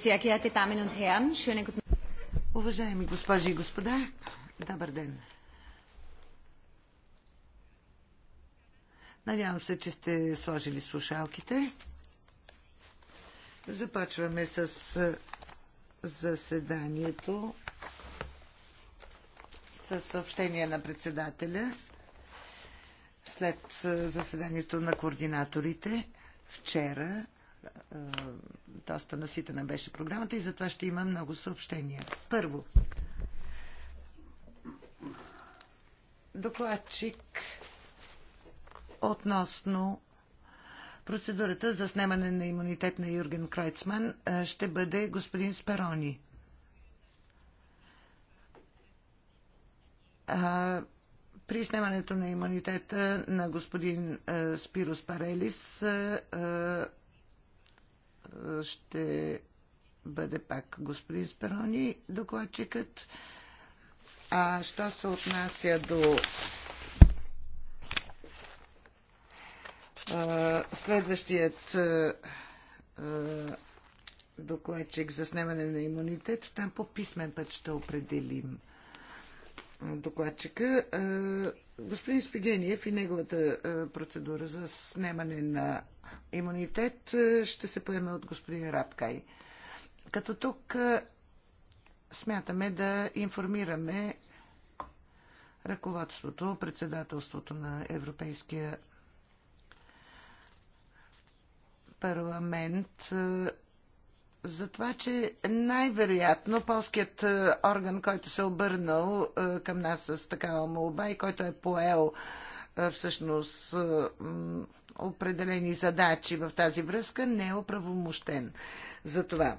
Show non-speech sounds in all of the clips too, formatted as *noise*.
Sehr geehrte Damen und Herren, schönen guten Уважаеми госпожи и господа, добър ден! Надявам се, че сте сложили слушалките. Започваме с заседанието с съобщение на председателя след заседанието на координаторите вчера доста е, е, наситена беше програмата и затова ще има много съобщения. Първо, докладчик относно процедурата за снемане на имунитет на Юрген Крайцман е, ще бъде господин Сперони. При снемането на имунитета на господин Спирос Парелис ще бъде пак господин Сперони, докладчикът. А що се отнася до следващият докладчик за снемане на имунитет, там по писмен път ще определим докладчика. Господин Спигениев и неговата процедура за снемане на имунитет е, ще се поеме от господин Рапкай. Като тук е, смятаме да информираме ръководството, председателството на Европейския парламент е, за това, че най-вероятно полският орган, който се обърнал към нас с такава молба и който е поел всъщност определени задачи в тази връзка, не е оправомощен за това.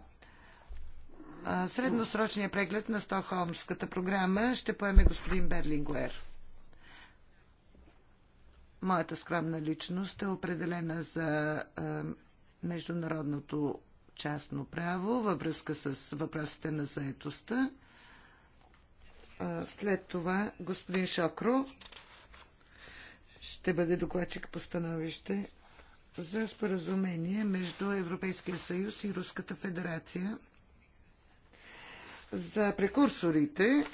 Средносрочният преглед на Стохолмската програма ще поеме господин Берлингуер. Моята скромна личност е определена за международното частно право във връзка с въпросите на заетостта. След това господин Шокро ще бъде докладчик по становище за споразумение между Европейския съюз и Руската федерация за прекурсорите.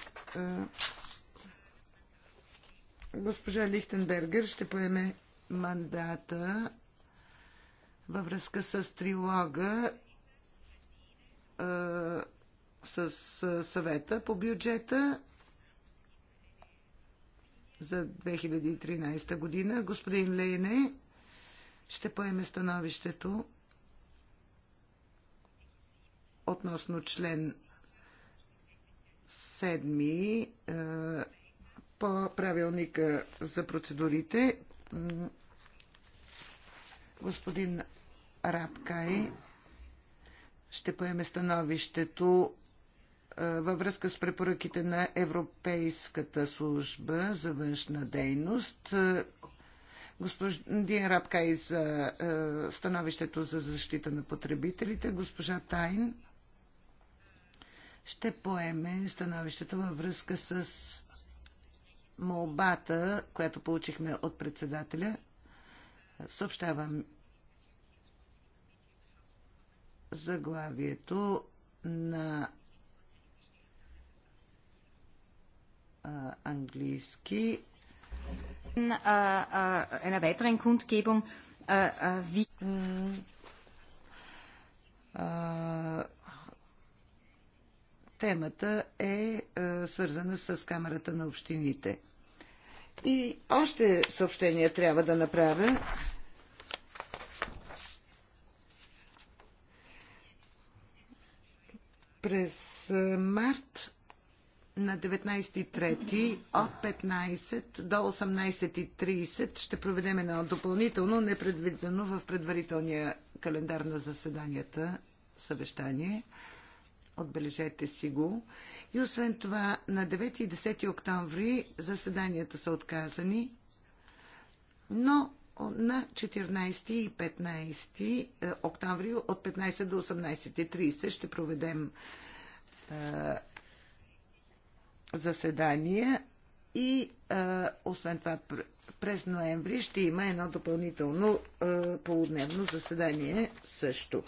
Госпожа Лихтенбергер ще поеме мандата във връзка с трилога с съвета по бюджета за 2013 година. Господин Лейне ще поеме становището относно член 7 е, по правилника за процедурите. Господин Рабкай ще поеме становището във връзка с препоръките на Европейската служба за външна дейност. Господин и за становището за защита на потребителите. Госпожа Тайн ще поеме становището във връзка с молбата, която получихме от председателя. Съобщавам заглавието на английски. Една weiteren Kundgebung. Wie... Темата е свързана с Камерата на общините. И още съобщение трябва да направя. През март на 19.3 от 15 до 18.30 ще проведем едно допълнително, непредвидено в предварителния календар на заседанията съвещание. Отбележете си го. И освен това, на 9 и 10 октомври заседанията са отказани, но на 14 и 15 е, октомври от 15 до 18.30 ще проведем е, заседания и а, освен това през ноември ще има едно допълнително а, полудневно заседание също.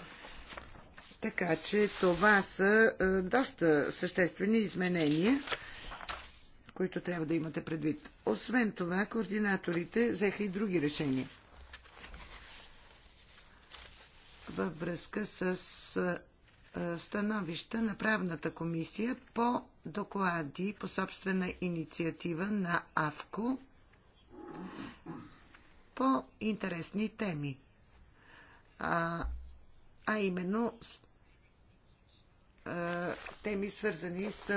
Така че това са а, доста съществени изменения, които трябва да имате предвид. Освен това, координаторите взеха и други решения във връзка с е, становища на правната комисия по доклади по собствена инициатива на АВКО по интересни теми. А, а именно а, е, теми свързани с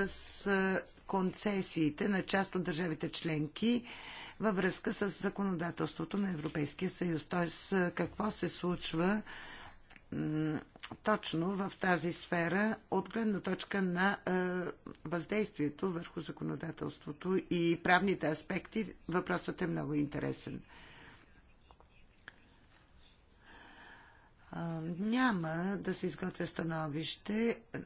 а, е, концесиите на част от държавите членки във връзка с законодателството на Европейския съюз. Т.е. какво се случва а, точно в тази сфера от гледна точка на е, въздействието върху законодателството и правните аспекти. Въпросът е много интересен. Няма да се изготвя становище е,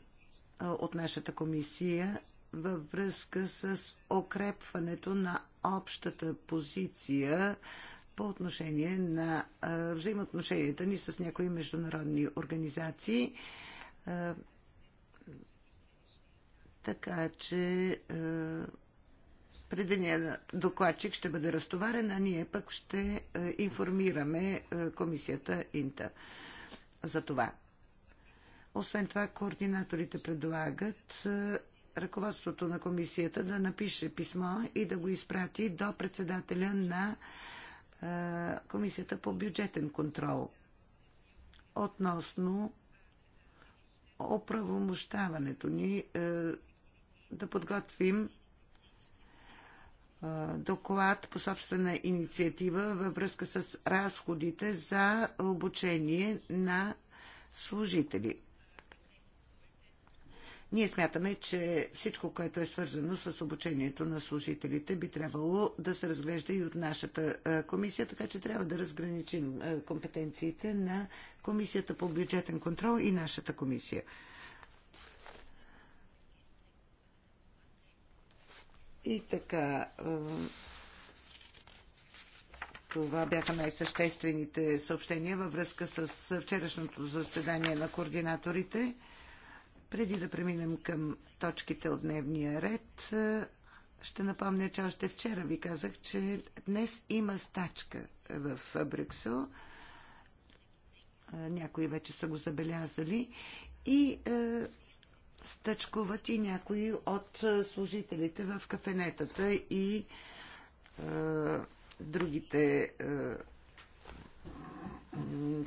от нашата комисия във връзка с укрепването на общата позиция по отношение на взаимоотношенията ни с някои международни организации. Така че предвидения докладчик ще бъде разтоварен, а ние пък ще информираме комисията Инта за това. Освен това, координаторите предлагат ръководството на комисията да напише писмо и да го изпрати до председателя на Комисията по бюджетен контрол относно оправомощаването ни да подготвим доклад по собствена инициатива във връзка с разходите за обучение на служители. Ние смятаме, че всичко, което е свързано с обучението на служителите, би трябвало да се разглежда и от нашата комисия, така че трябва да разграничим компетенциите на Комисията по бюджетен контрол и нашата комисия. И така, това бяха най-съществените съобщения във връзка с вчерашното заседание на координаторите. Преди да преминем към точките от дневния ред, ще напомня, че още вчера ви казах, че днес има стачка в Брюксел. Някои вече са го забелязали. И е, стъчкуват и някои от служителите в кафенетата и е, другите е,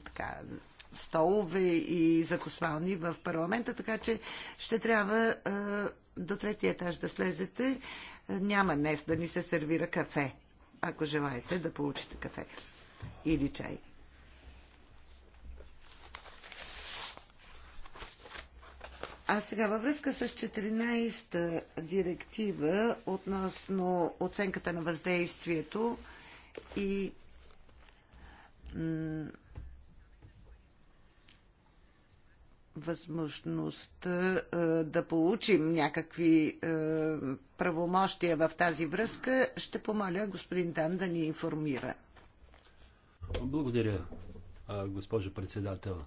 така, столове и закусвални в парламента, така че ще трябва до третия етаж да слезете. Няма днес да ни се сервира кафе, ако желаете да получите кафе или чай. А сега във връзка с 14-та директива относно оценката на въздействието и възможността е, да получим някакви е, правомощия в тази връзка, ще помоля господин Дан да ни информира. Благодаря, е, госпожо председател.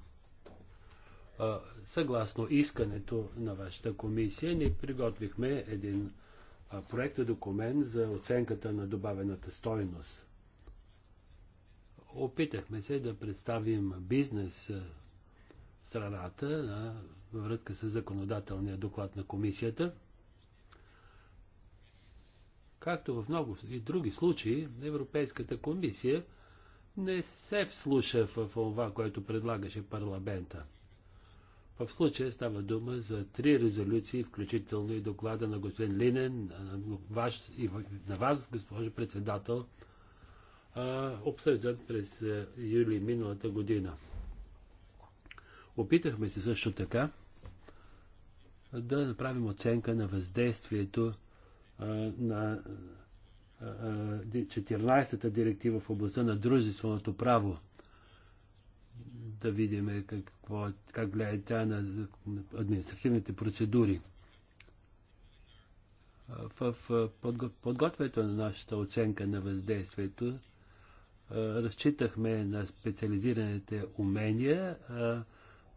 Съгласно искането на вашата комисия, ни приготвихме един проект документ за оценката на добавената стойност. Опитахме се да представим бизнес страната на, във връзка с законодателния доклад на комисията. Както в много и други случаи, Европейската комисия не се вслуша в това, което предлагаше парламента. В случая става дума за три резолюции, включително и доклада на господин Линен, на, ваш, и на вас, госпожо председател, обсъждан през юли миналата година. Опитахме се също така да направим оценка на въздействието на 14-та директива в областта на дружественото право. Да видим какво, как влияе тя на административните процедури. В подготвянето на нашата оценка на въздействието разчитахме на специализираните умения,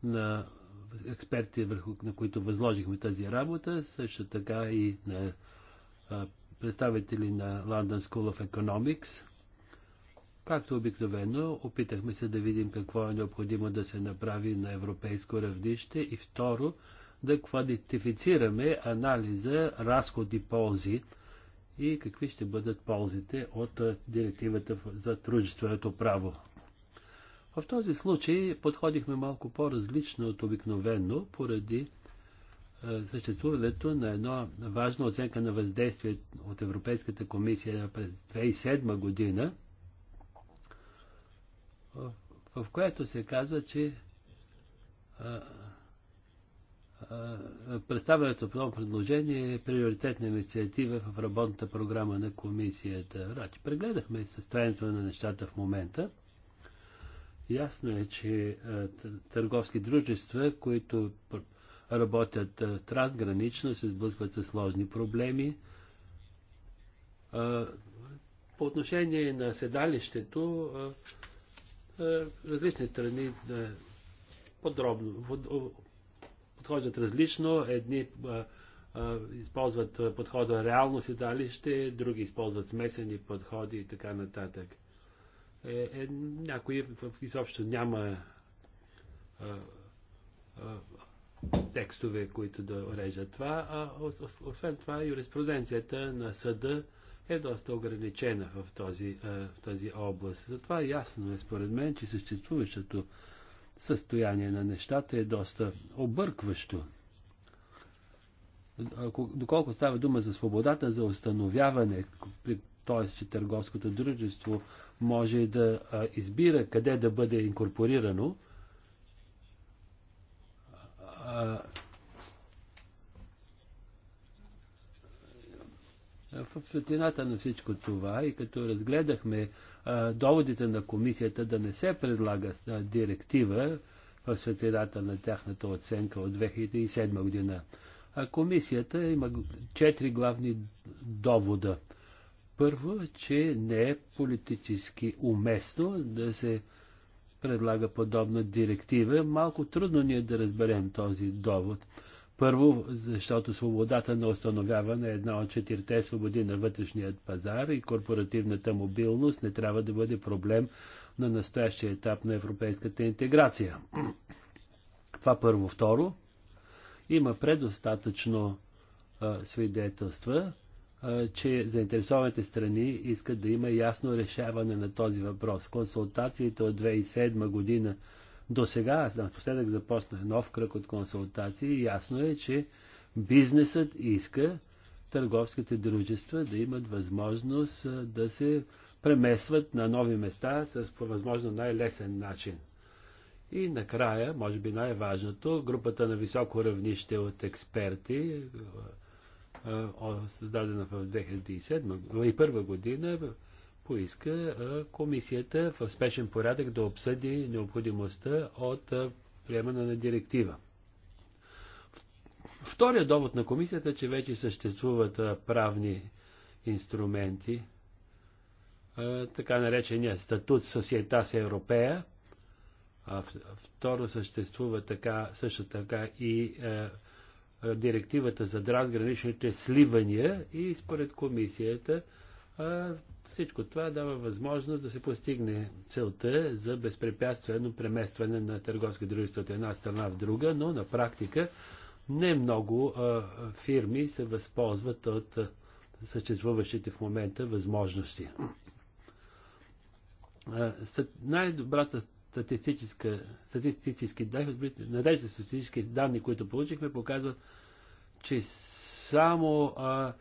на експерти, върху, на които възложихме тази работа, също така и на а, представители на London School of Economics. Както обикновено, опитахме се да видим какво е необходимо да се направи на европейско равнище и второ, да квалифицираме анализа разходи-ползи и какви ще бъдат ползите от директивата за тружественото право. В този случай подходихме малко по-различно от обикновено, поради е, съществуването на една важна оценка на въздействие от Европейската комисия през 2007 година, в което се казва, че е, е, представянето на предложение е приоритетна инициатива в работната програма на комисията. Значи, прегледахме състоянието на нещата в момента – Ясно е, че е, търговски дружества, които работят е, трансгранично, се сблъскват с сложни проблеми. Е, по отношение на седалището, различни страни подробно подхождат различно. Едни използват подхода реално седалище, други използват смесени подходи и така нататък е, е, някои изобщо няма а, а, текстове, които да режат това, а освен това юриспруденцията на съда е доста ограничена в този, а, в този област. Затова ясно е според мен, че съществуващото състояние на нещата е доста объркващо. Доколко става дума за свободата за установяване, при т.е. че търговското дружество може да избира къде да бъде инкорпорирано, в светлината на всичко това и като разгледахме а, доводите на комисията да не се предлага а, директива в светлината на тяхната оценка от 2007 година, а комисията има четири главни довода. Първо, че не е политически уместно да се предлага подобна директива. Малко трудно ни е да разберем този довод. Първо, защото свободата на установяване е една от четирите свободи на вътрешният пазар и корпоративната мобилност не трябва да бъде проблем на настоящия етап на европейската интеграция. Това първо. Второ, има предостатъчно а, свидетелства че заинтересованите страни искат да има ясно решаване на този въпрос. Консултациите от 2007 година до сега, аз напоследък започнах нов кръг от консултации, ясно е, че бизнесът иска търговските дружества да имат възможност да се преместват на нови места с по възможно най-лесен начин. И накрая, може би най-важното, групата на високо равнище от експерти, създадена в 2001 година, поиска комисията в спешен порядък да обсъди необходимостта от приемане на директива. Втория довод на комисията е, че вече съществуват правни инструменти, така наречения статут Societas Европея. Второ съществува така, също така и директивата за трансграничните сливания и според комисията всичко това дава възможност да се постигне целта за безпрепятствено преместване на търговски дружества от една страна в друга, но на практика не много фирми се възползват от съществуващите в момента възможности. Най-добрата статистически, надежда статистически данни, които получихме, показват, че само а,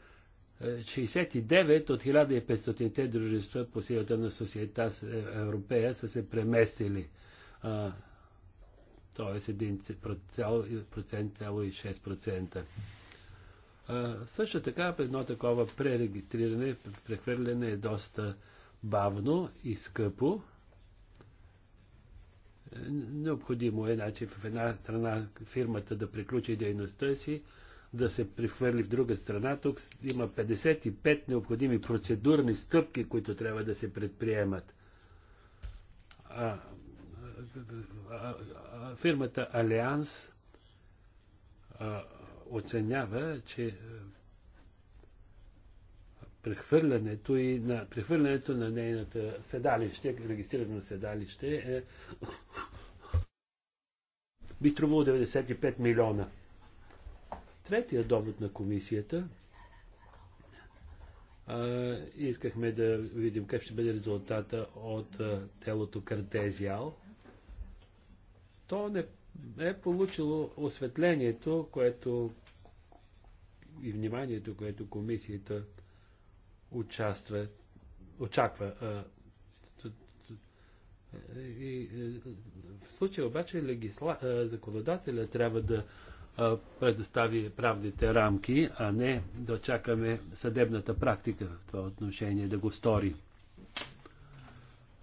69 е, от 1500-те дружества по силата на Societas е, Европея са се преместили. тоест 1,6%. Също така, едно такова пререгистриране, прехвърляне е доста бавно и скъпо. Необходимо е значи, в една страна фирмата да приключи дейността си, да се прехвърли в друга страна. Тук има 55 необходими процедурни стъпки, които трябва да се предприемат. А, а, а, фирмата Алианс оценява, че прехвърлянето, и на, прехвърлянето на нейната седалище, регистрирано седалище е би струвало 95 милиона. Третия довод на комисията а, искахме да видим как ще бъде резултата от а, телото Картезиал. То не е получило осветлението, което и вниманието, което комисията участва, очаква. И, е, в случая обаче легисла... законодателя трябва да предостави правните рамки, а не да чакаме съдебната практика в това отношение да го стори.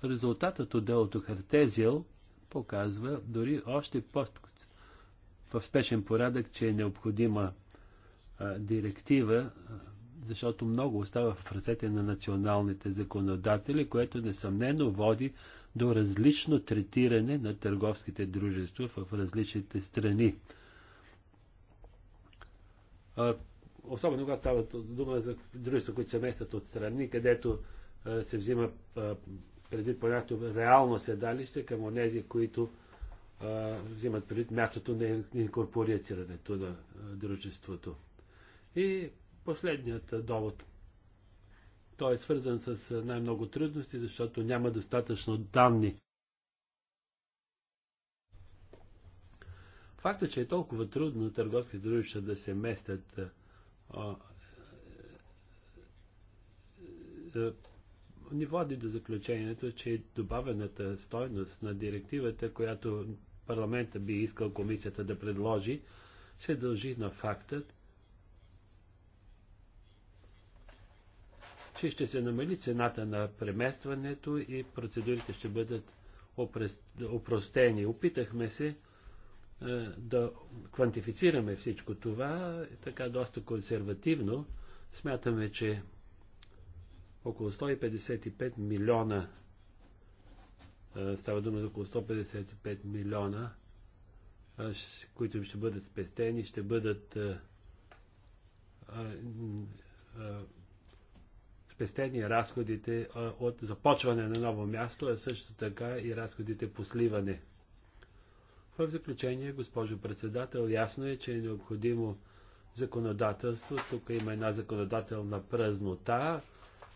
Резултатът от делото Хартезил показва дори още по- в спешен порядък, че е необходима а, директива защото много остава в ръцете на националните законодатели, което несъмнено води до различно третиране на търговските дружества в различните страни. Особено когато става дума за дружества, които се местят от страни, където се взима преди понятието реално седалище към онези, които взимат предвид мястото на инкорпорирането на дружеството. И последният довод. Той е свързан с най-много трудности, защото няма достатъчно данни. Факта, че е толкова трудно търговски дружества да се местят ни води до заключението, че добавената стойност на директивата, която парламента би искал комисията да предложи, се дължи на фактът, че ще се намали цената на преместването и процедурите ще бъдат опростени. Опитахме се е, да квантифицираме всичко това, е, така доста консервативно. Смятаме, че около 155 милиона е, става дума за около 155 милиона, които ще бъдат спестени, ще бъдат спестени разходите от започване на ново място, а също така и разходите по сливане. В заключение, госпожо председател, ясно е, че е необходимо законодателство. Тук има една законодателна празнота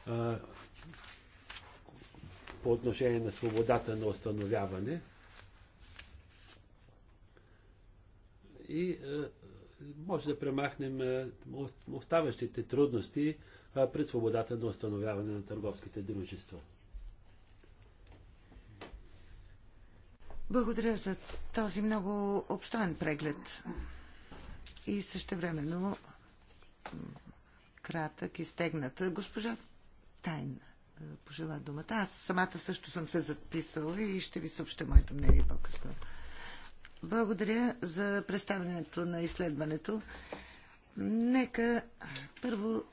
а, по отношение на свободата на установяване. И а, може да премахнем оставащите трудности, пред свободата на установяване на търговските дружества. Благодаря за този много обстоен преглед и също времено кратък и стегната. Госпожа Тайн пожела думата. Аз самата също съм се записала и ще ви съобща моето мнение по-късно. Благодаря за представянето на изследването. Нека първо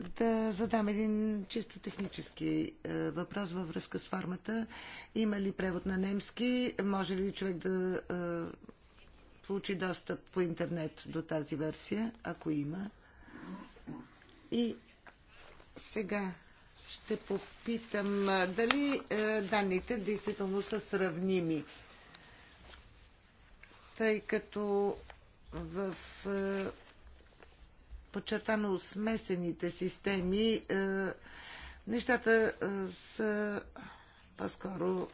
да задам един чисто технически е, въпрос във връзка с формата. Има ли превод на немски? Може ли човек да е, получи достъп по интернет до тази версия, ако има? И сега ще попитам е, дали данните действително са сравними. Тъй като в подчертано смесените системи, е, нещата е, са по-скоро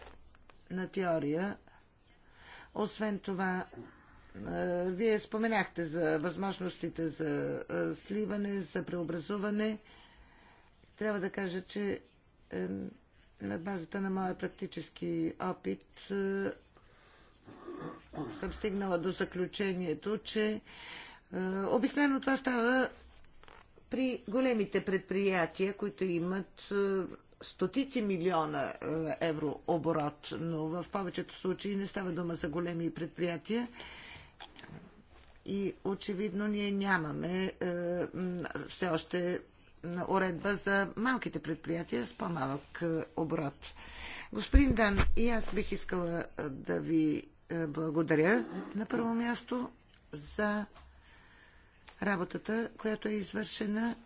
на теория. Освен това, е, вие споменахте за възможностите за сливане, за преобразуване. Трябва да кажа, че на базата на моя практически опит съм стигнала до заключението, че е, обикновено това става при големите предприятия, които имат е, стотици милиона е, евро оборот, но в повечето случаи не става дума за големи предприятия. И очевидно ние нямаме все още уредба за малките предприятия с по-малък оборот. Господин Дан, и аз бих искала да ви благодаря на първо място за работата, която е извършена,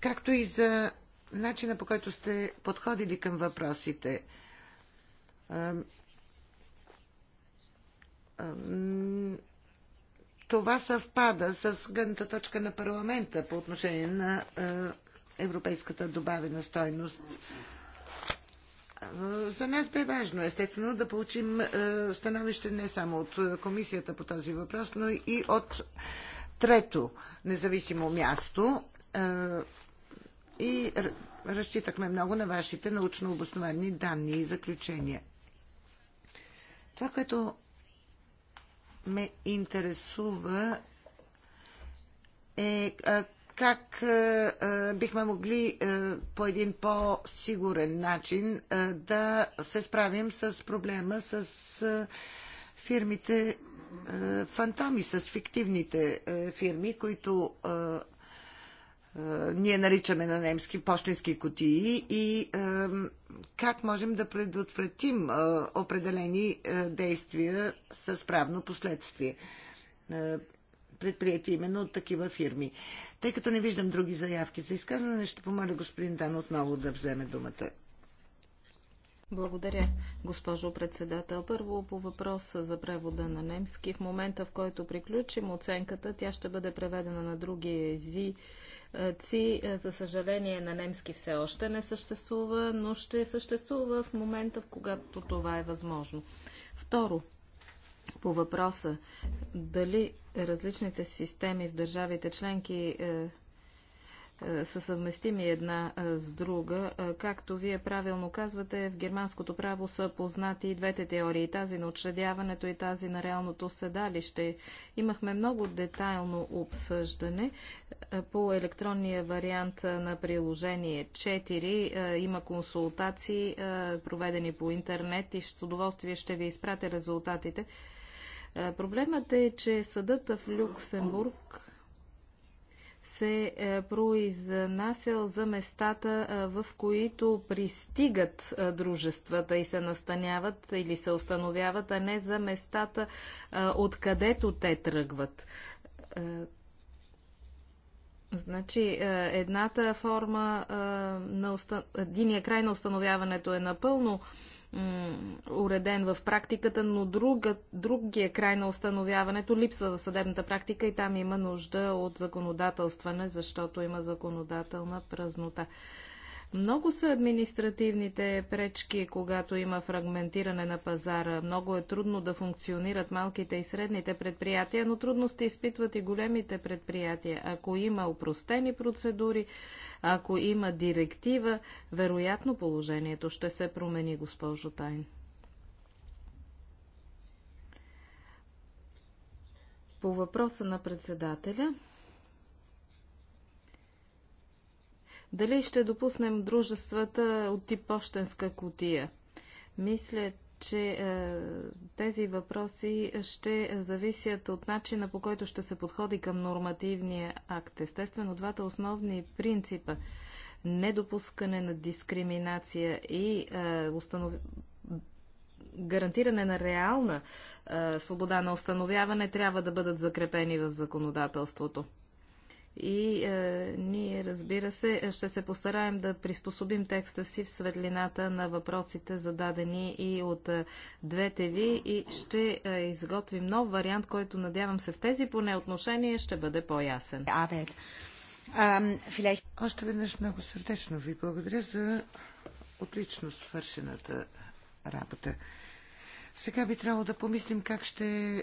както и за начина по който сте подходили към въпросите. Това съвпада с гледната точка на парламента по отношение на европейската добавена стойност. За нас бе важно, естествено, да получим становище не само от комисията по този въпрос, но и от трето независимо място е, и разчитахме много на вашите научно обосновани данни и заключения. Това, което ме интересува е как е, е, бихме могли по един по-сигурен начин да се справим с проблема с фирмите е, фантоми, с фиктивните е, фирми, които е, ние наричаме на немски почтенски кутии и как можем да предотвратим определени действия с правно последствие предприяти именно от такива фирми. Тъй като не виждам други заявки за изказване, ще помоля господин Дан отново да вземе думата. Благодаря, госпожо председател. Първо по въпроса за превода на немски. В момента, в който приключим оценката, тя ще бъде преведена на други ези. Ци, за съжаление, на немски все още не съществува, но ще съществува в момента, в когато това е възможно. Второ, по въпроса дали различните системи в държавите членки е, е, са съвместими една е, с друга. Е, както вие правилно казвате, в германското право са познати и двете теории, тази на учредяването и тази на реалното седалище. Имахме много детайлно обсъждане по електронния вариант на приложение 4. Има консултации, проведени по интернет и с удоволствие ще ви изпратя резултатите. Проблемът е, че съдът в Люксембург се е произнасял за местата, е, в които пристигат е, дружествата и се настаняват или се установяват, а не за местата, е, откъдето те тръгват. Значи, едната форма на единия край на установяването е напълно уреден в практиката, но друга, другия край на установяването липсва в съдебната практика и там има нужда от законодателстване, защото има законодателна празнота. Много са административните пречки, когато има фрагментиране на пазара. Много е трудно да функционират малките и средните предприятия, но трудности изпитват и големите предприятия. Ако има упростени процедури, ако има директива, вероятно положението ще се промени, госпожо Тайн. По въпроса на председателя. Дали ще допуснем дружествата от тип пощенска котия? Мисля, че е, тези въпроси ще зависят от начина по който ще се подходи към нормативния акт. Естествено, двата основни принципа недопускане на дискриминация и е, установ... гарантиране на реална е, свобода на установяване трябва да бъдат закрепени в законодателството. И е, ние, разбира се, ще се постараем да приспособим текста си в светлината на въпросите, зададени и от е, двете ви, и ще е, изготвим нов вариант, който, надявам се, в тези поне отношения ще бъде по-ясен. Още веднъж много сърдечно ви благодаря за отлично свършената работа. Сега би трябвало да помислим как ще е,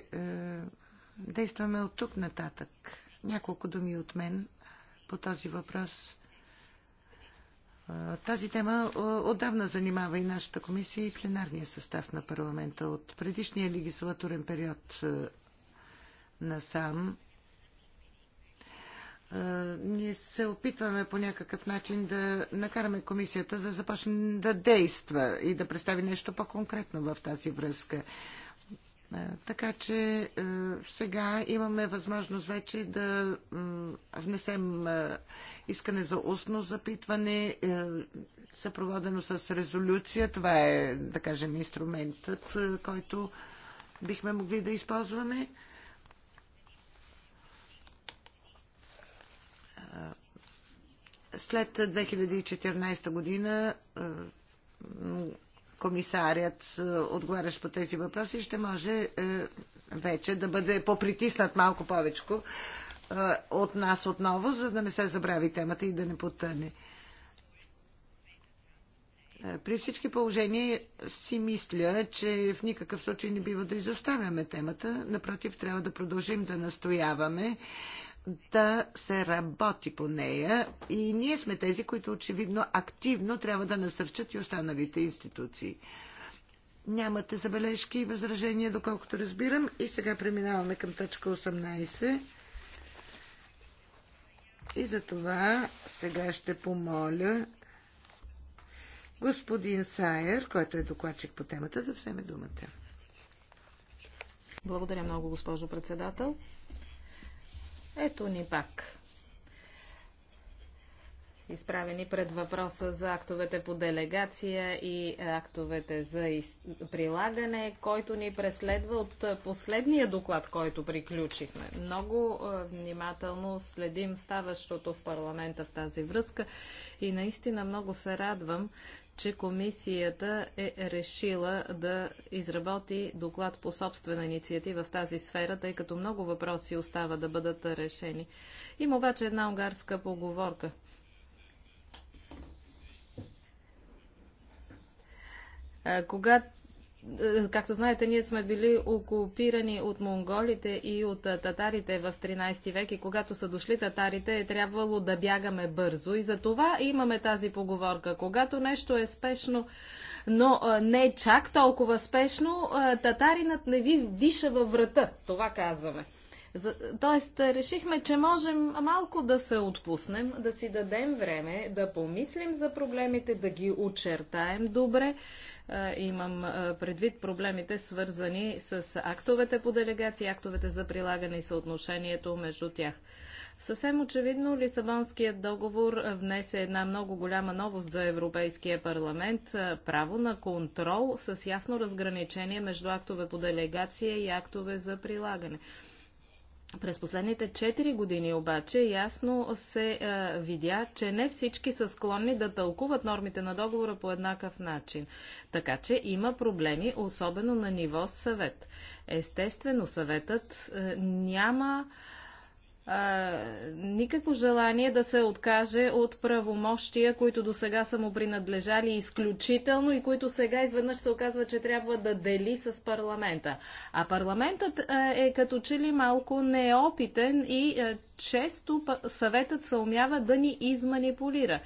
действаме от тук нататък. Няколко думи от мен по този въпрос. Тази тема отдавна занимава и нашата комисия и пленарния състав на парламента. От предишния легислатурен период на сам. ние се опитваме по някакъв начин да накараме комисията да започне да действа и да представи нещо по-конкретно в тази връзка. Е, така че е, сега имаме възможност вече да внесем е, искане за устно запитване, съпроводено с резолюция. Това е, да кажем, инструментът, който бихме могли да използваме. След 2014 година комисарят, е, отговарящ по тези въпроси, ще може е, вече да бъде попритиснат малко повече от нас отново, за да не се забрави темата и да не потъне. Е, при всички положения си мисля, че в никакъв случай не бива да изоставяме темата. Напротив, трябва да продължим да настояваме да се работи по нея и ние сме тези, които очевидно активно трябва да насърчат и останалите институции. Нямате забележки и възражения, доколкото разбирам. И сега преминаваме към точка 18. И за това сега ще помоля господин Сайер, който е докладчик по темата, да вземе думата. Благодаря много, госпожо председател. Ето ни пак. Изправени пред въпроса за актовете по делегация и актовете за из... прилагане, който ни преследва от последния доклад, който приключихме. Много е, внимателно следим ставащото в парламента в тази връзка и наистина много се радвам, че комисията е решила да изработи доклад по собствена инициатива в тази сфера, тъй като много въпроси остава да бъдат решени. Има обаче една унгарска поговорка. Когато е, както знаете, ние сме били окупирани от монголите и от е, татарите в 13 век и когато са дошли татарите е трябвало да бягаме бързо и за това имаме тази поговорка. Когато нещо е спешно, но е, не чак толкова спешно, татаринът не ви диша във врата. Това казваме. За, тоест, решихме, че можем малко да се отпуснем, да си дадем време, да помислим за проблемите, да ги очертаем добре, е, имам е, предвид проблемите, свързани с актовете по делегация, актовете за прилагане и съотношението между тях. Съвсем очевидно Лисабонският договор внесе една много голяма новост за Европейския парламент – е, право на контрол с ясно разграничение между актове по делегация и актове за прилагане. През последните 4 години обаче ясно се е, видя, че не всички са склонни да тълкуват нормите на договора по еднакъв начин. Така че има проблеми, особено на ниво съвет. Естествено, съветът е, няма никакво желание да се откаже от правомощия, които до сега са му принадлежали изключително и които сега изведнъж се оказва, че трябва да дели с парламента. А парламентът е като че ли малко неопитен и често съветът се умява да ни изманипулира.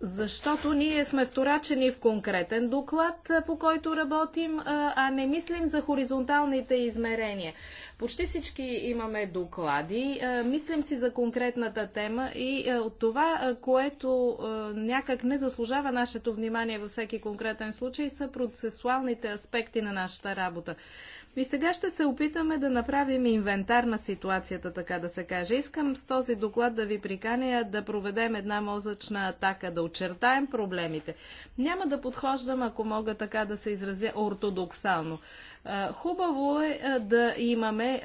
Защото ние сме вторачени в конкретен доклад, по който работим, а не мислим за хоризонталните измерения. Почти всички имаме доклади, мислим си за конкретната тема и от това, което някак не заслужава нашето внимание във всеки конкретен случай, са процесуалните аспекти на нашата работа. И сега ще се опитаме да направим инвентар на ситуацията, така да се каже. Искам с този доклад да ви приканя да проведем една мозъчна атака, да очертаем проблемите. Няма да подхождам, ако мога така да се изразя, ортодоксално. Хубаво е да имаме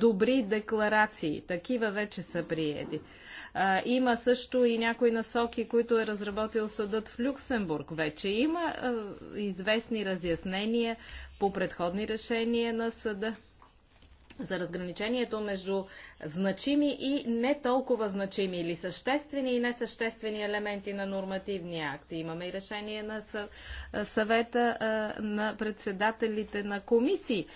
добри декларации. Такива вече са приети има също и някои насоки, които е разработил съдът в Люксембург. Вече има известни разяснения по предходни решения на съда за разграничението между значими и не толкова значими или съществени и несъществени елементи на нормативни акти. Имаме и решение на съвета на председателите на комисии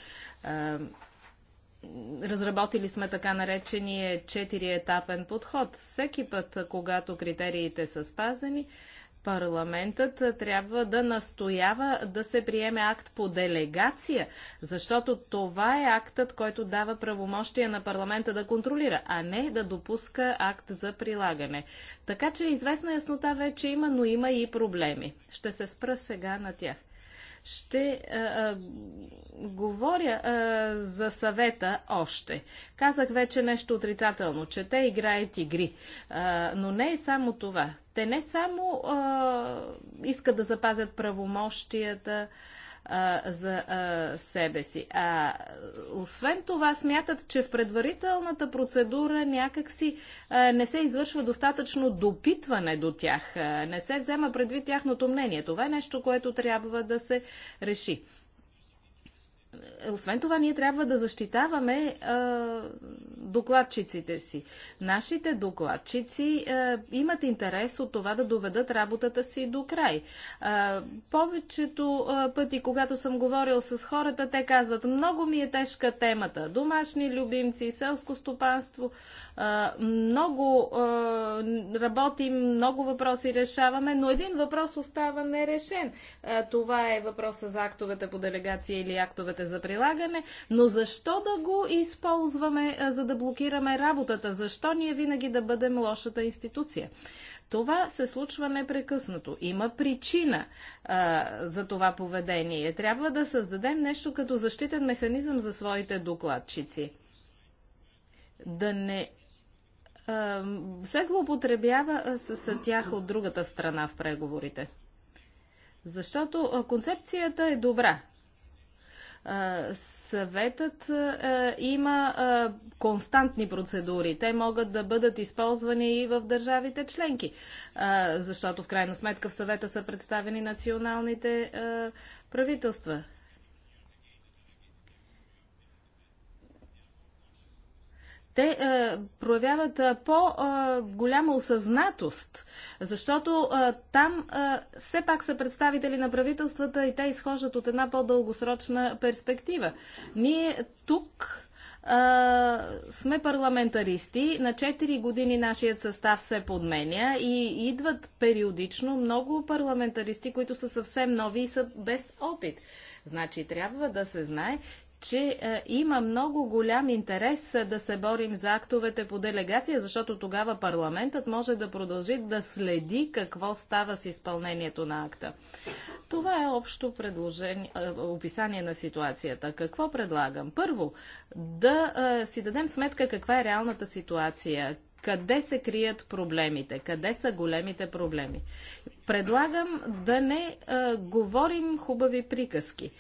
разработили сме така наречения четириетапен подход. Всеки път, когато критериите са спазени, парламентът трябва да настоява да се приеме акт по делегация, защото това е актът, който дава правомощия на парламента да контролира, а не да допуска акт за прилагане. Така че известна яснота вече има, но има и проблеми. Ще се спра сега на тях. Ще а, а, говоря а, за съвета още. Казах вече нещо отрицателно, че те играят игри. А, но не е само това. Те не само а, искат да запазят правомощията, а, за а, себе си. А, освен това, смятат, че в предварителната процедура някакси а, не се извършва достатъчно допитване до тях, а, не се взема предвид тяхното мнение. Това е нещо, което трябва да се реши освен това, ние трябва да защитаваме а, докладчиците си. Нашите докладчици а, имат интерес от това да доведат работата си до край. А, повечето а, пъти, когато съм говорил с хората, те казват, много ми е тежка темата. Домашни любимци, селско стопанство, а, много а, работим, много въпроси решаваме, но един въпрос остава нерешен. А, това е въпроса за актовете по делегация или актовете е за прилагане, но защо да го използваме, за да блокираме работата? Защо ние винаги да бъдем лошата институция? Това се случва непрекъснато. Има причина а, за това поведение. Трябва да създадем нещо като защитен механизъм за своите докладчици. Да не а, се злоупотребява с, с тях от другата страна в преговорите. Защото концепцията е добра. Съветът има константни процедури. Те могат да бъдат използвани и в държавите членки, защото в крайна сметка в съвета са представени националните правителства. те е, проявяват е, по-голяма е, осъзнатост, защото е, там е, все пак са представители на правителствата и те изхождат от една по-дългосрочна перспектива. Ние тук е, сме парламентаристи. На 4 години нашият състав се подменя и идват периодично много парламентаристи, които са съвсем нови и са без опит. Значи трябва да се знае, че е, има много голям интерес е, да се борим за актовете по делегация, защото тогава парламентът може да продължи да следи какво става с изпълнението на акта. Това е общо предложение, е, описание на ситуацията. Какво предлагам? Първо, да е, си дадем сметка каква е реалната ситуация, къде се крият проблемите, къде са големите проблеми. Предлагам да не а, е, говорим хубави приказки.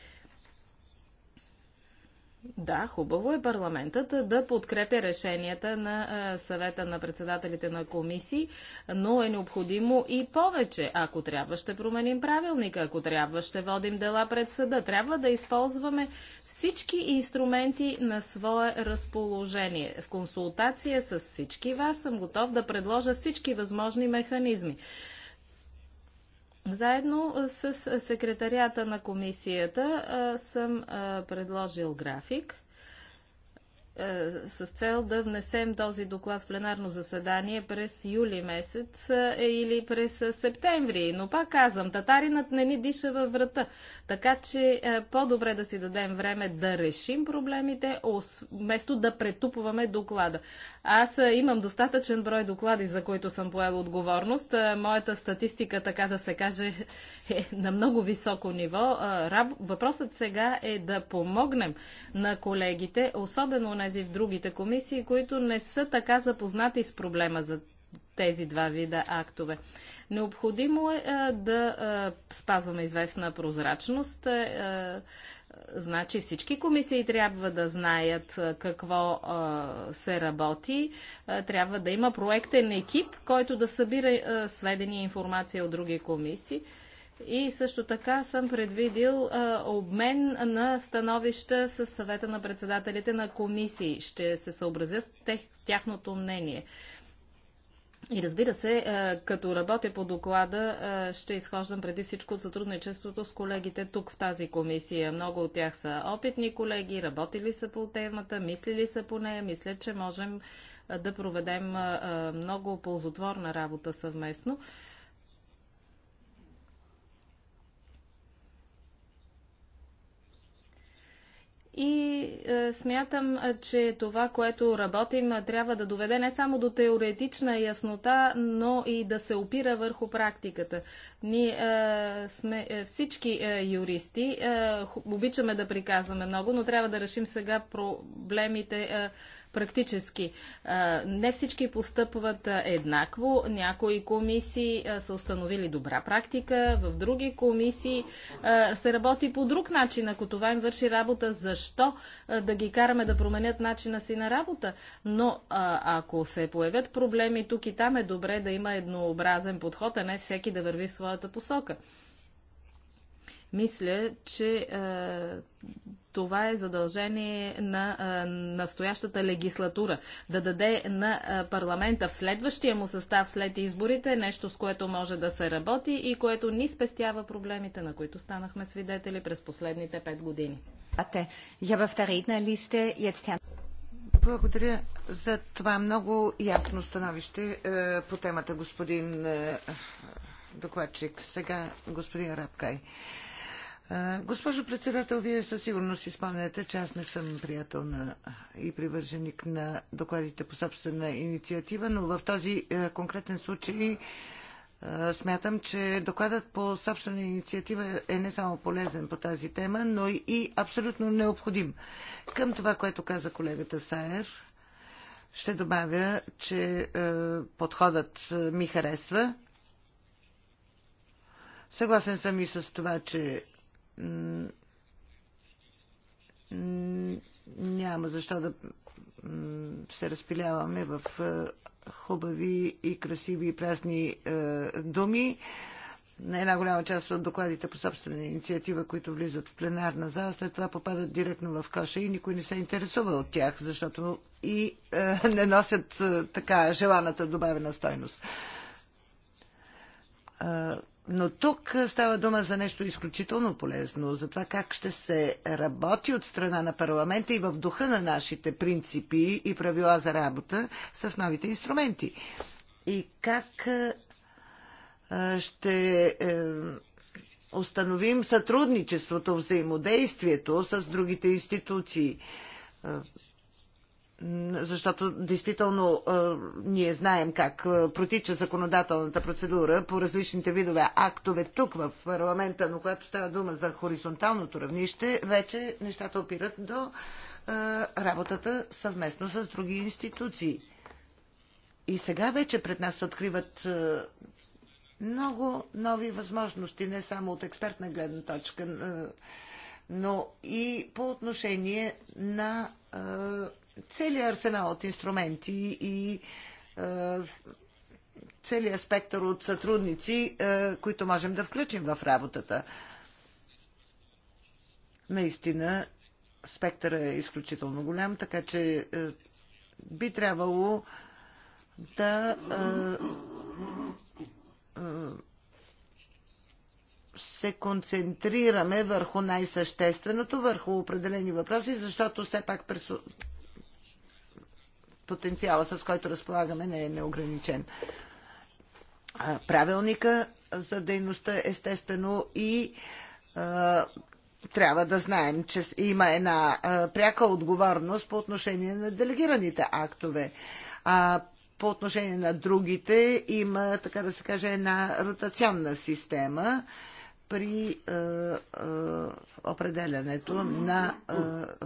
Да, хубаво е парламентът да подкрепя решенията на съвета на председателите на комисии, но е необходимо и повече. Ако трябва, ще променим правилника, ако трябва, ще водим дела пред съда. Трябва да използваме всички инструменти на свое разположение. В консултация с всички вас съм готов да предложа всички възможни механизми. Заедно с секретарията на комисията съм предложил график – е, с цел да внесем този доклад в пленарно заседание през юли месец е, или през е, септември. Но пак казвам, татаринът не ни диша във врата. Така че по-добре да си дадем време да решим проблемите, вместо да претупваме доклада. Аз имам достатъчен брой доклади, за които съм поела отговорност. Моята статистика, така да се каже, е на много високо ниво. Въпросът сега е да помогнем на колегите, особено на онези в другите комисии, които не са така запознати с проблема за тези два вида актове. Необходимо е да спазваме известна прозрачност. Е, значи всички комисии трябва да знаят какво се работи. Трябва да има проектен екип, който да събира сведения и информация от други комисии. И също така съм предвидил а, обмен на становища с съвета на председателите на комисии. Ще се съобразя с тех, тяхното мнение. И разбира се, като работя по доклада, ще изхождам преди всичко от сътрудничеството с колегите тук в тази комисия. Много от тях са опитни колеги, работили са по темата, мислили са по нея. Мисля, че можем да проведем много ползотворна работа съвместно. И е, смятам, че това, което работим, трябва да доведе не само до теоретична яснота, но и да се опира върху практиката. Ние е, сме е, всички е, юристи, е, обичаме да приказваме много, но трябва да решим сега проблемите. Е, Практически не всички постъпват еднакво. Някои комисии са установили добра практика, в други комисии се работи по друг начин. Ако това им върши работа, защо да ги караме да променят начина си на работа? Но ако се появят проблеми тук и там, е добре да има еднообразен подход, а не всеки да върви в своята посока. Мисля, че това е задължение на а, настоящата легислатура. Да даде на а, парламента в следващия му състав след изборите нещо, с което може да се работи и което ни спестява проблемите, на които станахме свидетели през последните пет години. Благодаря за това много ясно становище е, по темата, господин е, докладчик. Сега господин Рабкай. Е, Госпожо председател, вие със сигурност си спомняте, че аз не съм приятел на и привърженик на докладите по собствена инициатива, но в този е, конкретен случай е, смятам, че докладът по собствена инициатива е не само полезен по тази тема, но и абсолютно необходим. Към това, което каза колегата Саер, ще добавя, че е, подходът ми харесва. Съгласен съм и с това, че няма защо да се разпиляваме в е, хубави и красиви и празни е, думи. На Една голяма част от докладите по собствена инициатива, които влизат в пленарна зала, след това попадат директно в коша и никой не се интересува от тях, защото и е, не носят е, така желаната добавена стойност. Е, но тук става дума за нещо изключително полезно, за това как ще се работи от страна на парламента и в духа на нашите принципи и правила за работа с новите инструменти. И как ще е, установим сътрудничеството, взаимодействието с другите институции защото действително ние знаем как протича законодателната процедура по различните видове актове тук в парламента, но когато става дума за хоризонталното равнище, вече нещата опират до работата съвместно с други институции. И сега вече пред нас се откриват много нови възможности, не само от експертна гледна точка, но и по отношение на целият арсенал от инструменти и е, целият спектър от сътрудници, е, които можем да включим в работата. Наистина, спектъра е изключително голям, така че е, би трябвало да се концентрираме върху най-същественото, върху определени въпроси, защото все пак потенциала, с който разполагаме, не е неограничен. Правилника за дейността, естествено, и трябва да знаем, че има една пряка отговорност по отношение на делегираните актове. А по отношение на другите има, така да се каже, една ротационна система при е, е, определянето на е,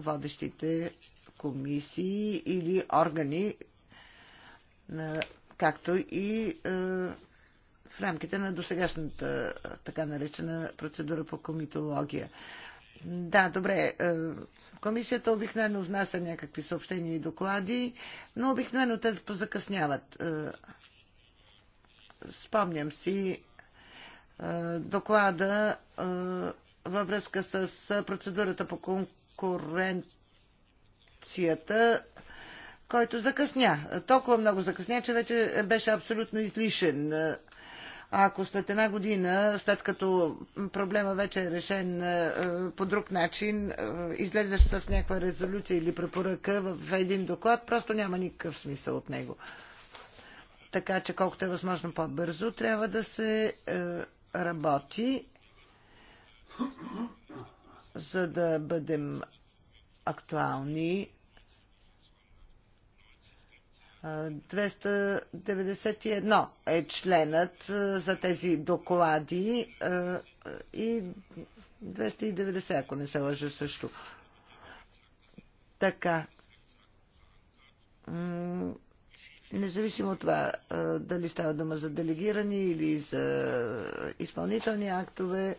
водещите комисии или органи, както и в рамките на досегашната така наречена процедура по комитология. Да, добре. Комисията обикновено внася някакви съобщения и доклади, но обикновено те позакъсняват. Спомням си доклада във връзка с процедурата по конкурент корупцията, който закъсня. Толкова много закъсня, че вече беше абсолютно излишен. А ако след една година, след като проблема вече е решен е, по друг начин, е, излезеш с някаква резолюция или препоръка в един доклад, просто няма никакъв смисъл от него. Така че колкото е възможно по-бързо, трябва да се е, работи, за да бъдем актуални 291 е членът за тези доклади и 290, ако не се лъжа също. Така. Независимо от това дали става дума за делегирани или за изпълнителни актове,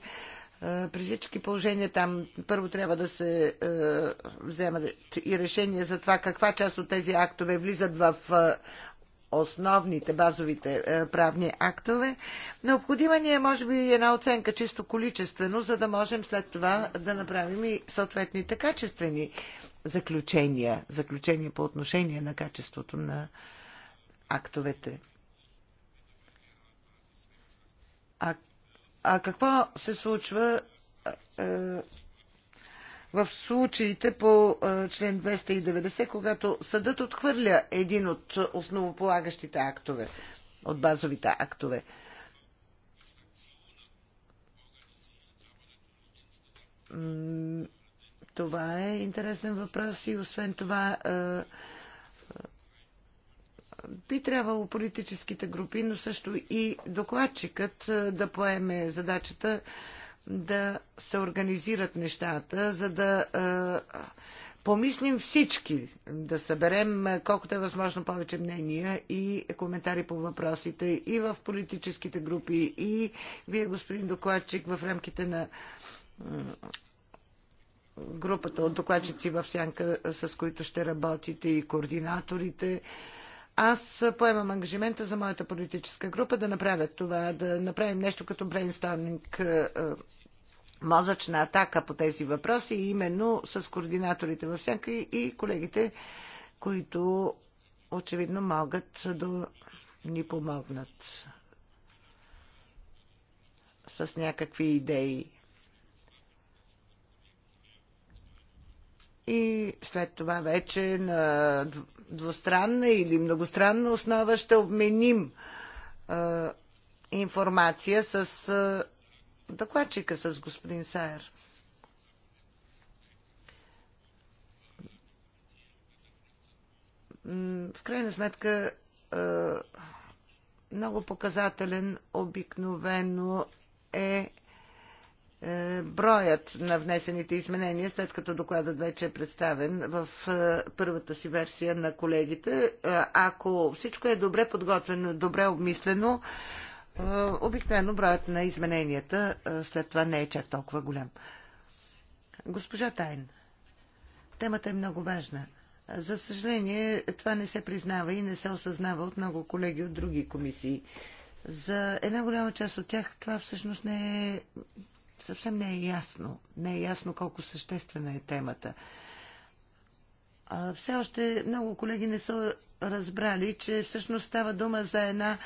е, при всички положения там първо трябва да се е, вземат и решение за това каква част от тези актове влизат в е, основните, базовите е, правни актове. Необходима ни е, може би, една оценка чисто количествено, за да можем след това да направим и съответните качествени заключения, заключения по отношение на качеството на актовете. А какво се случва е, в случаите по е, член 290, когато съдът отхвърля един от основополагащите актове, от базовите актове? Това е интересен въпрос и освен това е, би трябвало политическите групи, но също и докладчикът е, да поеме задачата да се организират нещата, за да е, помислим всички, да съберем е, колкото е възможно повече мнения и коментари по въпросите и в политическите групи, и вие, господин докладчик, в рамките на групата от докладчици в сянка, е, с които ще работите и координаторите. Е, аз поемам ангажимента за моята политическа група да направя това, да направим нещо като брейнсторминг мозъчна атака по тези въпроси, именно с координаторите във всяка и колегите, които очевидно могат да ни помогнат с някакви идеи. И след това вече на двустранна или многостранна основа ще обменим а, информация с а, докладчика, с господин Сайер. В крайна сметка а, много показателен обикновено е е, броят на внесените изменения, след като докладът вече е представен в е, първата си версия на колегите. Е, ако всичко е добре подготвено, добре обмислено, обикновено броят на измененията след това не е чак толкова голям. Госпожа Тайн, темата е много важна. За съжаление, това не се признава и не се осъзнава от много колеги от други комисии. За една голяма част от тях това всъщност не е съвсем не е ясно. Не е ясно колко съществена е темата. А, все още много колеги не са разбрали, че всъщност става дума за една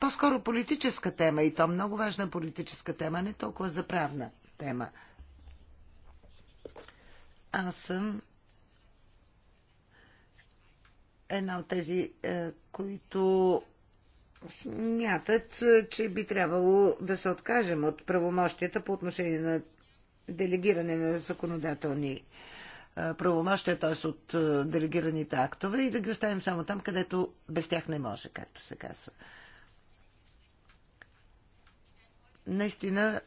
по-скоро политическа тема и то много важна политическа тема, не толкова за правна тема. Аз съм една от тези, е, които смятат, че би трябвало да се откажем от правомощията по отношение на делегиране на законодателни правомощия, т.е. от делегираните актове и да ги оставим само там, където без тях не може, както се казва. Наистина,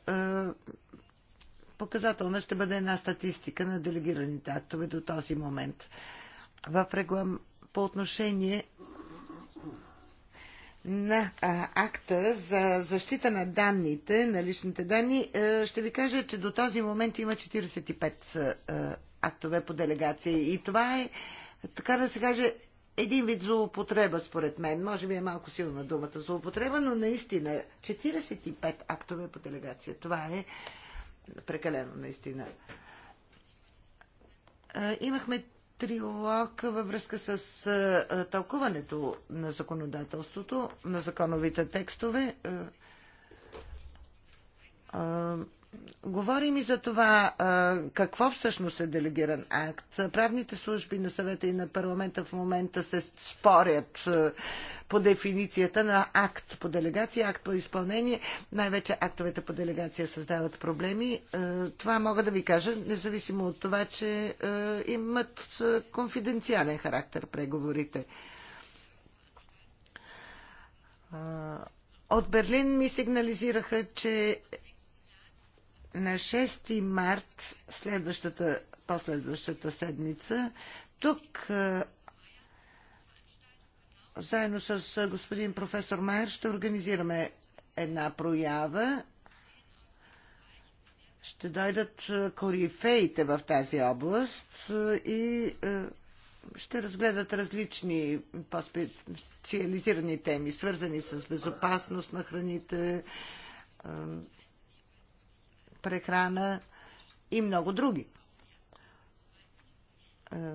показателна ще бъде една статистика на делегираните актове до този момент. В реглам... По отношение на а, акта за защита на данните, на личните данни, а, е, ще ви кажа, че до този момент има 45 а, е, актове по делегация. И това е, така да се каже, един вид злоупотреба, според мен. Може би е малко силна думата злоупотреба, но наистина 45 актове по делегация. Това е прекалено, наистина. Е, имахме трилог във връзка с тълкуването на законодателството, на законовите текстове. Говорим и за това какво всъщност е делегиран акт. Правните служби на съвета и на парламента в момента се спорят по дефиницията на акт по делегация, акт по изпълнение. Най-вече актовете по делегация създават проблеми. Това мога да ви кажа, независимо от това, че имат конфиденциален характер преговорите. От Берлин ми сигнализираха, че на 6 март следващата, последващата седмица тук е, заедно с е, господин професор Майер ще организираме една проява. Ще дойдат е, корифеите в тази област и ще разгледат различни по-специализирани теми, свързани с безопасност на храните, прехрана и много други. Е,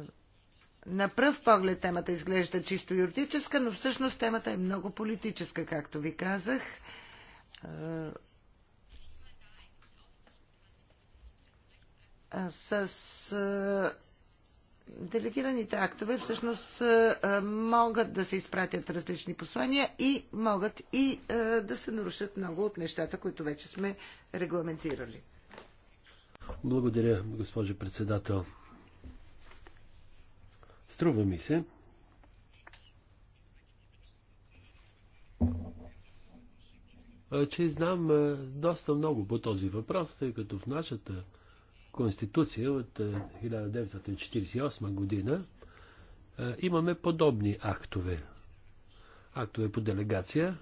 на пръв поглед темата изглежда чисто юридическа, но всъщност темата е много политическа, както ви казах. Е, с е, делегираните актове всъщност е, е, могат да се изпратят различни послания и могат и е, да се нарушат много от нещата, които вече сме регламентирали. Благодаря, госпожо председател. Струва ми се, че знам доста много по този въпрос, тъй като в нашата Конституция от 1948 е, година е, имаме подобни актове. Актове по делегация,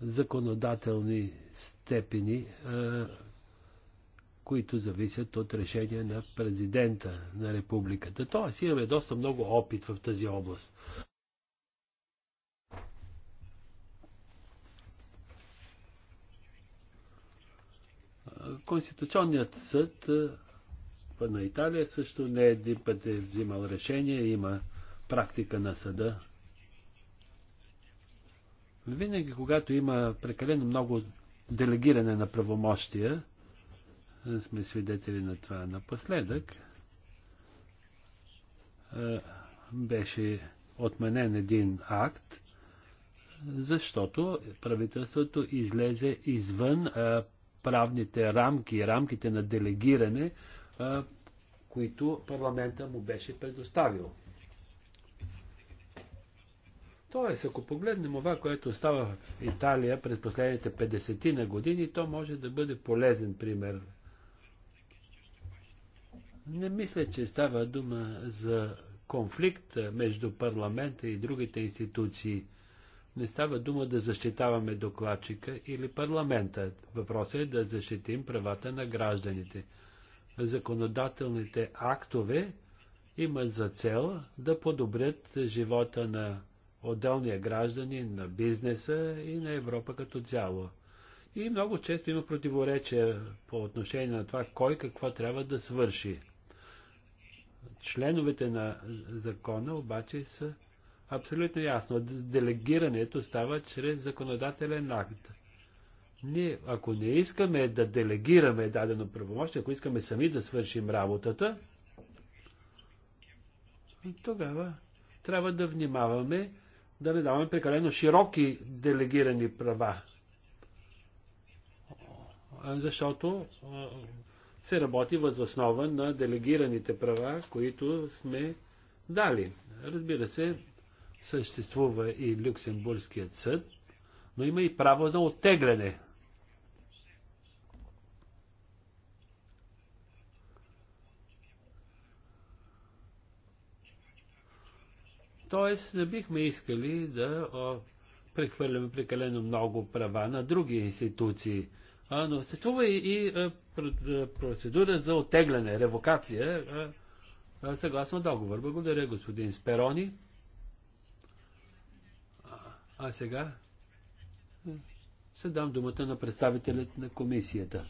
законодателни степени, е, които зависят от решение на президента на републиката. Тоест имаме доста много опит в тази област. Конституционният съд е, на Италия също не е един път е взимал решение, има практика на съда. Винаги, когато има прекалено много делегиране на правомощия, е, сме свидетели на това напоследък, беше отменен един акт, защото правителството излезе извън правните рамки, рамките на делегиране, които парламента му беше предоставил. Тоест, ако погледнем това, което става в Италия през последните 50 на години, то може да бъде полезен пример. Не мисля, че става дума за конфликт между парламента и другите институции – не става дума да защитаваме докладчика или парламента. Въпросът е да защитим правата на гражданите. Законодателните актове имат за цел да подобрят живота на отделния гражданин, на бизнеса и на Европа като цяло. И много често има противоречия по отношение на това кой какво трябва да свърши. Членовете на закона обаче са абсолютно ясно. Делегирането става чрез законодателен акт. Ние, ако не искаме да делегираме дадено правомощие, ако искаме сами да свършим работата, тогава трябва да внимаваме да не даваме прекалено широки делегирани права. Защото се работи възоснова на делегираните права, които сме дали. Разбира се, съществува и Люксембургският съд, но има и право на оттегляне. Тоест, не бихме искали да прехвърляме прекалено много права на други институции. А, но съществува и, и процедура за оттегляне, ревокация, а, а, съгласно договор. Благодаря, господин Сперони. А сега ще дам думата на представителят на комисията.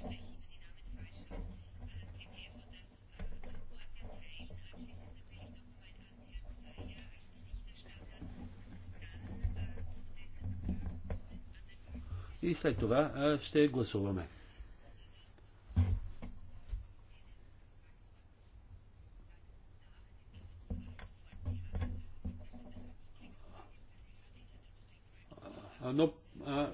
И след това ще гласуваме. но а,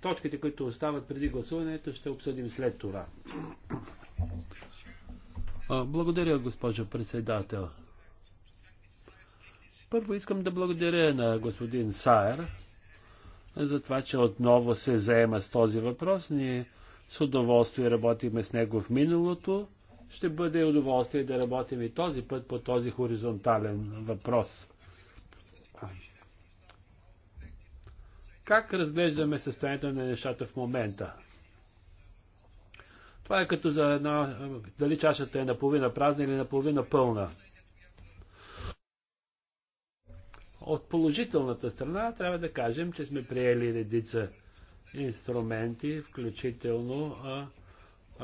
точките, които остават преди гласуването, ще обсъдим след това. А, благодаря, госпожо председател. Първо искам да благодаря на господин Сайер за това, че отново се заема с този въпрос. Ние с удоволствие работиме с него в миналото. Ще бъде удоволствие да работим и този път по този хоризонтален въпрос. Как разглеждаме състоянието на нещата в момента? Това е като за една, дали чашата е наполовина празна или наполовина пълна. От положителната страна трябва да кажем, че сме приели редица инструменти, включително а,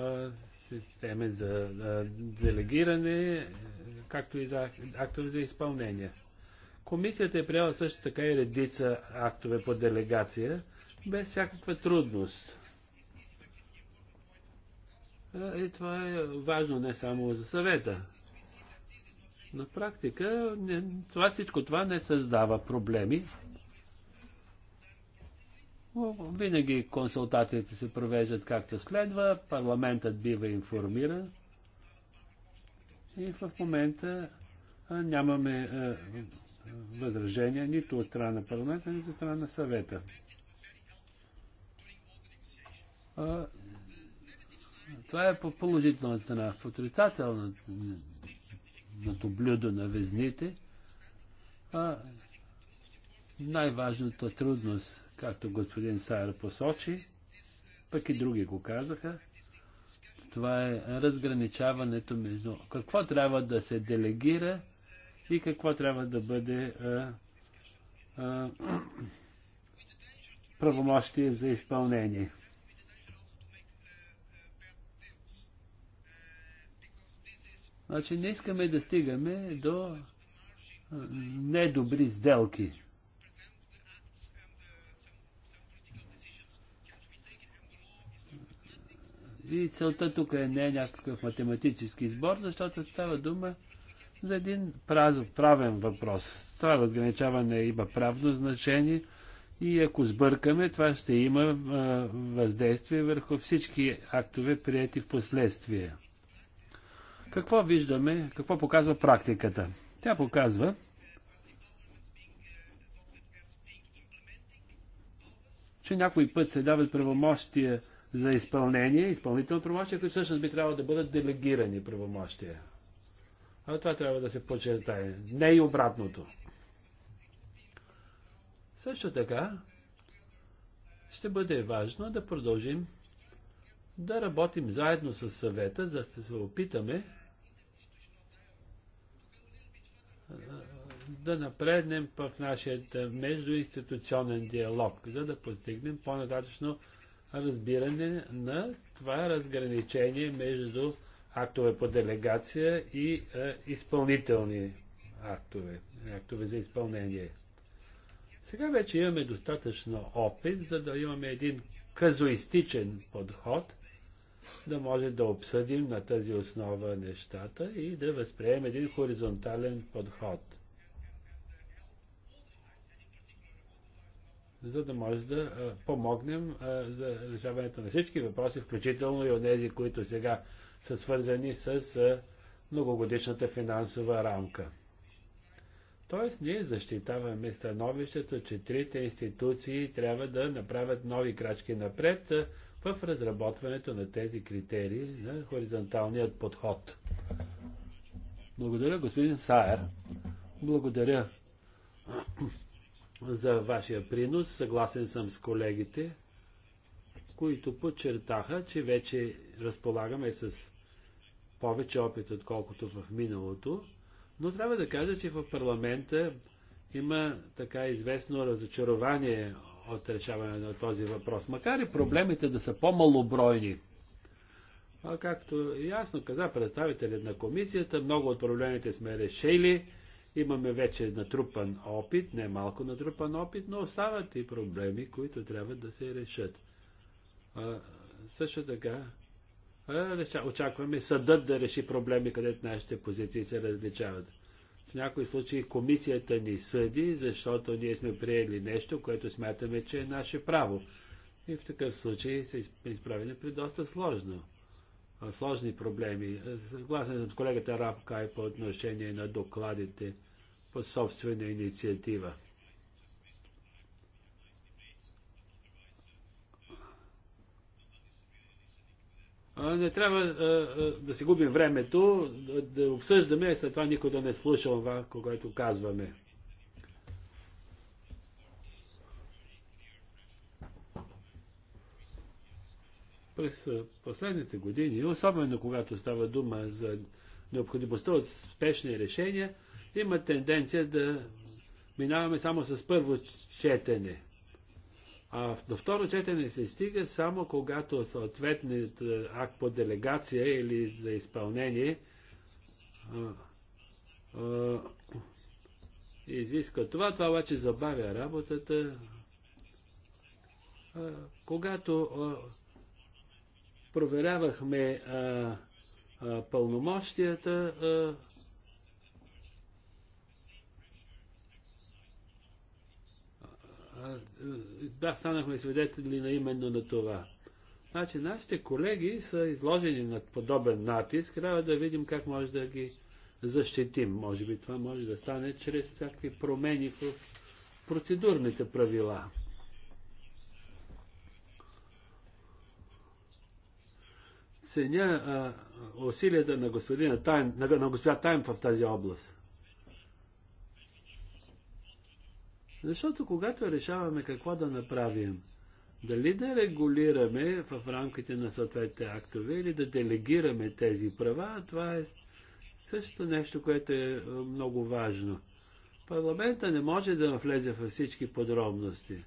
а, системи за а, делегиране, както и за актове за изпълнение. Комисията е приела също така и редица актове по делегация, без всякаква трудност. И това е важно не само за съвета. На практика не, това, всичко това не създава проблеми. Винаги консултациите се провеждат както следва, парламентът бива информиран и в момента нямаме възражения нито от страна на парламента, нито от страна на съвета. А, това е по положителната страна. В отрицателното блюдо на везните а, най-важната трудност, както господин Сайер посочи, пък и други го казаха, това е разграничаването между какво трябва да се делегира и какво трябва да бъде а, а, правомощие за изпълнение. Значи не искаме да стигаме до недобри сделки. И целта тук е не е някакъв математически сбор, защото става дума за един правен въпрос. Това разграничаване има правно значение и ако сбъркаме, това ще има въздействие върху всички актове, прияти в последствие. Какво виждаме, какво показва практиката? Тя показва, че някой път се дават правомощия за изпълнение, изпълнително правомощия, които всъщност би трябвало да бъдат делегирани правомощия. А това трябва да се почертае. Не и обратното. Също така, ще бъде важно да продължим да работим заедно с съвета, за да се опитаме да напреднем в нашия междуинституционен диалог, за да постигнем по-нататъчно разбиране на това разграничение между актове по делегация и а, е, изпълнителни актове, актове за изпълнение. Сега вече имаме достатъчно опит, за да имаме един казуистичен подход, да може да обсъдим на тази основа нещата и да възприемем един хоризонтален подход. за да може да а, е, помогнем а, е, за решаването на всички въпроси, включително и от тези, които сега са свързани с многогодишната финансова рамка. Тоест, ние защитаваме становището, че трите институции трябва да направят нови крачки напред в разработването на тези критерии на хоризонталният подход. Благодаря, господин Саер. Благодаря *clears throat* за вашия принос. Съгласен съм с колегите които подчертаха, че вече разполагаме с повече опит, отколкото в миналото, но трябва да кажа, че в парламента има така известно разочарование от решаване на този въпрос, макар и проблемите да са по-малобройни. А както ясно каза представителят на комисията, много от проблемите сме решили, имаме вече натрупан опит, не малко натрупан опит, но остават и проблеми, които трябва да се решат също така очакваме съдът да реши проблеми, където нашите позиции се различават. В някои случаи комисията ни съди, защото ние сме приели нещо, което смятаме, че е наше право. И в такъв случай са изправили при доста сложно. Сложни проблеми. Съгласен от с колегата Рапкай по отношение на докладите по собствена инициатива. не трябва да си губим времето, да, обсъждаме, след това никой да не слуша това, което казваме. През последните години, особено когато става дума за необходимостта от спешни решения, има тенденция да минаваме само с първо четене. А до второ четене се стига само когато съответният е, акт по делегация или за изпълнение а, а, изиска това. Това обаче забавя работата. А, когато проверявахме пълномощията, Да, е, станахме свидетели на именно на това. Значи нашите колеги са изложени на подобен натиск, трябва да видим как може да ги защитим. Може би това може да стане чрез всякакви промени в процедурните правила. Ценя а, усилията на, господина Тайн, на, на госпожа Тайн в тази област. Защото когато решаваме какво да направим, дали да регулираме в рамките на съответните актове или да делегираме тези права, това е също нещо, което е, е много важно. Парламента не може да влезе във всички подробности.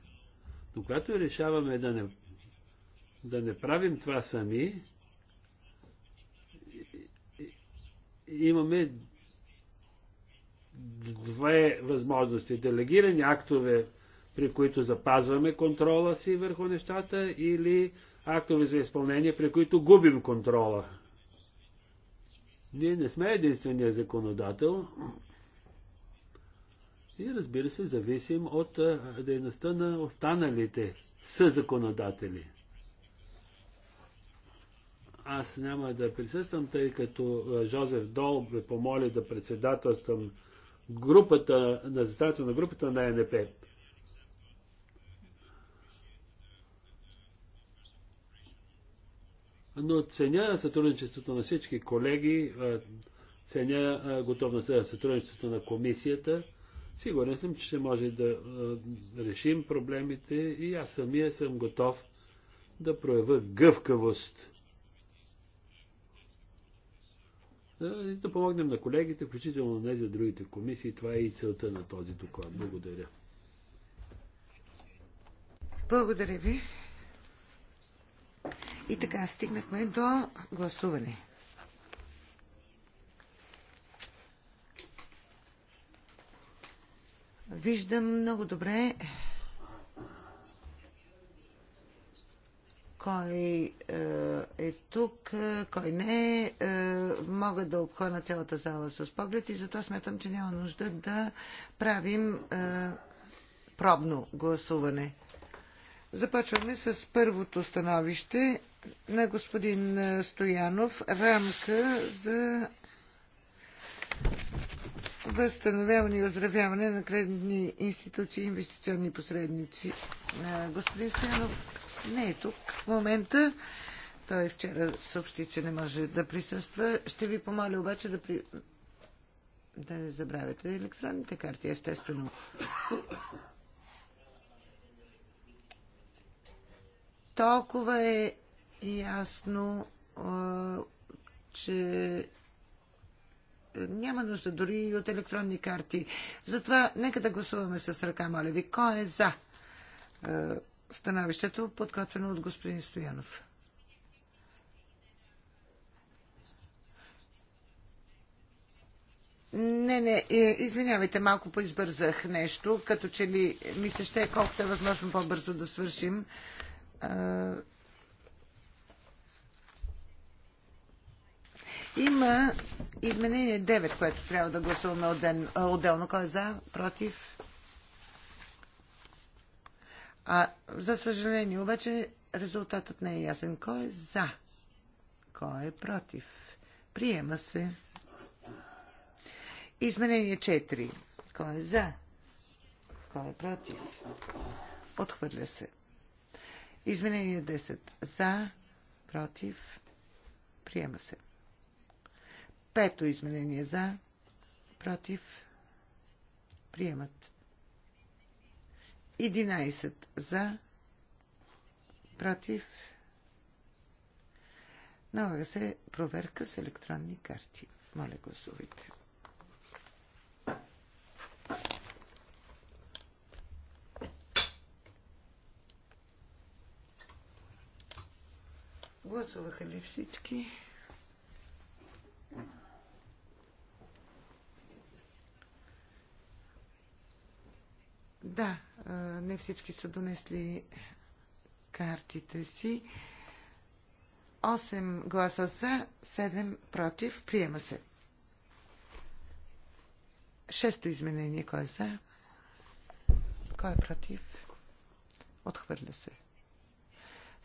Но когато решаваме да не, да не правим това сами, имаме две възможности. Делегирани актове, при които запазваме контрола си върху нещата или актове за изпълнение, при които губим контрола. Ние не сме единствения законодател и разбира се зависим от дейността на останалите съзаконодатели. Аз няма да присъствам, тъй като Жозеф Дол ме помоли да председателствам групата, на заседанието на групата на е НДП. Но ценя сътрудничеството на всички колеги, ценя готовността на сътрудничеството на комисията. Сигурен съм, че ще може да решим проблемите и аз самия съм готов да проявя гъвкавост да, да помогнем на колегите, включително не за другите комисии. Това е и целта на този доклад. Благодаря. Благодаря ви. И така, стигнахме до гласуване. Виждам много добре кой е, е тук, кой не е. Мога да обхвана цялата зала с поглед и затова смятам, че няма нужда да правим е, пробно гласуване. Започваме с първото становище на господин Стоянов. Рамка за възстановяване и оздравяване на кредитни институции и инвестиционни посредници. Е, господин Стоянов, не е тук в момента. Той вчера съобщи, че не може да присъства. Ще ви помоля обаче да при... Да не забравяте електронните карти, естествено. Толкова е ясно, че няма нужда дори и от електронни карти. Затова нека да гласуваме с ръка, моля ви. Кой е за становището, подготвено от господин Стоянов. Не, не, е, извинявайте, малко поизбързах нещо, като че ли ми се ще е колкото е възможно по-бързо да свършим. Има изменение 9, което трябва да гласуваме отделно. Кой е за? Против? А, за съжаление, обаче резултатът не е ясен. Кой е за? Кой е против? Приема се. Изменение 4. Кой е за? Кой е против? Отхвърля се. Изменение 10. За, против, приема се. Пето изменение за, против, приемат 11 за, против. Налага се проверка с електронни карти. Моля, гласувайте. Гласуваха ли всички? Да, не всички са донесли картите си. 8 гласа за, 7 против. Приема се. Шесто изменение. Кой е за? Кой е против? Отхвърля се.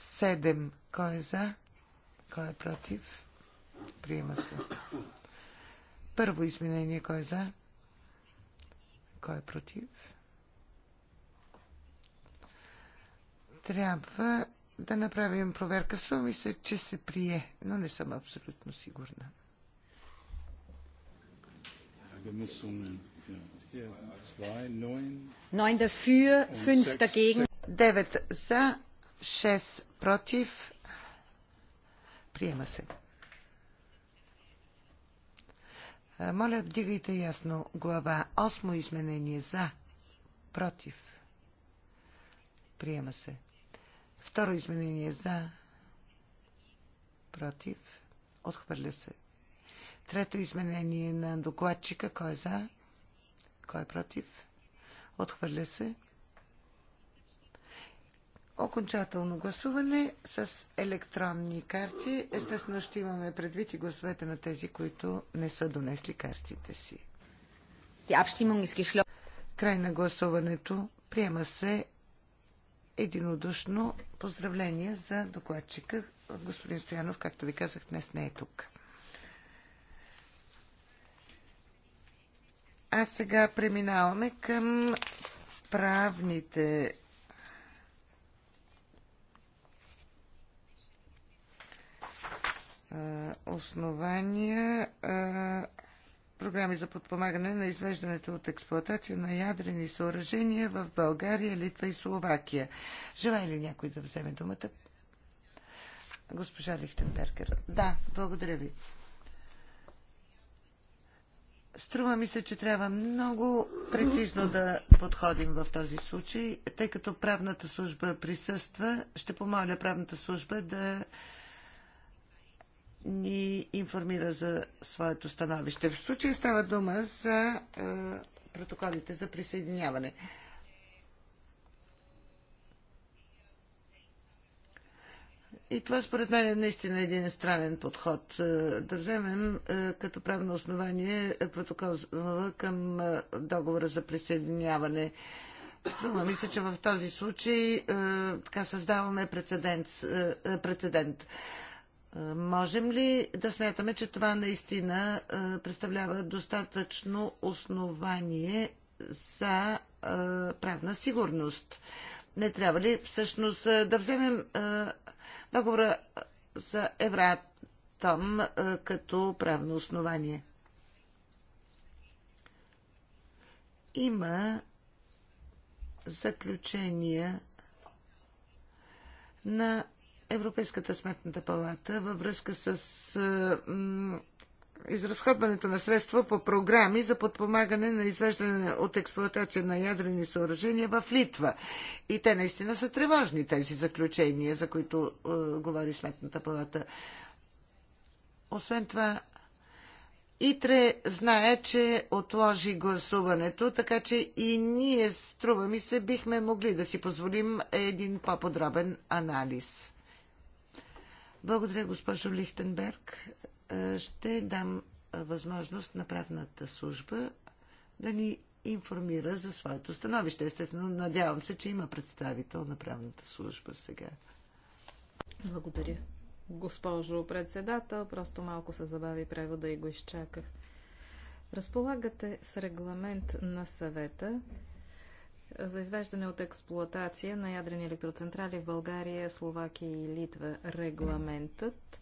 7. Кой е за? Кой е против? Приема се. Първо изменение. Кой е за? Кой е против? Трябва да направим проверка. Струва ми се, че се прие, но не съм абсолютно сигурна. Девет за, 6 против. Приема се. Моля, вдигайте ясно глава. Осмо изменение за, против. Приема се. Второ изменение за. Против. Отхвърля се. Трето изменение на докладчика. Кой е за? Кой е против? Отхвърля се. Окончателно гласуване с електронни карти. Естествено ще имаме предвид и гласовете на тези, които не са донесли картите си. Край на гласуването. Приема се единодушно поздравление за докладчика. Господин Стоянов, както ви казах, днес не е тук. А сега преминаваме към правните основания програми за подпомагане на извеждането от експлоатация на ядрени съоръжения в България, Литва и Словакия. Желая ли някой да вземе думата? Госпожа Лихтенбергер. Да, благодаря ви. Струва ми се, че трябва много прецизно да подходим в този случай, тъй като правната служба присъства. Ще помоля правната служба да ни информира за своето становище. В случая става дума за е, протоколите за присъединяване. И това според мен е наистина един странен подход. Е, да вземем е, като правно основание протокол е, към договора за присъединяване. Струва ми се, че в този случай така създаваме прецедент. прецедент. Е, можем ли да смятаме, че това наистина е, представлява достатъчно основание за е, правна сигурност? Не трябва ли всъщност да вземем договора за Евратом като правно основание? Има заключения на Европейската сметната палата във връзка с изразходването на средства по програми за подпомагане на извеждане от експлоатация на ядрени съоръжения в Литва. И те наистина са тревожни, тези заключения, за които е, говори Сметната палата. Освен това, Итре знае, че отложи гласуването, така че и ние, струва ми се, бихме могли да си позволим един по-подробен анализ. Благодаря, госпожо Лихтенберг. Е, ще дам е, възможност на правната служба да ни информира за своето становище. Естествено, надявам се, че има представител на правната служба сега. Благодаря. Госпожо председател, просто малко се забави превода и го изчаках. Разполагате с регламент на съвета за извеждане от експлуатация на ядрени електроцентрали в България, Словакия и Литва. Регламентът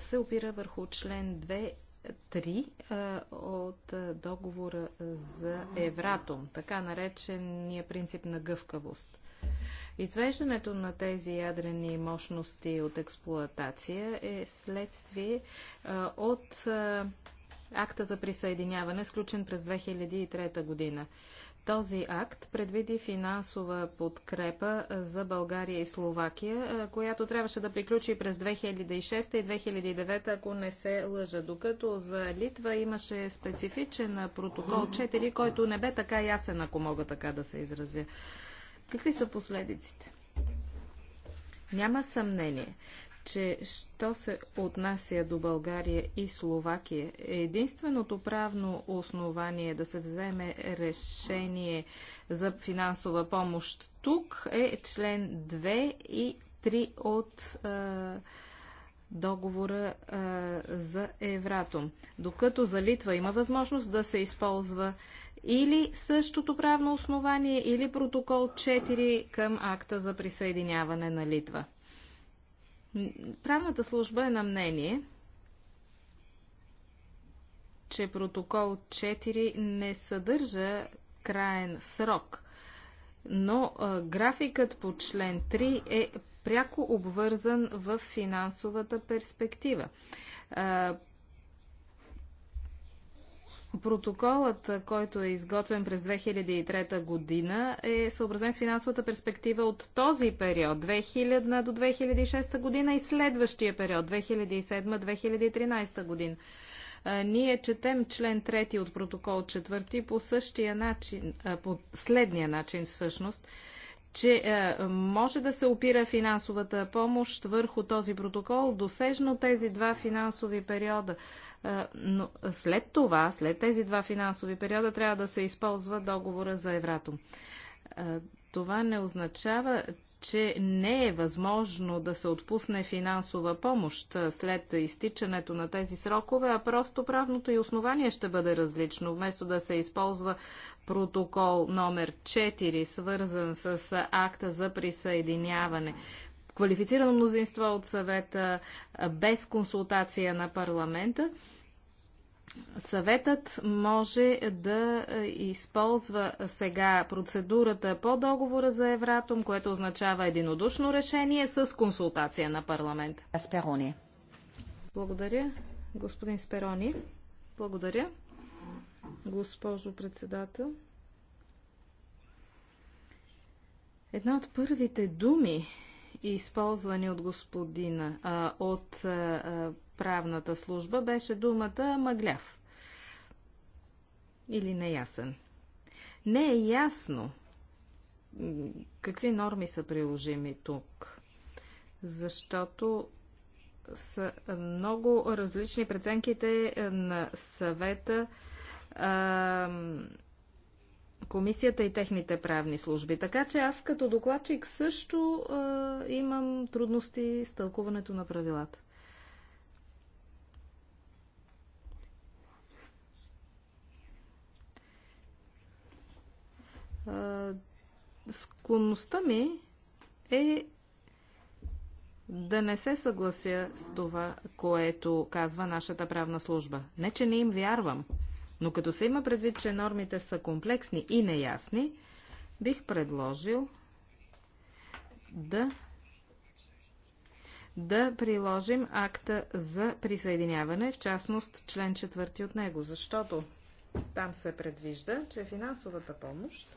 се опира върху член 2 3 от договора за Евратом, така наречения принцип на гъвкавост. Извеждането на тези ядрени мощности от експлоатация е следствие от акта за присъединяване, сключен през 2003 година. Този акт предвиди финансова подкрепа за България и Словакия, която трябваше да приключи през 2006 и 2009, ако не се лъжа. Докато за Литва имаше специфичен протокол 4, който не бе така ясен, ако мога така да се изразя. Какви са последиците? Няма съмнение, че що се отнася до България и Словакия, единственото правно основание да се вземе решение за финансова помощ тук е член 2 и 3 от е, договора е, за Евратом. Докато за Литва има възможност да се използва или същото правно основание, или протокол 4 към акта за присъединяване на Литва. Правната служба е на мнение, че протокол 4 не съдържа краен срок, но графикът по член 3 е пряко обвързан в финансовата перспектива. Протоколът, който е изготвен през 2003 година, е съобразен с финансовата перспектива от този период, 2000 до 2006 година и следващия период, 2007-2013 година. ние четем член 3 от протокол 4 по същия начин, по следния начин всъщност, че може да се опира финансовата помощ върху този протокол досежно тези два финансови периода но след това, след тези два финансови периода, трябва да се използва договора за Евратом. Това не означава, че не е възможно да се отпусне финансова помощ след изтичането на тези срокове, а просто правното и основание ще бъде различно. Вместо да се използва протокол номер 4, свързан с акта за присъединяване, квалифицирано мнозинство от съвета, без консултация на парламента, Съветът може да използва сега процедурата по договора за Евратом, което означава единодушно решение с консултация на парламент. Сперони. Благодаря, господин Сперони. Благодаря, госпожо председател. Една от първите думи, използвани от господина, от правната служба беше думата мъгляв или неясен. Не е ясно какви норми са приложими тук, защото са много различни преценките на съвета, комисията и техните правни служби. Така че аз като докладчик също имам трудности с тълкуването на правилата. склонността ми е да не се съглася с това, което казва нашата правна служба. Не, че не им вярвам, но като се има предвид, че нормите са комплексни и неясни, бих предложил да да приложим акта за присъединяване, в частност член 4 от него, защото там се предвижда, че финансовата помощ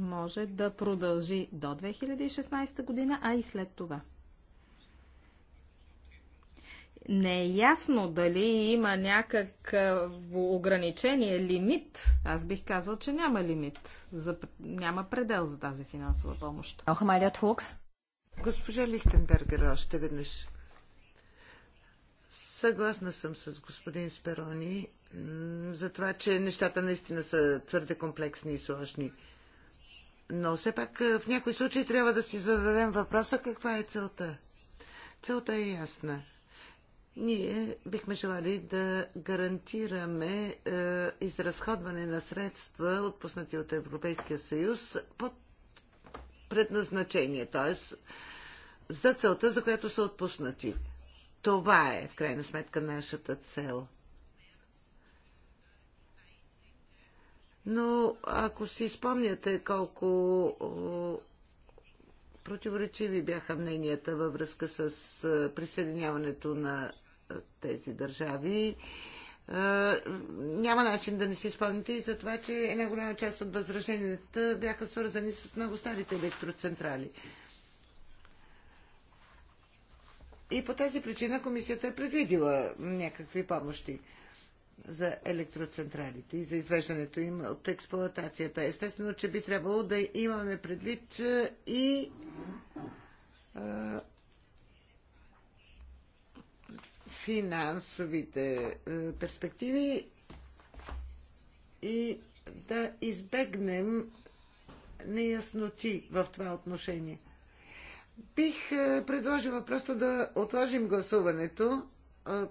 може да продължи до 2016 година, а и след това. Не е ясно дали има някакво ограничение, лимит. Аз бих казал, че няма лимит. За, няма предел за тази финансова помощ. Госпожа Лихтенбергер, още веднъж. Съгласна съм с господин Сперони за това, че нещата наистина са твърде комплексни и сложни. Но все пак в някои случаи трябва да си зададем въпроса каква е целта. Целта е ясна. Ние бихме желали да гарантираме е, изразходване на средства, отпуснати от Европейския съюз, под предназначение, т.е. за целта, за която са отпуснати. Това е, в крайна сметка, нашата цел. Но ако си спомняте колко противоречиви бяха мненията във връзка с присъединяването на тези държави, няма начин да не си спомните и за това, че една голяма част от възраженията бяха свързани с много старите електроцентрали. И по тази причина комисията е предвидила някакви помощи за електроцентралите и за извеждането им от експлоатацията. Естествено, че би трябвало да имаме предвид и а, финансовите а, перспективи и да избегнем неясноти в това отношение. Бих предложила просто да отложим гласуването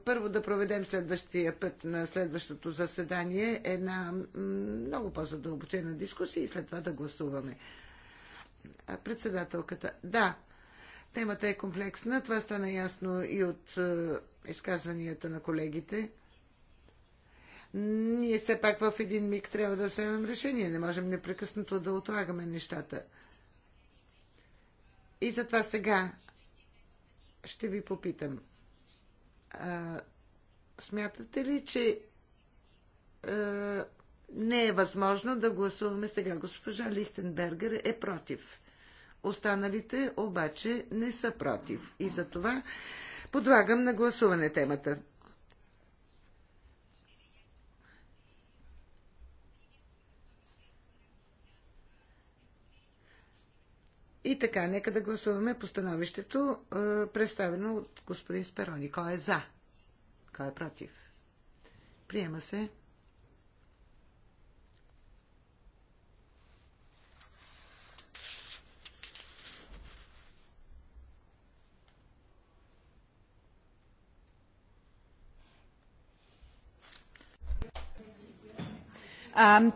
първо да проведем следващия път на следващото заседание една много по-задълбочена дискусия и след това да гласуваме. Председателката. Да, темата е комплексна. Това стана ясно и от е, изказванията на колегите. Ние все пак в един миг трябва да вземем решение. Не можем непрекъснато да отлагаме нещата. И затова сега ще ви попитам – а, смятате ли, че а, не е възможно да гласуваме сега? Госпожа Лихтенбергер е против. Останалите обаче не са против. И за това подлагам на гласуване темата. И така, нека да гласуваме по становището, е, представено от господин Сперони. Кой е за? Кой е против? Приема се.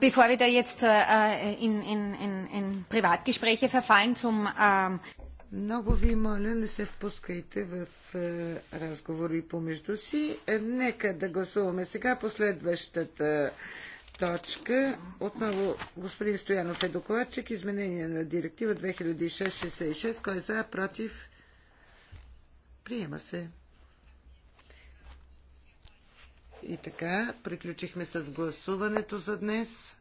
bevor wir da jetzt in, verfallen zum... Ähm, Много ви моля, не се впускайте в е, разговори помежду си. Е, нека да гласуваме сега последващата точка. Отново господин Стоянов е докладчик. Изменение на директива 2666. Кой е за? Против? Приема се. И така, приключихме с гласуването за днес.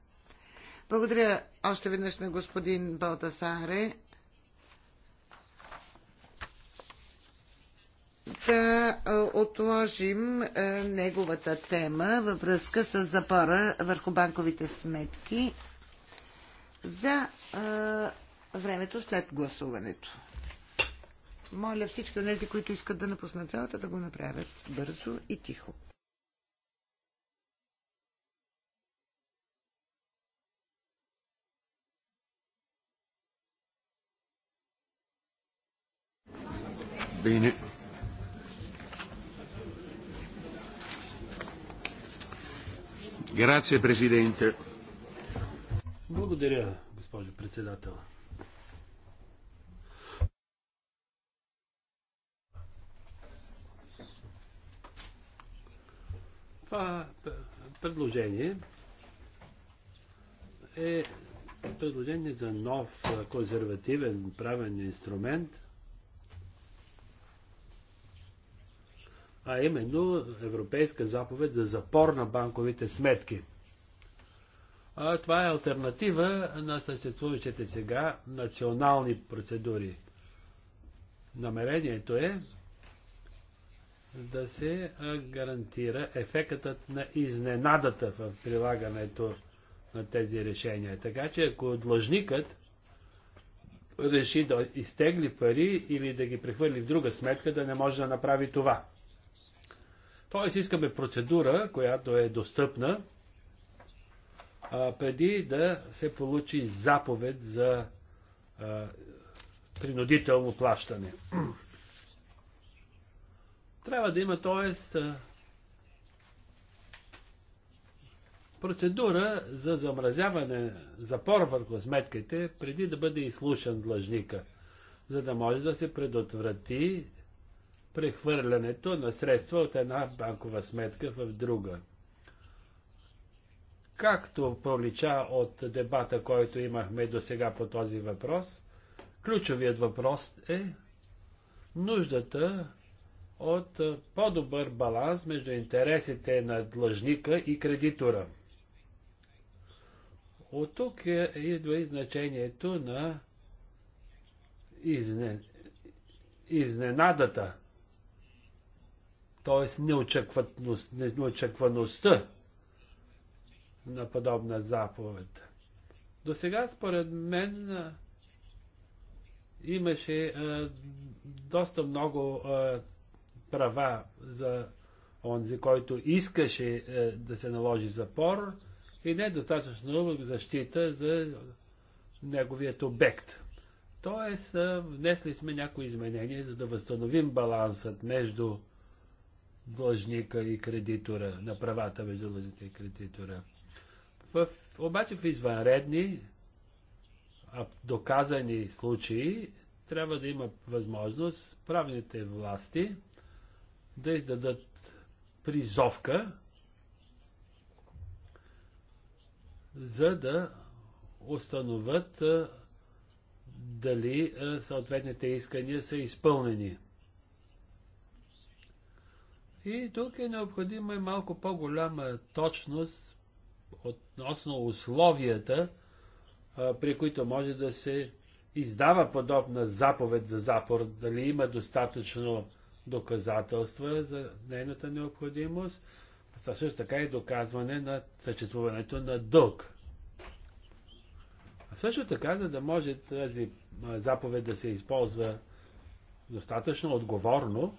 Благодаря още веднъж на господин Балтасаре. да отложим неговата тема във връзка с запора върху банковите сметки за времето след гласуването. Моля всички от тези, които искат да напуснат залата, да го направят бързо и тихо. Bene. Grazie, Presidente. Благодаря, госпожо председател. Това предложение е предложение за нов консервативен правен инструмент – а именно Европейска заповед за запор на банковите сметки. А, това е альтернатива на съществуващите сега национални процедури. Намерението е да се гарантира ефектът на изненадата в прилагането на тези решения. Така че ако длъжникът реши да изтегли пари или да ги прехвърли в друга сметка, да не може да направи това. Тоест искаме процедура, която е достъпна, а, преди да се получи заповед за а, принудително плащане. Трябва да има, т.е. процедура за замразяване, запор върху сметките, преди да бъде изслушан длъжника, за да може да се предотврати прехвърлянето на средства от една банкова сметка в друга. Както пролича от дебата, който имахме до сега по този въпрос, ключовият въпрос е нуждата от по-добър баланс между интересите на длъжника и кредитора. От тук е, идва и значението на изне, изненадата т.е. неочакваността на подобна заповед. До сега, според мен, имаше доста много права за онзи, който искаше да се наложи запор и недостатъчно защита за неговият обект. Тоест, внесли сме някои изменения, за да възстановим балансът между длъжника и кредитора, на правата между длъжника и кредитора. В, обаче в извънредни, а доказани случаи, трябва да има възможност правните власти да издадат призовка, за да установят дали съответните искания са изпълнени. И тук е необходима и малко по-голяма точност относно условията, при които може да се издава подобна заповед за запор, дали има достатъчно доказателства за нейната необходимост, също така и доказване на съществуването на дълг. А също така, за да може тази заповед да се използва достатъчно отговорно,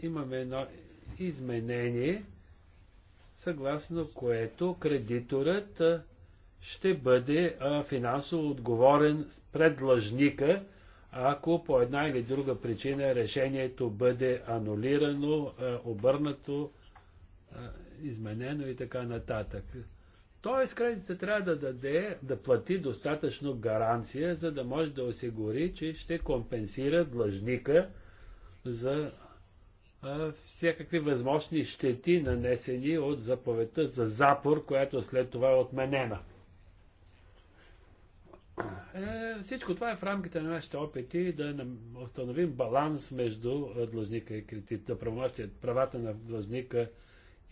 имаме едно изменение, съгласно което кредиторът ще бъде финансово отговорен пред длъжника, ако по една или друга причина решението бъде анулирано, обърнато, изменено и така нататък. Тоест кредитът трябва да даде, да плати достатъчно гаранция, за да може да осигури, че ще компенсира длъжника за всякакви възможни щети, нанесени от заповедта за запор, която след това е отменена. Е, всичко това е в рамките на нашите опити да установим баланс между длъжника и кредитора, правата на длъжника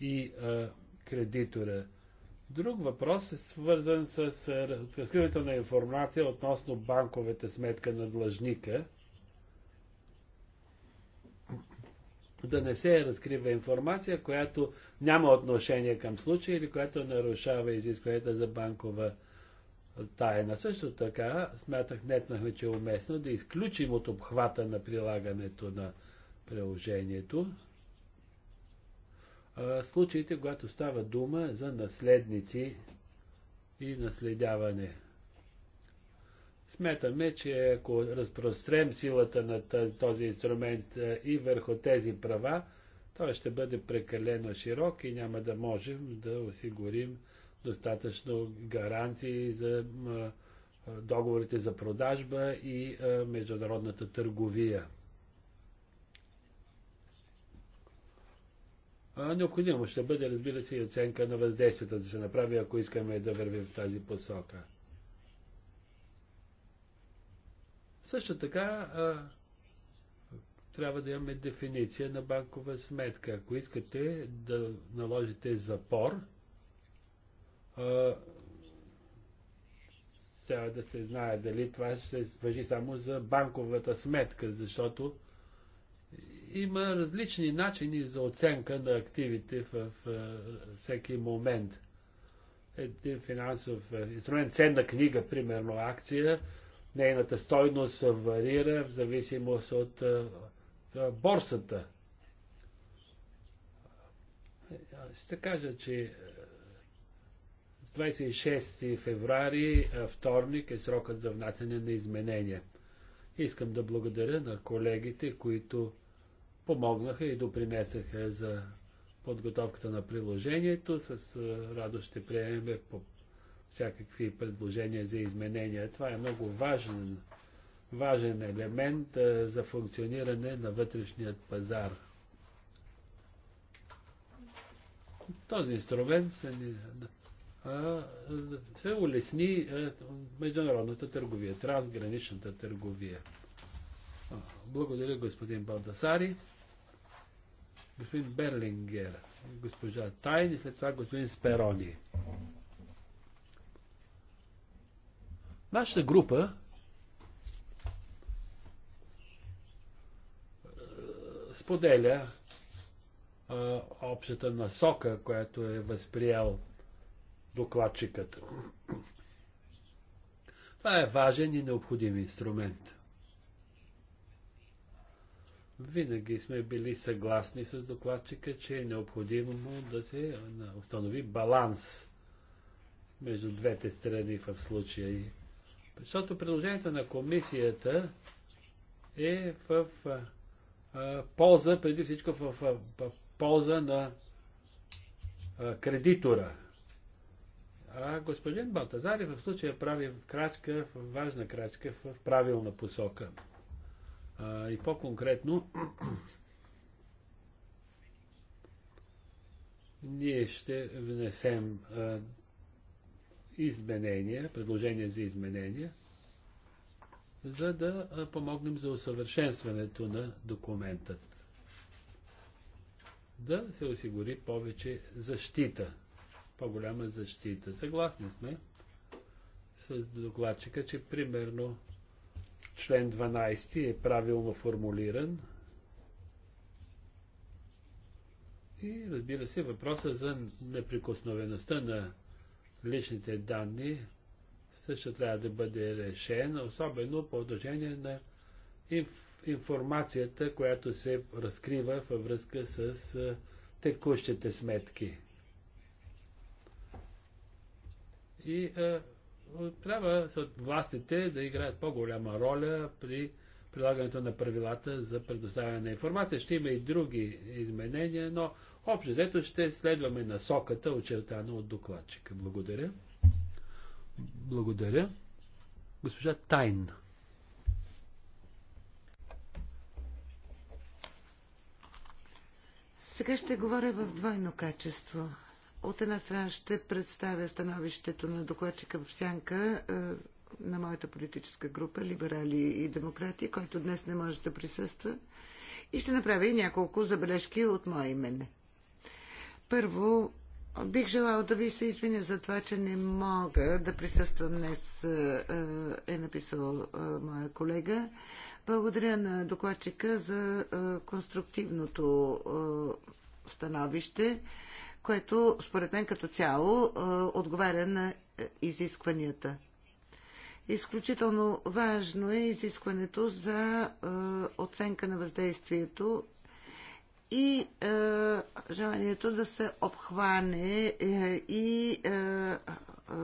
и е, кредитора. Друг въпрос е свързан с разкриването на информация относно банковата сметка на длъжника – да не се разкрива информация, която няма отношение към случая или която нарушава изискванията за банкова тайна. Също така смятах, нетнахме, че е уместно да изключим от обхвата на прилагането на приложението случаите, когато става дума за наследници и наследяване. Смятаме, че ако разпрострем силата на този инструмент е, и върху тези права, той ще бъде прекалено широк и няма да можем да осигурим достатъчно гаранции за договорите за продажба и международната търговия. Необходимо ще бъде, разбира се, и оценка на въздействията да се направи, ако искаме да вървим в тази посока. Също така а, трябва да имаме дефиниция на банкова сметка. Ако искате да наложите запор, а, трябва да се знае дали това ще въжи само за банковата сметка, защото има различни начини за оценка на активите в, в всеки момент. Един финансов инструмент, ценна книга, примерно акция, Нейната стойност варира в зависимост от борсата. Ще кажа, че 26 феврари, вторник, е срокът за внасяне на изменения. Искам да благодаря на колегите, които помогнаха и допринесаха за подготовката на приложението. С радост ще приемем всякакви предложения за изменения. Това е много важен, важен елемент за функциониране на вътрешният пазар. Този инструмент се, а, се улесни международната търговия, трансграничната търговия. Благодаря, господин Балдасари. Господин Берлингер, госпожа Тайни, след това господин Сперони. Нашата група споделя общата насока, която е възприял докладчикът. Това е важен и необходим инструмент. Винаги сме били съгласни с докладчика, че е необходимо да се установи баланс между двете страни в случая. и. Защото предложението на комисията е в а, полза, преди всичко в, в, в полза на а, кредитора. А господин Балтазари в случая прави крачка, важна крачка в правилна посока. А, и по-конкретно, *clears throat* ние ще внесем изменения, предложения за изменения, за да помогнем за усъвършенстването на документът. Да се осигури повече защита, по-голяма защита. Съгласни сме с докладчика, че примерно член 12 е правилно формулиран. И разбира се, въпроса за неприкосновеността на личните данни също трябва да бъде решен, особено по отношение на информацията, която се разкрива във връзка с текущите сметки. И а, трябва властите да играят по-голяма роля при прилагането на правилата за предоставяне на информация. Ще има и други изменения, но общо взето ще следваме насоката, очертана от докладчика. Благодаря. Благодаря. Госпожа Тайн. Сега ще говоря в двойно качество. От една страна ще представя становището на докладчика в сянка е, на моята политическа група, либерали и демократи, който днес не може да присъства. И ще направя и няколко забележки от мое имене. Първо, бих желала да ви се извиня за това, че не мога да присъствам днес, е написал моя колега. Благодаря на докладчика за конструктивното становище, което според мен като цяло отговаря на изискванията. Изключително важно е изискването за е, оценка на въздействието и е, желанието да се обхване е, и е, е,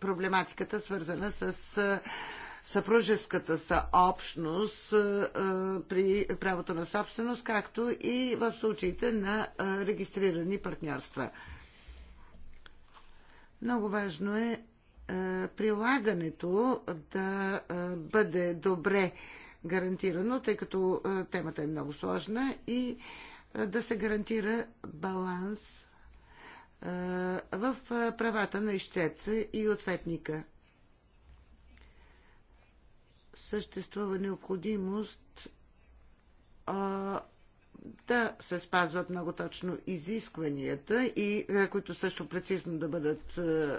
проблематиката, свързана с е, съпружеската съобщност е, при правото на собственост, както и в случаите на е, регистрирани партньорства. Много важно е, е прилагането да е, бъде добре гарантирано, тъй като е, темата е много сложна и да се гарантира баланс в правата на ищеца и ответника. Съществува необходимост да се спазват много точно изискванията и е, които също прецизно да бъдат е,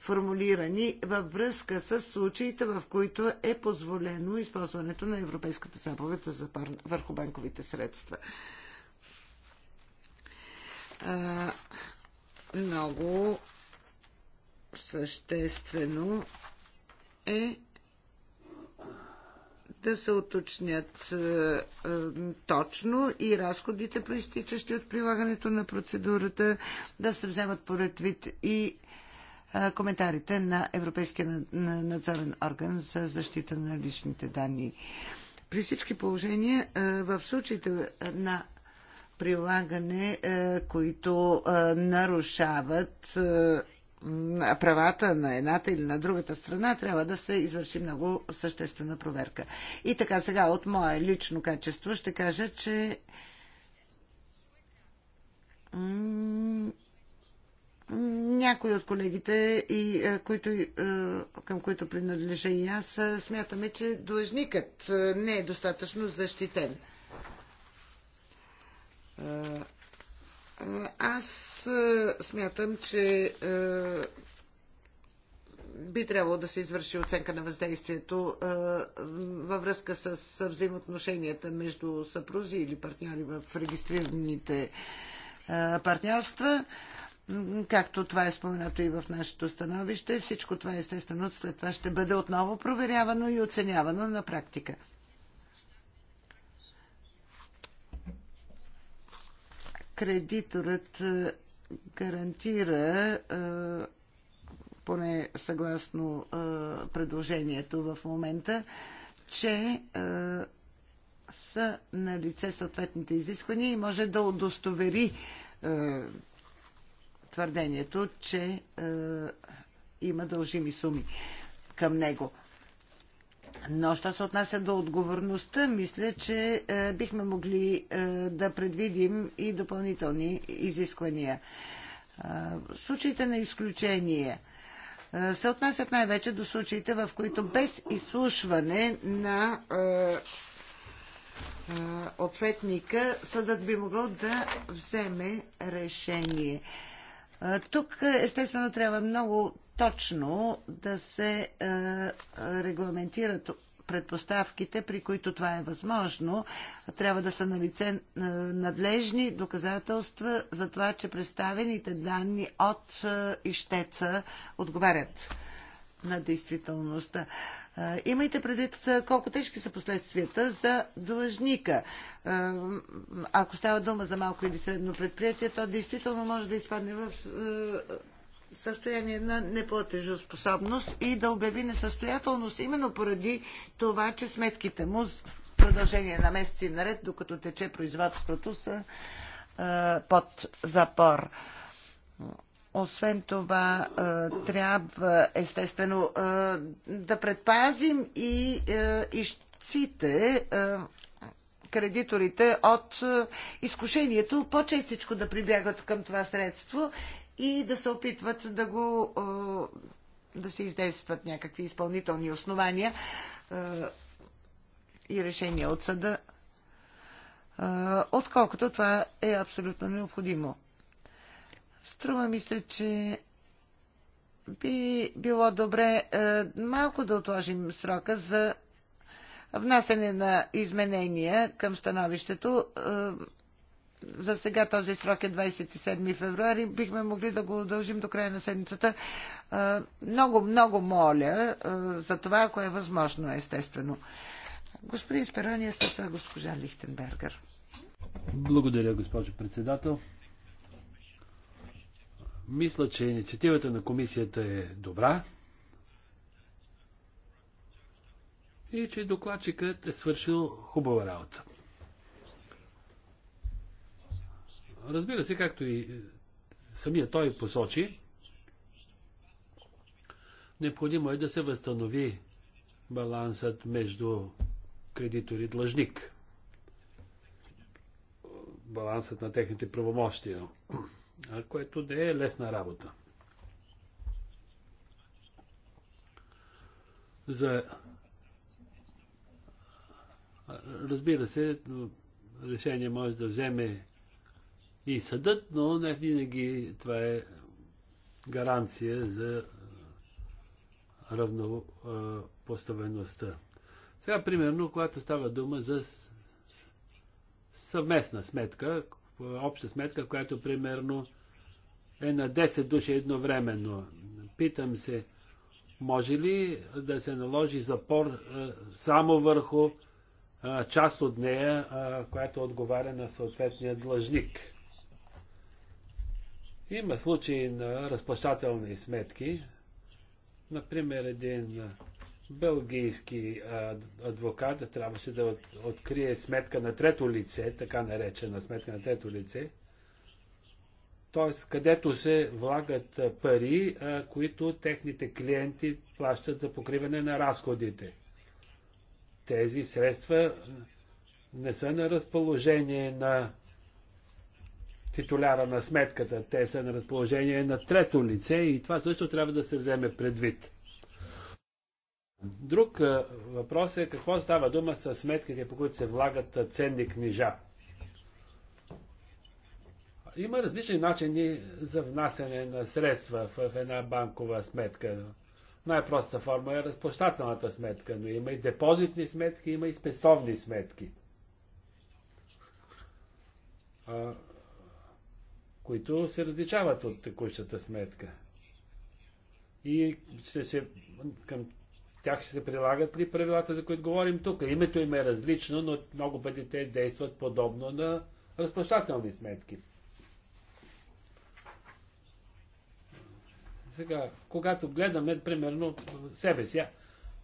формулирани във връзка с случаите, в които е позволено използването на Европейската заповед за върху банковите средства. Е, много съществено е да се уточнят е, е, точно и разходите, проистичащи от прилагането на процедурата, да се вземат поред вид и е, коментарите на Европейския надзорен орган за защита на личните данни. При всички положения, в случаите на прилагане, които нарушават правата на едната или на другата страна, трябва да се извърши много съществена проверка. И така сега от мое лично качество ще кажа, че някои от колегите, и, е, които, е, към които принадлежа и аз, е, смятаме, че длъжникът не е достатъчно защитен аз смятам, че би трябвало да се извърши оценка на въздействието във връзка с взаимоотношенията между съпрузи или партньори в регистрираните партньорства. Както това е споменато и в нашето становище, всичко това естествено след това ще бъде отново проверявано и оценявано на практика. кредиторът е, гарантира е, поне съгласно е, предложението в момента, че са на лице съответните изисквания и може да удостовери твърдението, че има дължими суми към него. Но, що се отнася до отговорността, мисля, че е, бихме могли е, да предвидим и допълнителни изисквания. Е, случаите на изключение е, се отнасят най-вече до случаите, в които без изслушване на е, е, ответника съдът би могъл да вземе решение. Е, тук естествено трябва много точно да се регламентират предпоставките, при които това е възможно. Трябва да са налице надлежни доказателства за това, че представените данни от ищеца отговарят на действителността. Имайте предвид колко тежки са последствията за длъжника. Ако става дума за малко или средно предприятие, то действително може да изпадне в състояние на неплатежоспособност и да обяви несъстоятелност, именно поради това, че сметките му в продължение на месеци наред, докато тече производството, са под запор. Освен това, трябва естествено да предпазим и ищците, кредиторите от изкушението по-честичко да прибягват към това средство и да се опитват да го да се издействат някакви изпълнителни основания и решения от съда, отколкото това е абсолютно необходимо. Струва ми се, че би било добре е, малко да отложим срока за внасене на изменения към становището. Е, за сега този срок е 27 февруари. Бихме могли да го удължим до края на седмицата. Е, много, много моля за това, ако е възможно, естествено. Господин Сперония, след това госпожа Лихтенбергер. Благодаря, госпожо председател. Мисля, че инициативата на комисията е добра и че докладчикът е свършил хубава работа. Разбира се, както и самия той посочи, необходимо е да се възстанови балансът между кредитор и длъжник. Балансът на техните правомощия което да е лесна работа. За Разбира се, решение може да вземе и съдът, но не винаги това е гаранция за равнопоставеността. Сега, примерно, когато става дума за съвместна сметка, обща сметка, която примерно е на 10 души едновременно. Питам се, може ли да се наложи запор само върху част от нея, която отговаря на съответния длъжник? Има случаи на разплащателни сметки. Например, един Белгийски адвокат трябваше да от, открие сметка на трето лице, така наречена сметка на трето лице, т.е. където се влагат пари, които техните клиенти плащат за покриване на разходите. Тези средства не са на разположение на титуляра на сметката, те са на разположение на трето лице и това също трябва да се вземе предвид. Друг е, въпрос е какво става дума с сметките, по които се влагат е, ценни книжа. Има различни начини за внасяне на средства в една банкова сметка. Най-простата форма е разплащателната сметка, но има и депозитни сметки, има и спестовни сметки, които се различават от текущата сметка. И ще се, към тях ще се прилагат ли правилата, за които говорим тук? Името им е различно, но много пъти те действат подобно на разплащателни сметки. Сега, когато гледаме, примерно, себе си,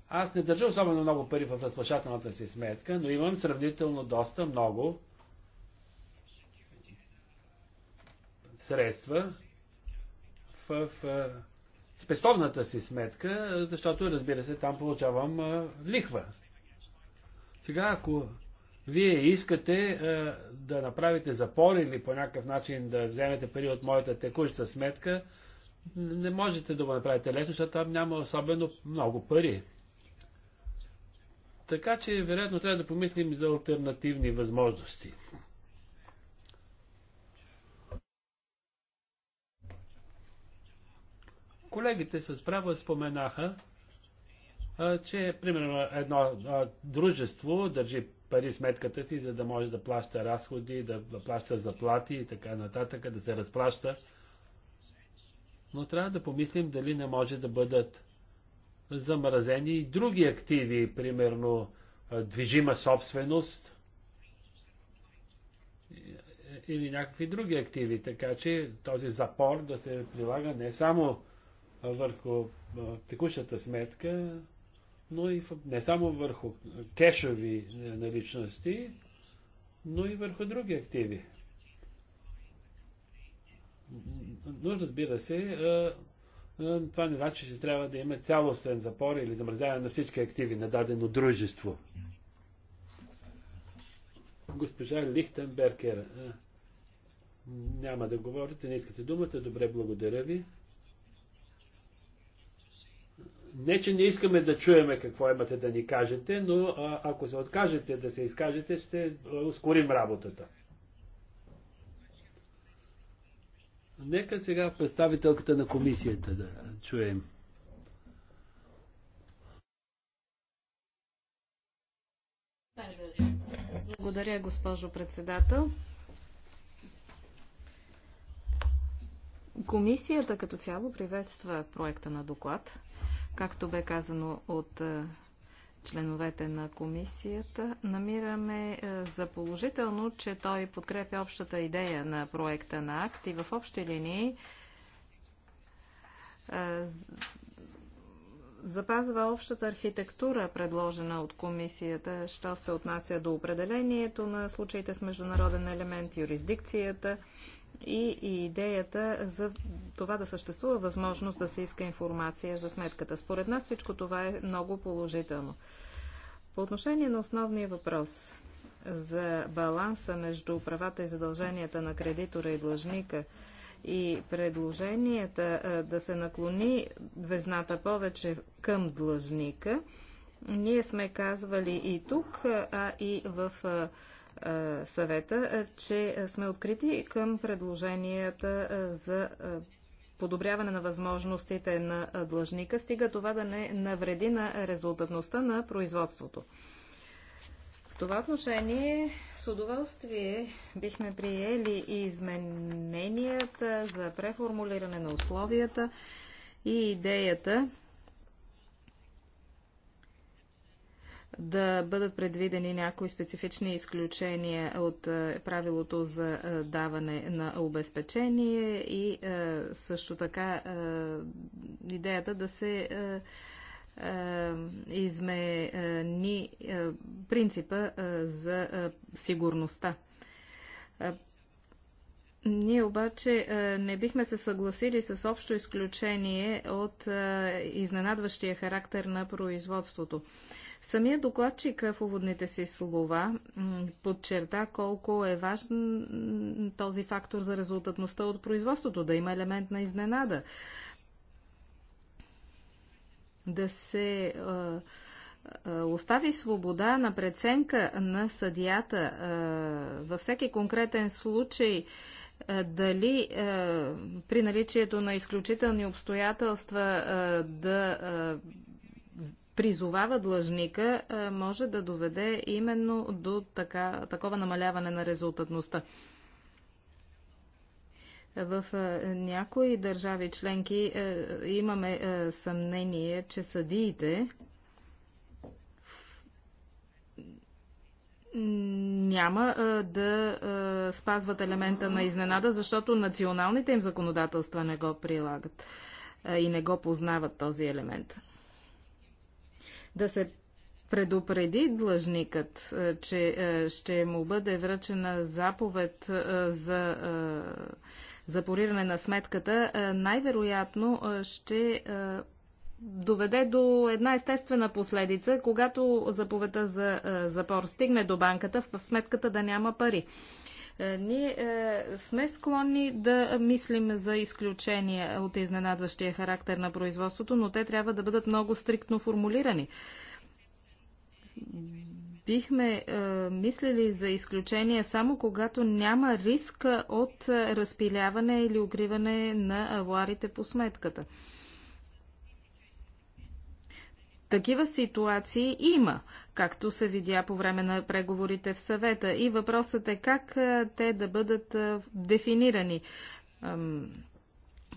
аз не държа особено много пари в разплащателната си сметка, но имам сравнително доста много средства в, в спестовната си сметка, защото разбира се, там получавам лихва. Сега, ако вие искате да направите запор или по някакъв начин да вземете пари от моята текуща сметка, не можете да го направите лесно, защото там няма особено много пари. Така че, вероятно, трябва да помислим за альтернативни възможности. Колегите с право споменаха, че примерно едно дружество държи пари сметката си, за да може да плаща разходи, да, да плаща заплати и така нататък, да се разплаща. Но трябва да помислим дали не може да бъдат замразени и други активи, примерно движима собственост или някакви други активи. Така че този запор да се прилага не само върху текущата сметка, но и не само върху кешови е, наличности, но и върху други активи. Но разбира се, е, е, това не значи, че трябва да има цялостен запор или замразяване на всички активи на дадено дружество. Госпожа Лихтенберкер, няма да говорите, не искате думата. Добре, благодаря ви не, че не искаме да чуеме какво имате да ни кажете, но а, ако се откажете да се изкажете, ще ускорим работата. Нека сега представителката на комисията да чуем. Благодаря, госпожо председател. Комисията като цяло приветства проекта на доклад. Както бе казано от е, членовете на комисията, намираме е, за положително, че той подкрепя общата идея на проекта на акт и в общи линии е, запазва общата архитектура, предложена от комисията, що се отнася до определението на случаите с международен елемент, юрисдикцията, и, и идеята за това да съществува възможност да се иска информация за сметката. Според нас всичко това е много положително. По отношение на основния въпрос за баланса между правата и задълженията на кредитора и длъжника, и предложенията да се наклони везната повече към длъжника, ние сме казвали и тук, а и в е, съвета, е, че сме открити към предложенията е, за подобряване на възможностите на длъжника, стига това да не навреди на резултатността на производството. В това отношение с удоволствие бихме приели и измененията за преформулиране на условията и идеята да бъдат предвидени някои специфични изключения от е, правилото за е, даване на обезпечение и е, също така идеята да се измени принципа за сигурността. Ние обаче не бихме се съгласили с общо изключение от изненадващия характер на производството. Самия докладчик в уводните си слова подчерта колко е важен този фактор за резултатността от производството, да има елемент на изненада, да се остави свобода на преценка на съдията във всеки конкретен случай дали при наличието на изключителни обстоятелства да призовава длъжника, може да доведе именно до така, такова намаляване на резултатността. В някои държави членки имаме съмнение, че съдиите няма да спазват елемента на изненада, защото националните им законодателства не го прилагат и не го познават този елемент да се предупреди длъжникът, е, че е, ще му бъде връчена заповед е, за запориране на сметката, най-вероятно ще доведе до една естествена последица, когато заповедта за запор стигне до банката, в сметката да няма пари. Е, ние е, сме склонни да мислим за изключения от изненадващия характер на производството, но те трябва да бъдат много стриктно формулирани бихме е, мислили за изключение само когато няма риск от разпиляване или укриване на авуарите по сметката. Такива ситуации има, както се видя по време на преговорите в съвета. И въпросът е как те да бъдат дефинирани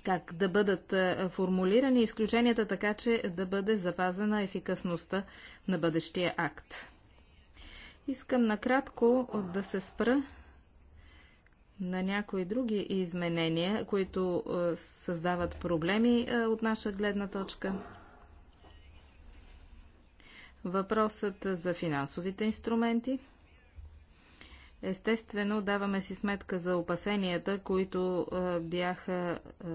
как да бъдат формулирани изключенията така, че да бъде запазена ефикасността на бъдещия акт. Искам накратко да се спра на някои други изменения, които създават проблеми от наша гледна точка. Въпросът за финансовите инструменти. Естествено, даваме си сметка за опасенията, които а, бяха а,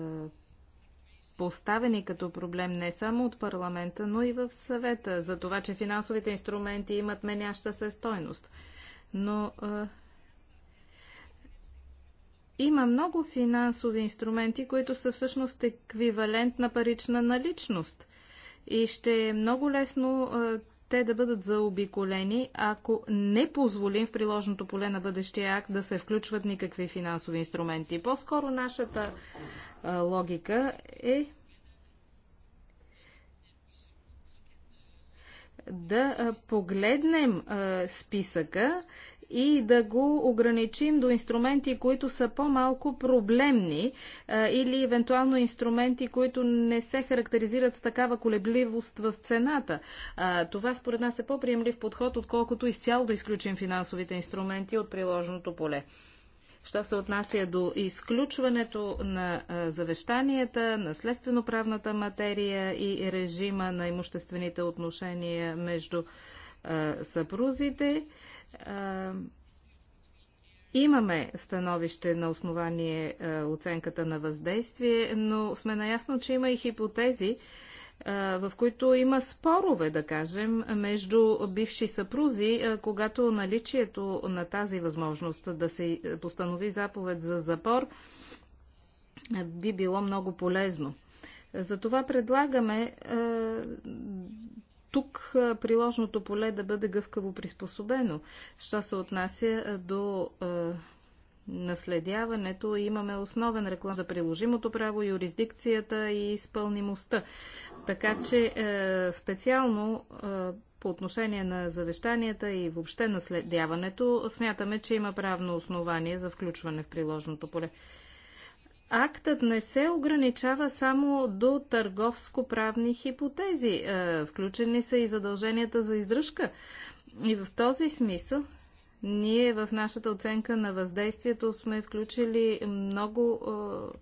поставени като проблем не само от парламента, но и в съвета за това, че финансовите инструменти имат меняща се стойност. Но а, има много финансови инструменти, които са всъщност еквивалент на парична наличност. И ще е много лесно те да бъдат заобиколени, ако не позволим в приложното поле на бъдещия акт да се включват никакви финансови инструменти. По-скоро нашата а, логика е да погледнем а, списъка и да го ограничим до инструменти, които са по-малко проблемни е, или евентуално инструменти, които не се характеризират с такава колебливост в цената. Е, това според нас е по-приемлив подход, отколкото изцяло да изключим финансовите инструменти от приложеното поле. Що се отнася до изключването на е, завещанията, на следственоправната материя и режима на имуществените отношения между съпрузите, Имаме становище на основание оценката на въздействие, но сме наясно, че има и хипотези, в които има спорове, да кажем, между бивши съпрузи, когато наличието на тази възможност да се постанови заповед за запор би било много полезно. Затова предлагаме тук приложното поле да бъде гъвкаво приспособено. Що се отнася до наследяването имаме основен реклам за приложимото право, юрисдикцията и изпълнимостта. Така че е, специално е, по отношение на завещанията и въобще наследяването, смятаме, че има правно основание за включване в приложното поле актът не се ограничава само до търговско-правни хипотези. Е, включени са и задълженията за издръжка. И в този смисъл ние в нашата оценка на въздействието сме включили много е,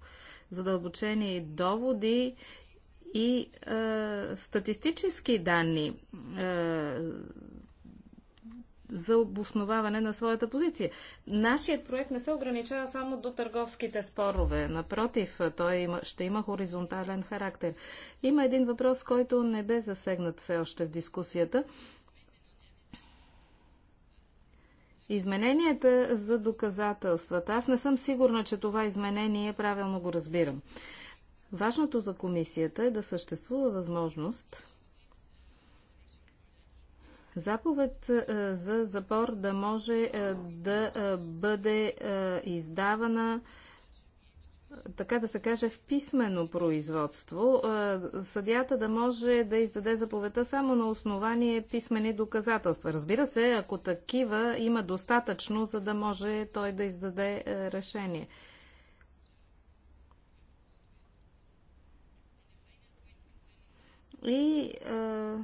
задълбочени доводи и е, статистически данни за обосноваване на своята позиция. Нашият проект не се ограничава само до търговските спорове. Напротив, той ще има хоризонтален характер. Има един въпрос, който не бе засегнат все още в дискусията. Измененията за доказателствата. Аз не съм сигурна, че това изменение правилно го разбирам. Важното за комисията е да съществува възможност Заповед е, за запор да може е, да е, бъде издавана така да се каже, в писмено производство. Съдията да може да издаде заповедта само на основание писмени доказателства. Разбира се, ако такива има достатъчно, за да може той да издаде решение. И а,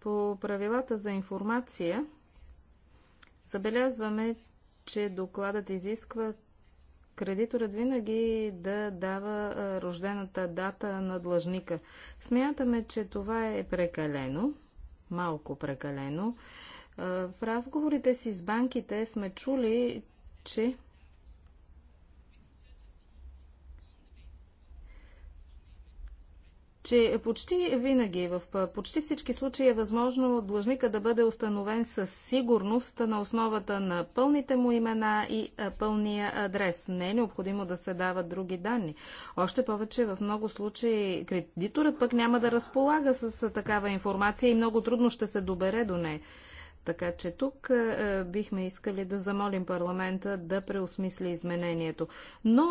по правилата за информация забелязваме, че докладът изисква кредиторът винаги да дава рождената дата на длъжника. Смятаме, че това е прекалено, малко прекалено. В разговорите си с банките сме чули, че че почти винаги, в почти всички случаи е възможно длъжника да бъде установен със сигурност на основата на пълните му имена и пълния адрес. Не е необходимо да се дават други данни. Още повече в много случаи кредиторът пък няма да разполага с такава информация и много трудно ще се добере до нея. Така че тук е, е, бихме искали да замолим парламента да преосмисли изменението. Но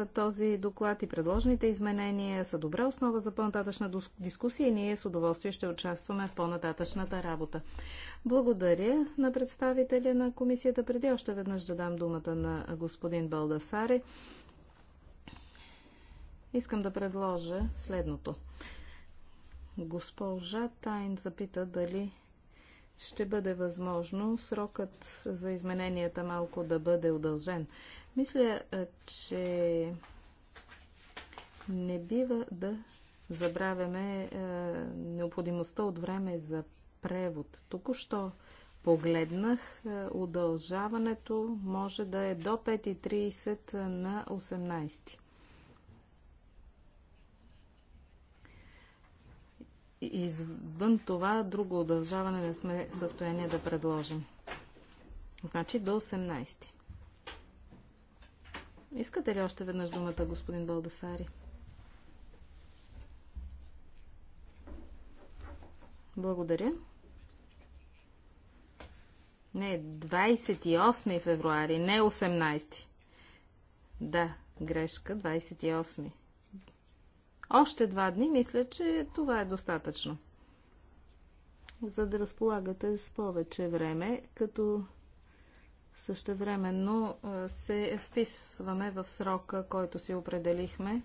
е, този доклад и предложените изменения са добра основа за по-нататъчна дискусия и ние с удоволствие ще участваме в по-нататъчната работа. Благодаря на представителя на комисията. Преди още веднъж да дам думата на господин Балдасари. Искам да предложа следното. Госпожа Тайн запита дали ще бъде възможно срокът за измененията малко да бъде удължен. Мисля, че не бива да забравяме необходимостта от време за превод. Току-що погледнах, удължаването може да е до 5.30 на 18. извън това друго удължаване не сме в състояние да предложим. Значи до 18. Искате ли още веднъж думата, господин Балдасари? Благодаря. Не, 28 февруари, не 18. Да, грешка, 28. Още два дни мисля, че това е достатъчно. За да разполагате с повече време, като същевременно се вписваме в срока, който си определихме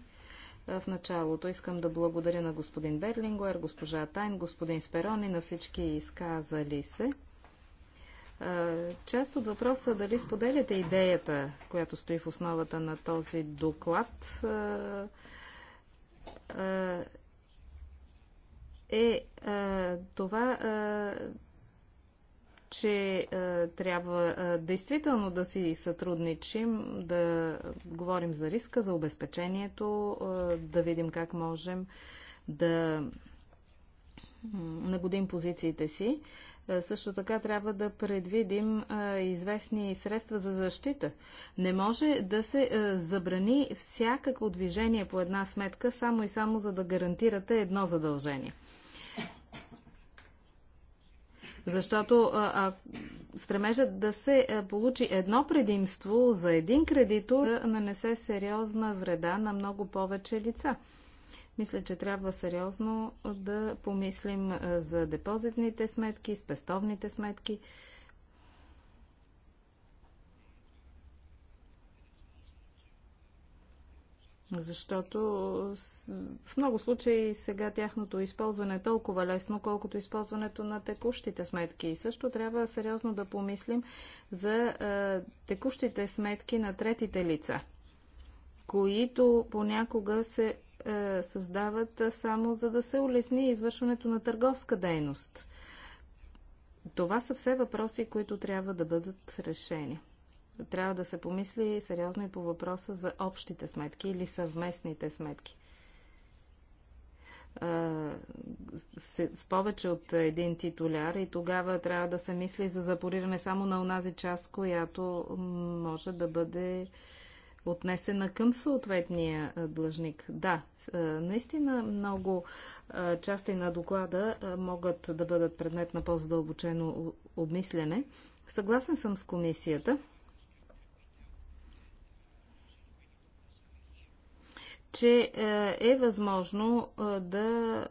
в началото. Искам да благодаря на господин Берлингуер, госпожа Тайн, господин Сперон и на всички изказали се. Част от въпроса дали споделяте идеята, която стои в основата на този доклад, е, е това, е, че е, трябва действително да си сътрудничим, да говорим за риска, за обезпечението, да видим как можем да нагодим позициите си. Е, също така трябва да предвидим е, известни средства за защита. Не може да се е, забрани всякакво движение по една сметка, само и само за да гарантирате едно задължение. Защото а, стремежът да се получи едно предимство за един кредитор да нанесе сериозна вреда на много повече лица. Мисля, че трябва сериозно да помислим за депозитните сметки, спестовните сметки. Защото в много случаи сега тяхното използване е толкова лесно, колкото използването на текущите сметки. И също трябва сериозно да помислим за текущите сметки на третите лица, които понякога се е, създават е, само за да се улесни извършването на търговска дейност. Това са все въпроси, които трябва да бъдат решени. Трябва да се помисли сериозно и по въпроса за общите сметки или съвместните сметки. Е, с повече от един титуляр и тогава трябва да се мисли за запориране само на онази част, която може да бъде отнесена към съответния длъжник. Да, наистина много части на доклада могат да бъдат предмет на по-задълбочено обмислене. Съгласен съм с комисията. че е, е възможно да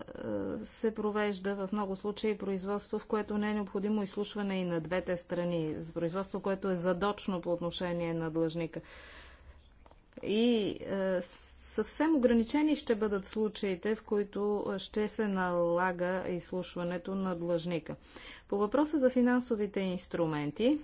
се провежда в много случаи производство, в което не е необходимо изслушване и на двете страни, производство, което е задочно по отношение на длъжника. И е, съвсем ограничени ще бъдат случаите, в които ще се налага изслушването на длъжника. По въпроса за финансовите инструменти,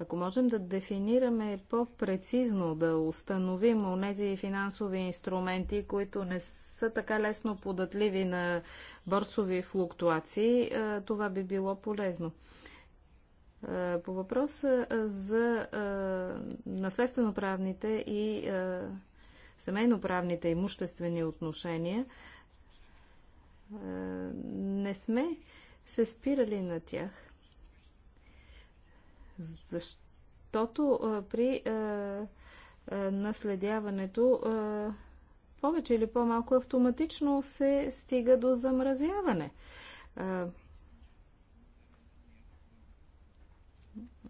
ако можем да дефинираме по-прецизно, да установим онези финансови инструменти, които не са така лесно податливи на борсови флуктуации, е, това би било полезно. Е, по въпроса е, за е, наследственоправните и семейноправните имуществени отношения, не сме се спирали на тях, защото при наследяването повече или по-малко автоматично се стига до замразяване.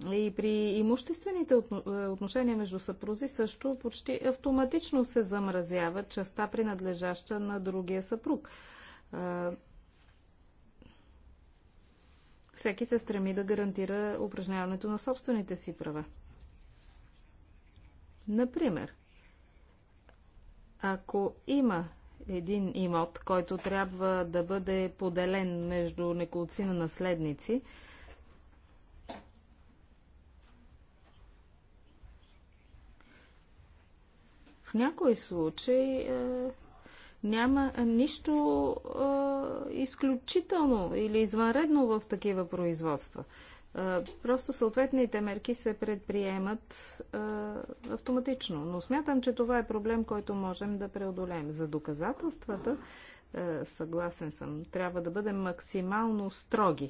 И при имуществените е, отношения между съпрузи също почти автоматично се замразява частта принадлежаща на другия съпруг. Е, всеки се стреми да гарантира упражняването на собствените си права. Например, ако има един имот, който трябва да бъде поделен между неколци на наследници, В някои случаи е, няма нищо е, изключително или извънредно в такива производства. Е, просто съответните мерки се предприемат е, автоматично. Но смятам, че това е проблем, който можем да преодолеем. За доказателствата, е, съгласен съм, трябва да бъдем максимално строги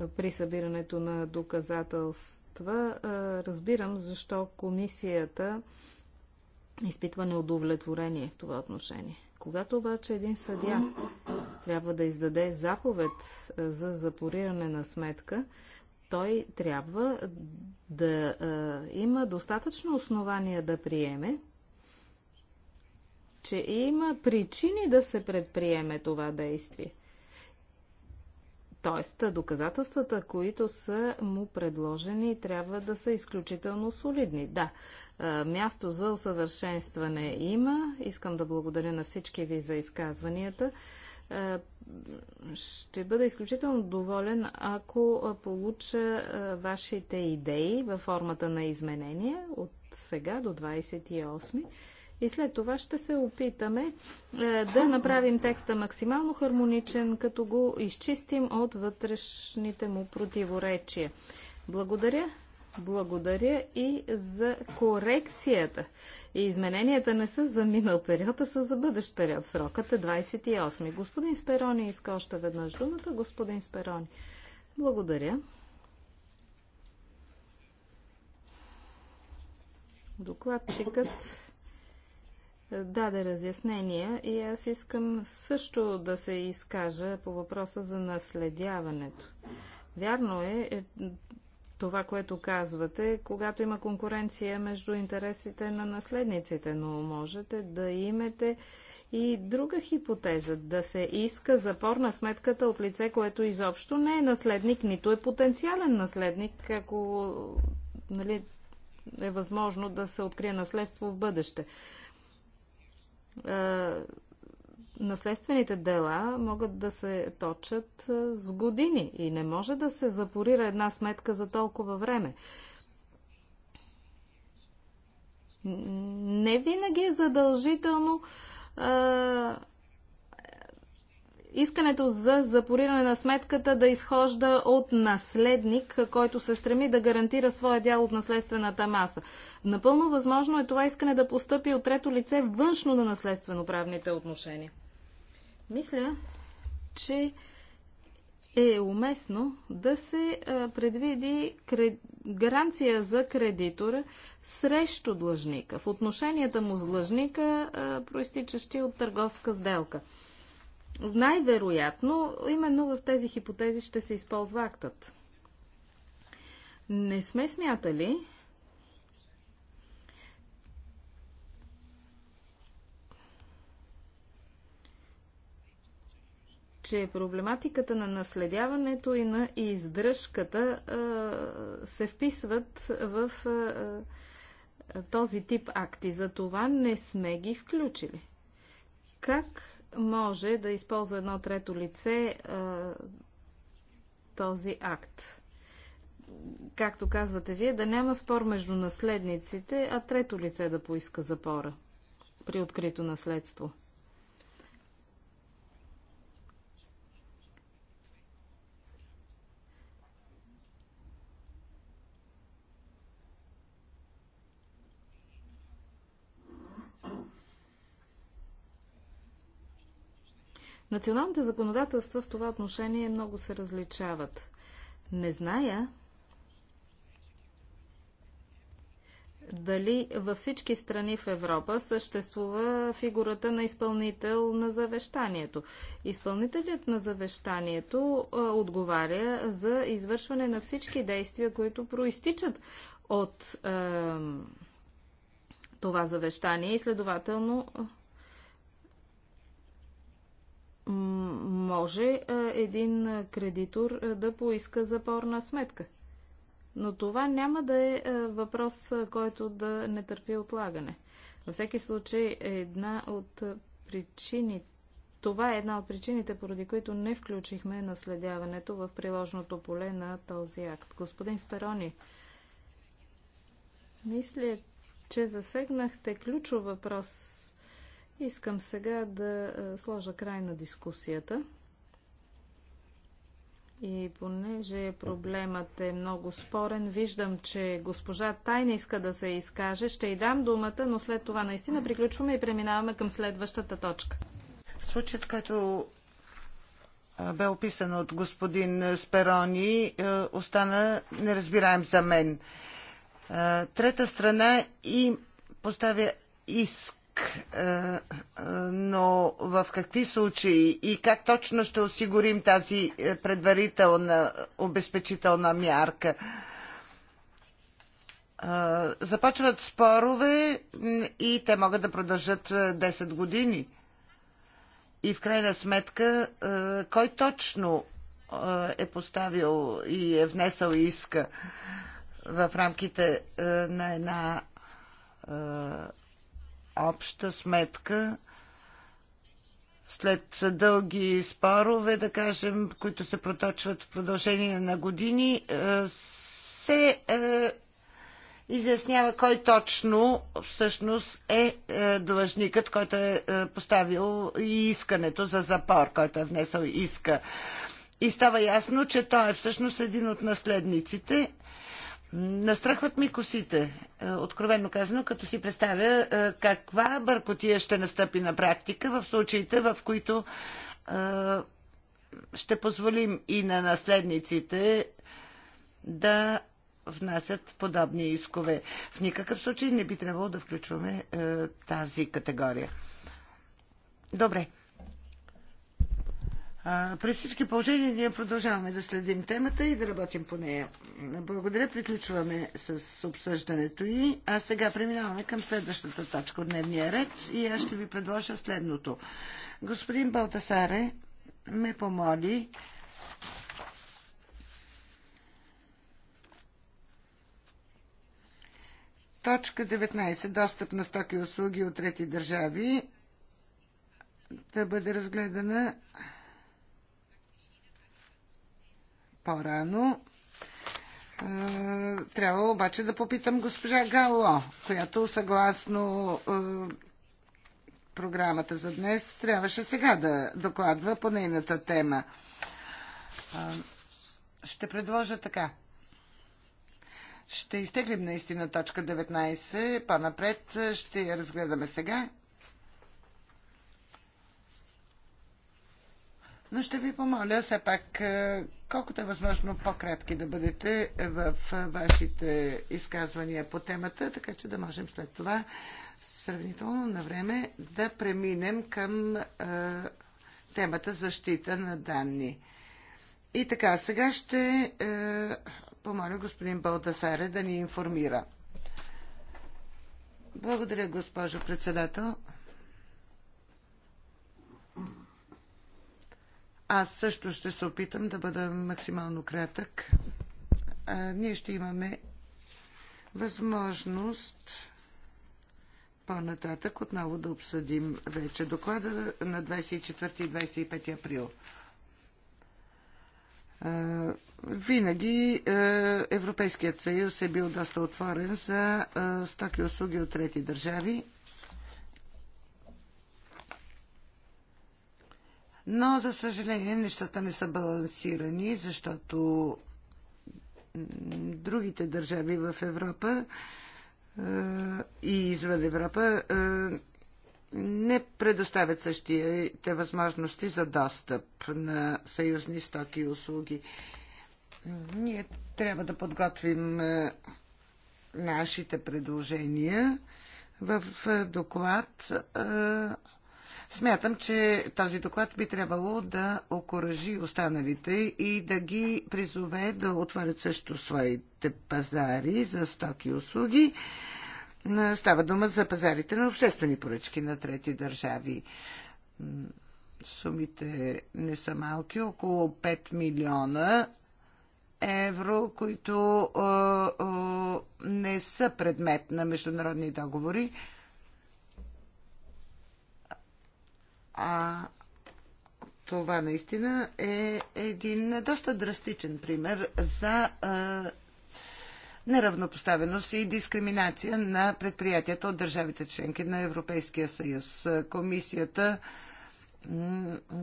е, при събирането на доказателства. Е, разбирам защо комисията изпитва неудовлетворение в това отношение. Когато обаче един съдя трябва да издаде заповед за запориране на сметка, той трябва да а, има достатъчно основания да приеме, че има причини да се предприеме това действие. Тоест, доказателствата, които са му предложени, трябва да са изключително солидни. Да, място за усъвършенстване има. Искам да благодаря на всички ви за изказванията. Ще бъда изключително доволен, ако получа вашите идеи във формата на изменения от сега до 28 и след това ще се опитаме е, да направим текста максимално хармоничен, като го изчистим от вътрешните му противоречия. Благодаря. Благодаря и за корекцията. И измененията не са за минал период, а са за бъдещ период. Срокът е 28. Господин Сперони иска още веднъж думата. Господин Сперони, благодаря. Докладчикът даде разяснения и аз искам също да се изкажа по въпроса за наследяването. Вярно е, е това, което казвате, когато има конкуренция между интересите на наследниците, но можете да имате и друга хипотеза да се иска запор на сметката от лице, което изобщо не е наследник, нито е потенциален наследник, ако нали, е възможно да се открие наследство в бъдеще. Е, наследствените дела могат да се точат е, с години и не може да се запорира една сметка за толкова време. Не винаги е задължително а, е, искането за запориране на сметката да изхожда от наследник, който се стреми да гарантира своя дял от наследствената маса. Напълно възможно е това искане да постъпи от трето лице външно на наследствено-правните отношения. Мисля, че е уместно да се предвиди гаранция за кредитора срещу длъжника в отношенията му с длъжника, проистичащи от търговска сделка. Най-вероятно, именно в тези хипотези ще се използва актът. Не сме смятали, че проблематиката на наследяването и на издръжката е, се вписват в е, този тип акти. За това не сме ги включили. Как може да използва едно трето лице този акт. Както казвате вие, да няма спор между наследниците, а трето лице да поиска запора при открито наследство. Националните законодателства в това отношение много се различават. Не зная дали във всички страни в Европа съществува фигурата на изпълнител на завещанието. Изпълнителят на завещанието отговаря за извършване на всички действия, които проистичат от това завещание и следователно може един кредитор да поиска запорна сметка. Но това няма да е въпрос, който да не търпи отлагане. Във всеки случай, една от причините това е една от причините, поради които не включихме наследяването в приложното поле на този акт. Господин Сперони, мисля, че засегнахте ключов въпрос Искам сега да е, сложа край на дискусията. И понеже проблемът е много спорен, виждам, че госпожа Тайна иска да се изкаже. Ще й дам думата, но след това наистина приключваме и преминаваме към следващата точка. Случаят, който бе описан от господин Сперони, е, остана неразбираем за мен. Трета страна и поставя иск е, е, но в какви случаи и как точно ще осигурим тази е, предварителна обезпечителна мярка? Започват спорове и те могат да продължат 10 години. И в крайна сметка, кой точно е поставил и е внесъл иска в рамките на една обща сметка след дълги спорове, да кажем, които се проточват в продължение на години, е, се е, изяснява кой точно всъщност е, е длъжникът, който е, е поставил и искането за запор, който е внесъл иска. И става ясно, че той е всъщност един от наследниците Настръхват ми косите, е, откровенно казано, като си представя е, каква бъркотия ще настъпи на практика в случаите, в които е, ще позволим и на наследниците да внасят подобни искове. В никакъв случай не би трябвало да включваме тази категория. Добре. При всички положения ние продължаваме да следим темата и да работим по нея. Благодаря, приключваме с обсъждането и а сега преминаваме към следващата точка от дневния ред и аз ще ви предложа следното. Господин Балтасаре ме помоли Точка 19. Достъп на стоки и услуги от трети държави да бъде разгледана по-рано. Трябва обаче да попитам госпожа Гало, която съгласно програмата за днес трябваше сега да докладва по нейната тема. Ще предложа така. Ще изтеглим наистина точка 19. По-напред ще я разгледаме сега но ще ви помоля все пак, е, колкото е възможно по-кратки да бъдете в е, вашите изказвания по темата, така че да можем след това сравнително на време да преминем към е, темата защита на данни. И така, сега ще е, помоля господин Балдасаре да ни информира. Благодаря, госпожо председател. Аз също ще се опитам да бъда максимално кратък. А, ние ще имаме възможност по-нататък отново да обсъдим вече доклада на 24 и 25 април. Винаги Европейският съюз е бил доста отворен за стоки и услуги от трети държави. Но, за съжаление, нещата не са балансирани, защото другите държави в Европа е, и извън Европа е, не предоставят същите възможности за достъп на съюзни стоки и услуги. Ние трябва да подготвим е, нашите предложения в доклад Смятам, че този доклад би трябвало да окоръжи останалите и да ги призове да отворят също своите пазари за стоки и услуги. Става дума за пазарите на обществени поръчки на трети държави. Сумите не са малки, около 5 милиона евро, които не са предмет на международни договори, А това наистина е един доста драстичен пример за неравнопоставеност и дискриминация на предприятията от държавите членки на Европейския съюз. Комисията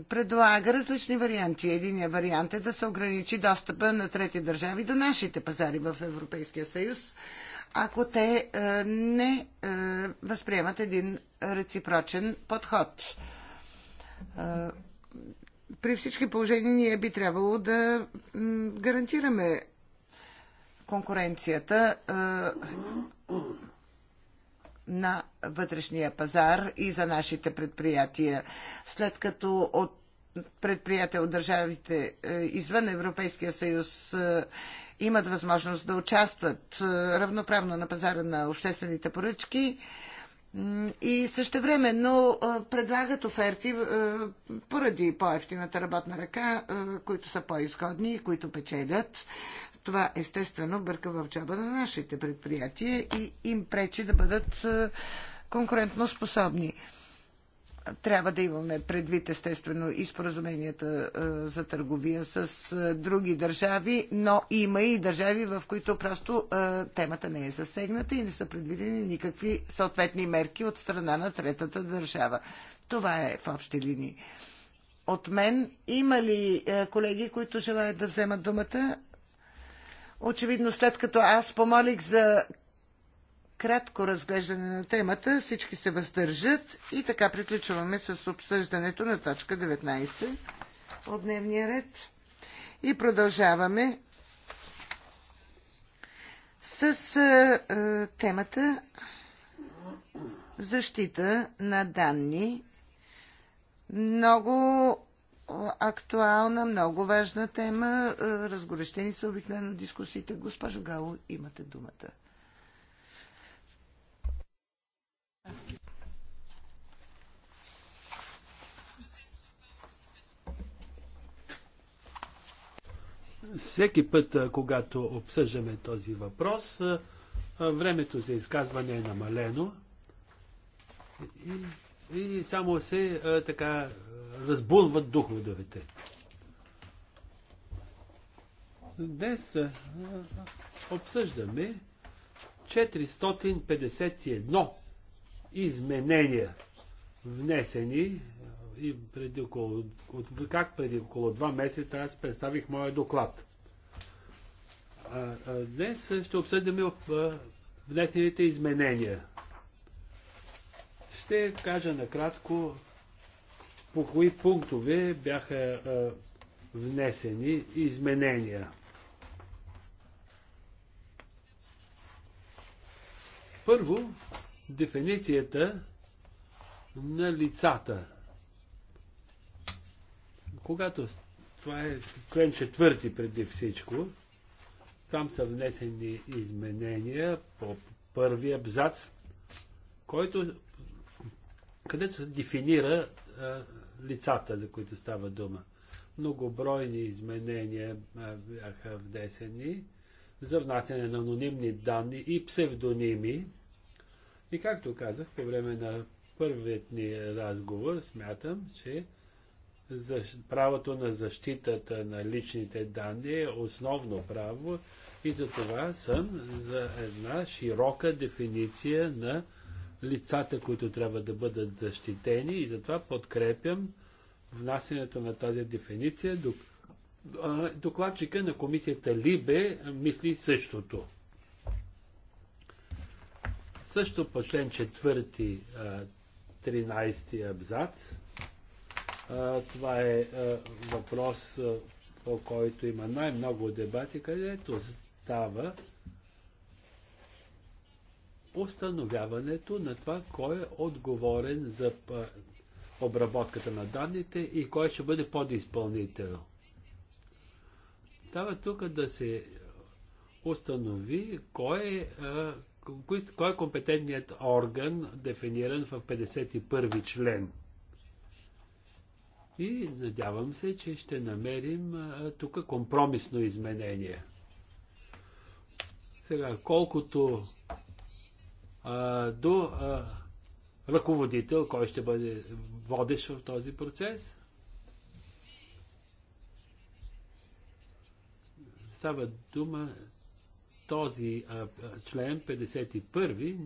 предлага различни варианти. Единият вариант е да се ограничи достъпа на трети държави до нашите пазари в Европейския съюз, ако те не възприемат един реципрочен подход. При всички положения ние би трябвало да гарантираме конкуренцията на вътрешния пазар и за нашите предприятия. След като от предприятия от държавите е, извън Европейския съюз е, имат възможност да участват е, равноправно на пазара на обществените поръчки, и също време, но предлагат оферти поради по-ефтината работна ръка, които са по-изгодни и които печелят. Това естествено бърка в джоба на нашите предприятия и им пречи да бъдат конкурентно способни трябва да имаме предвид естествено и споразуменията е, за търговия с е, други държави, но има и държави, в които просто е, темата не е засегната и не са предвидени никакви съответни мерки от страна на третата държава. Това е в общи линии. От мен има ли колеги, които желаят да вземат думата? Очевидно, след като аз помолих за кратко разглеждане на темата. Всички се въздържат и така приключваме с обсъждането на точка 19 от дневния ред. И продължаваме с а, темата защита на данни. Много актуална, много важна тема. Разгорещени са обикновено дискусиите. Госпожо Гало, имате думата. всеки път, когато обсъждаме този въпрос, времето за изказване е намалено и, и само се така разбунват духовете. Днес обсъждаме 451 изменения внесени и преди около, как преди около два месеца аз представих моя доклад. А, а, днес ще обсъдим внесените изменения. Ще кажа накратко по кои пунктове бяха а, внесени изменения. Първо, дефиницията на лицата – когато това е член четвърти преди всичко, там са внесени изменения по първия абзац, който, където се дефинира а, лицата, за които става дума. Многобройни изменения а, бяха внесени за внасяне на анонимни данни и псевдоними. И както казах, по време на първият ни разговор смятам, че за правото на защитата на личните данни е основно право и за това съм за една широка дефиниция на лицата, които трябва да бъдат защитени и затова подкрепям внасянето на тази дефиниция. Докладчика на комисията Либе мисли същото. Също по член 4, 13 абзац, това е въпрос, по който има най-много дебати, където става установяването на това, кой е отговорен за обработката на данните и кой ще бъде подизпълнител. Става тук да се установи кой, е, кой е компетентният орган, дефиниран в 51 член. И надявам се, че ще намерим тук компромисно изменение. Сега, колкото а, до а, ръководител, кой ще бъде водещ в този процес, става дума този а, член 51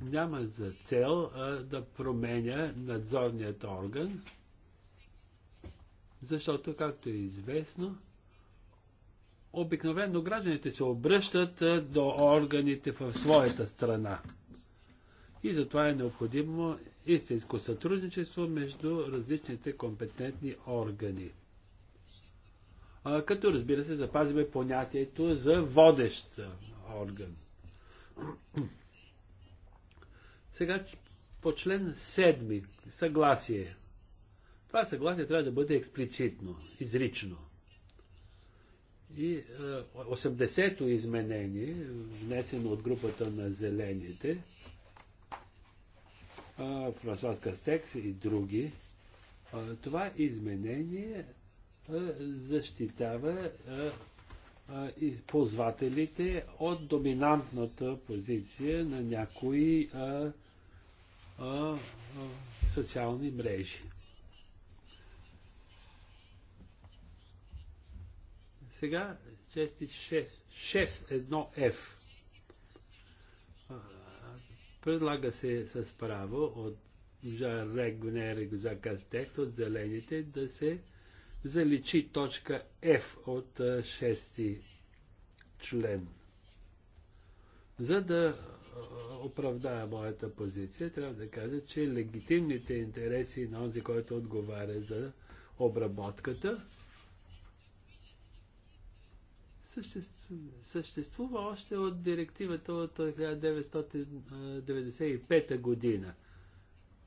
няма за цел а, да променя надзорният орган, защото, както е известно, обикновено гражданите се обръщат до органите в своята страна. И затова е необходимо истинско сътрудничество между различните компетентни органи. А, като разбира се, запазиме понятието за водещ орган. Сега по член 7. Съгласие. Това съгласие трябва да бъде експлицитно, изрично. И 80-то е, изменение, внесено от групата на зелените, е, Франсуас Кастекс и други, е, това изменение защитава и ползвателите от доминантната позиция на някои социални мрежи. Сега чести 6.1f. Предлага се с право от за Закастекс от зелените да се заличи точка F от 6 член. За да оправдая моята позиция, трябва да кажа, че легитимните интереси на онзи, който отговаря за обработката, съществува, съществува още от директивата от 1995 година.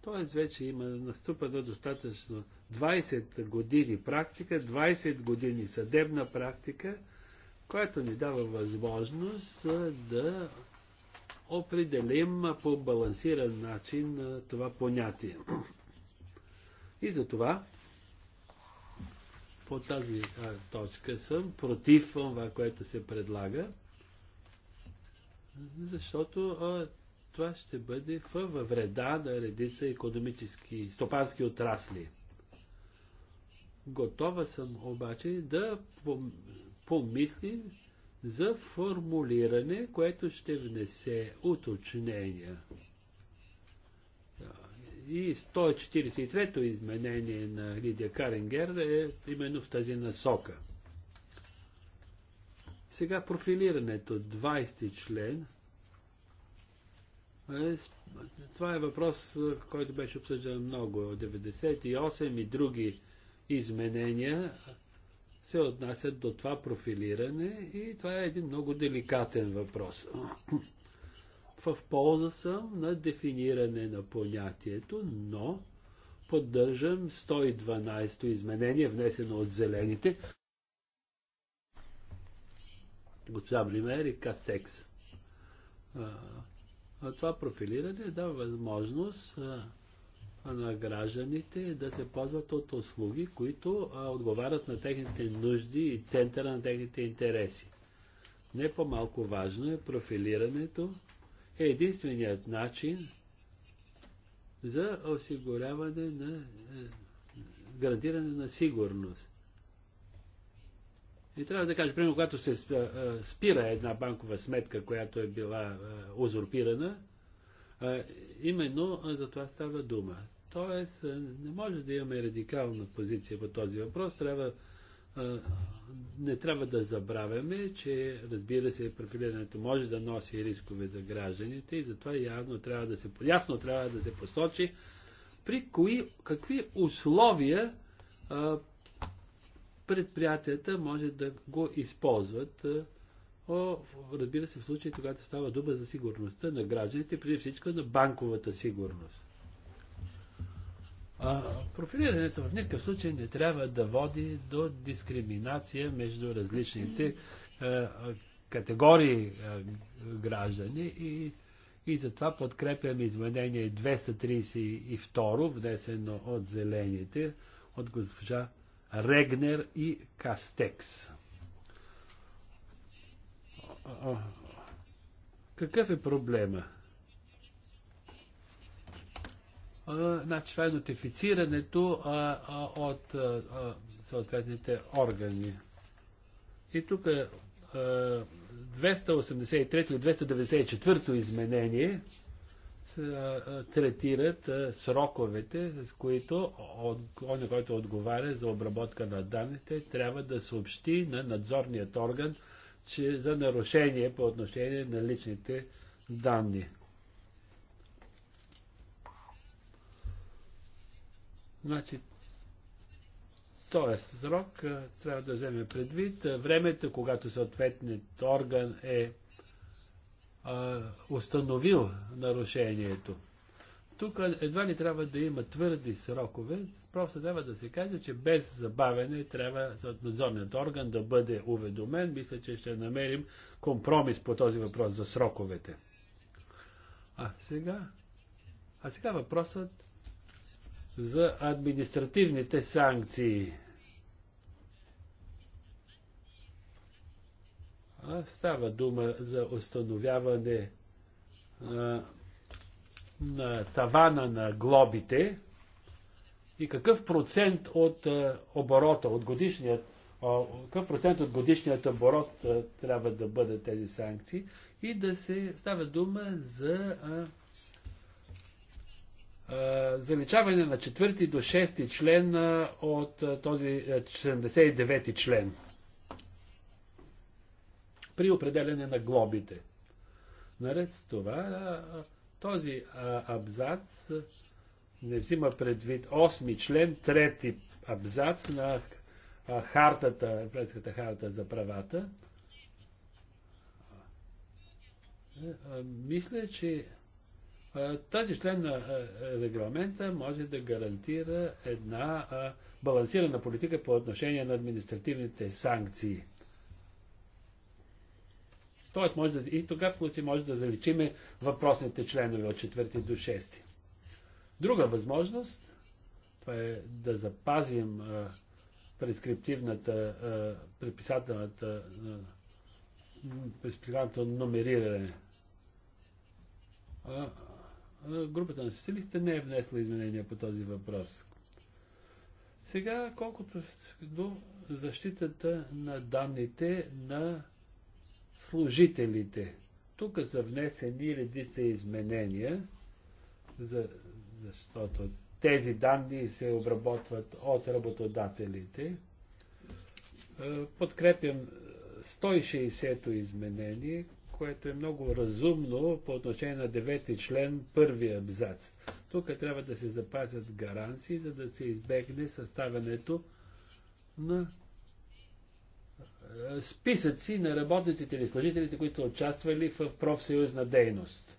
Тоест вече има наступано достатъчно 20 години практика, 20 години съдебна практика, която ни дава възможност да определим по балансиран начин това понятие. И за това по тази а, точка съм против това, което се предлага, защото а, това ще бъде във вреда на редица економически, стопански отрасли. Готова съм обаче да помислим за формулиране, което ще внесе уточнения. И 143-то изменение на Лидия Каренгер е именно в тази насока. Сега профилирането, 20 член. Е, това е въпрос, е, който беше обсъждан много. 98 и други изменения се отнасят до това профилиране и това е един много деликатен въпрос в полза съм на дефиниране на понятието, но поддържам 112-то изменение, внесено от зелените. Господа Блимер и Кастекс. А, а това профилиране дава възможност а, на гражданите да се ползват от услуги, които а, отговарят на техните нужди и центъра на техните интереси. Не по-малко важно е профилирането е единственият начин за осигуряване на е, гарантиране на сигурност. И трябва да кажа, примерно, когато се е, спира една банкова сметка, която е била е, узурпирана, именно за това става дума. Тоест, не може да имаме радикална позиция по този въпрос, трябва не трябва да забравяме, че разбира се, профилирането може да носи рискове за гражданите и затова явно трябва да се, ясно трябва да се посочи при кои, какви условия а, предприятията може да го използват. А, о, разбира се, в случай, когато става дума за сигурността на гражданите, преди всичко на банковата сигурност профилирането в никакъв случай не трябва да води до дискриминация между различните категории граждани и, и затова подкрепям изменение 232, внесено от зелените, от госпожа Регнер и Кастекс. Какъв е проблема? значи това е нотифицирането а, а, от а, съответните органи. И тук 283 или 294 изменение третират сроковете, с които он, който отговаря за обработка на данните, трябва да съобщи на надзорният орган че за нарушение по отношение на личните данни. Значи, този срок трябва да вземе предвид времето, когато съответният орган е а, установил нарушението. Тук едва ли трябва да има твърди срокове, просто трябва да се каже, че без забавене трябва надзорният орган да бъде уведомен. Мисля, че ще намерим компромис по този въпрос за сроковете. А сега, а сега въпросът за административните санкции. А става дума за установяване а, на тавана на глобите и какъв процент от а, оборота, от годишният, а, какъв процент от годишният оборот а, трябва да бъдат тези санкции и да се става дума за а, заличаване на четвърти до шести член от този 79-ти член при определене на глобите. Наред с това, този абзац не взима предвид 8 член, трети абзац на хартата, Европейската харта за правата. Мисля, че е, Този член на е, е, регламента може да гарантира една балансирана политика по отношение на административните санкции. Тоест, може да, и тогава в случай може да заличиме въпросните членове от 4 до 6. Друга възможност, това е да запазим а, прескриптивната, а, преписателната, прескриптивното номериране. А, групата на социалистите не е внесла изменения по този въпрос. Сега, колкото до защитата на данните на служителите. Тук са внесени редица изменения, за, защото тези данни се обработват от работодателите. Е, подкрепям 160-то изменение, което е много разумно по отношение на девети член, първия абзац. Тук трябва да се запазят гаранции, за да се избегне съставянето на списъци на работниците или служителите, които са участвали в профсъюзна дейност.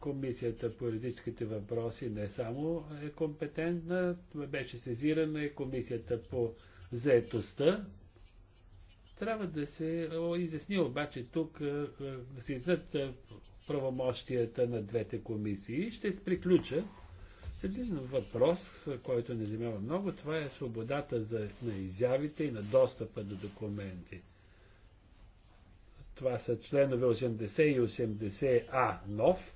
Комисията по юридическите въпроси не само е компетентна, беше сезирана и Комисията по заетостта, трябва да се изясни обаче тук, е, е, да се издат е, правомощията на двете комисии. Ще се приключа с един въпрос, който не занимава много. Това е свободата за, на изявите и на достъпа до документи. Това са членове 80 и 80А нов.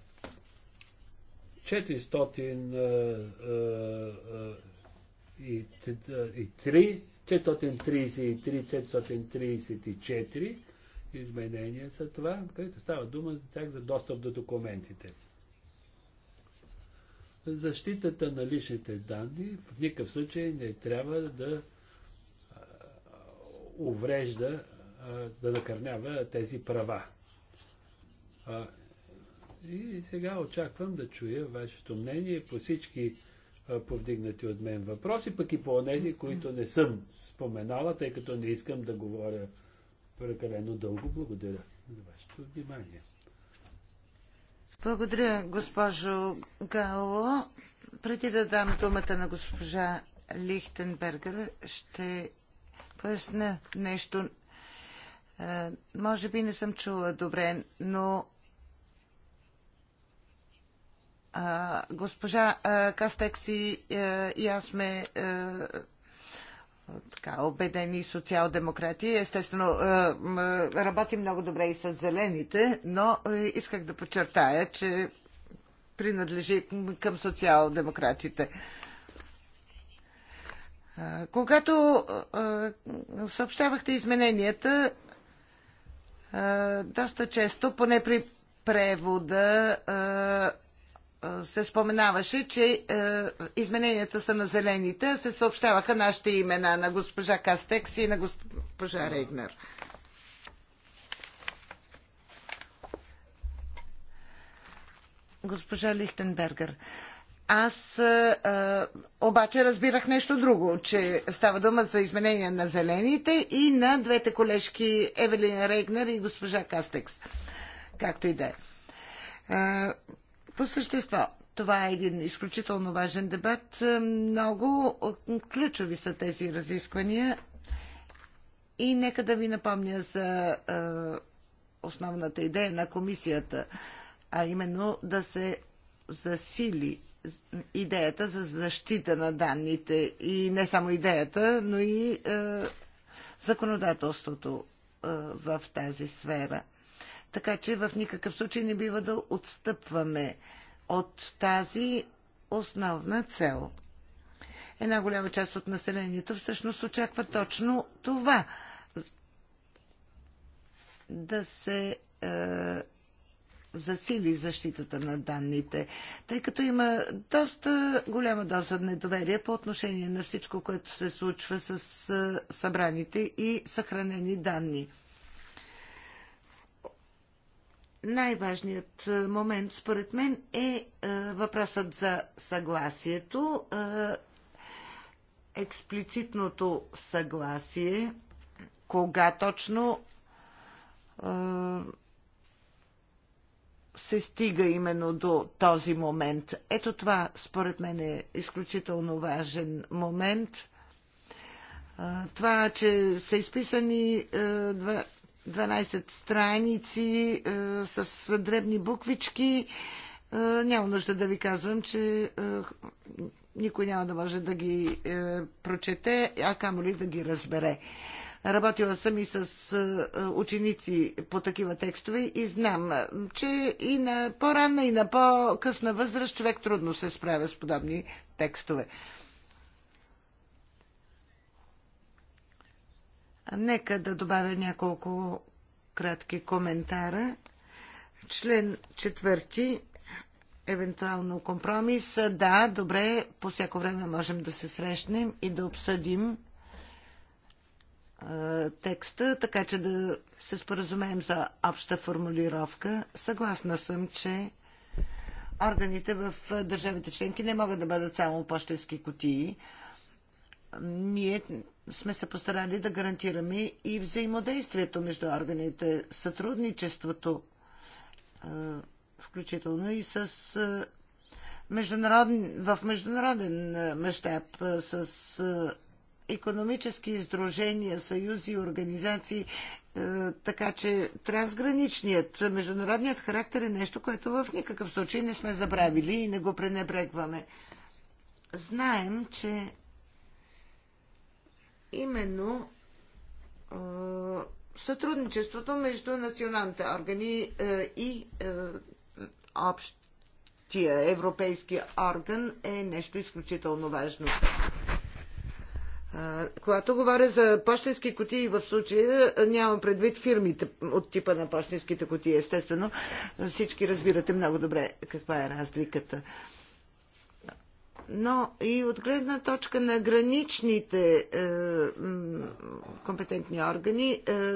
403. 433-434 изменения са това, където става дума за тях за достъп до документите. Защитата на личните данни в никакъв случай не трябва да уврежда, да накърнява тези права. И сега очаквам да чуя вашето мнение по всички повдигнати от мен въпроси, пък и по тези, които не съм споменала, тъй като не искам да говоря прекалено дълго. Благодаря за вашето внимание. Благодаря, госпожо Гало. Преди да дам думата на госпожа Лихтенбергер, ще поясня нещо. Може би не съм чула добре, но госпожа Кастекси е, и аз сме е, така, обедени социал-демократи. Естествено, е, работим много добре и с зелените, но исках да подчертая, че принадлежи към социал-демократите. Когато съобщавахте измененията, доста често, поне при превода, се споменаваше, че измененията са на зелените, се съобщаваха нашите имена на госпожа Кастекс и на госпожа Рейгнер. Госпожа Лихтенбергер, аз а, обаче разбирах нещо друго, че става дума за изменения на зелените и на двете колежки Евелин Рейгнер и госпожа Кастекс. Както и да е. По същество, това е един изключително важен дебат. Е, Много ключови са тези разисквания. И нека да ви напомня за е, основната идея на комисията, а именно да се засили идеята за защита на данните и не само идеята, но и е, законодателството е, в тази сфера. Така че в никакъв случай не бива да отстъпваме от тази основна цел. Една голяма част от населението всъщност очаква точно това да се е, засили защитата на данните, тъй като има доста голяма доза недоверие по отношение на всичко, което се случва с е, събраните и съхранени данни най-важният е, момент, според мен, е, е въпросът за съгласието, е, експлицитното съгласие, кога точно се стига именно до този момент. Ето това, според мен, е изключително важен момент. Това, че са изписани 12 страници е, с дребни буквички. Е, няма нужда да ви казвам, че е, никой няма да може да ги е, прочете, а камо ли да ги разбере. Работила съм и с е, ученици по такива текстове и знам, че и на по-ранна, и на по-късна възраст човек трудно се справя с подобни текстове. Нека да добавя няколко кратки коментара. Член четвърти, евентуално компромис. Да, добре, по всяко време можем да се срещнем и да обсъдим текста, така че да се споразумеем за обща формулировка. Съгласна съм, че органите в държавите членки не могат да бъдат само почтенски кутии. Ние сме се постарали да гарантираме и взаимодействието между органите, сътрудничеството, включително и с международен, в международен мащаб, с економически издружения, съюзи и организации, така че трансграничният, международният характер е нещо, което в никакъв случай не сме забравили и не го пренебрегваме. Знаем, че именно сътрудничеството между националните органи и общия европейски орган е нещо изключително важно. Когато говоря за почтенски кутии, в случая нямам предвид фирмите от типа на почтенските кутии. Естествено, всички разбирате много добре каква е разликата но и от гледна точка на граничните е, компетентни органи е,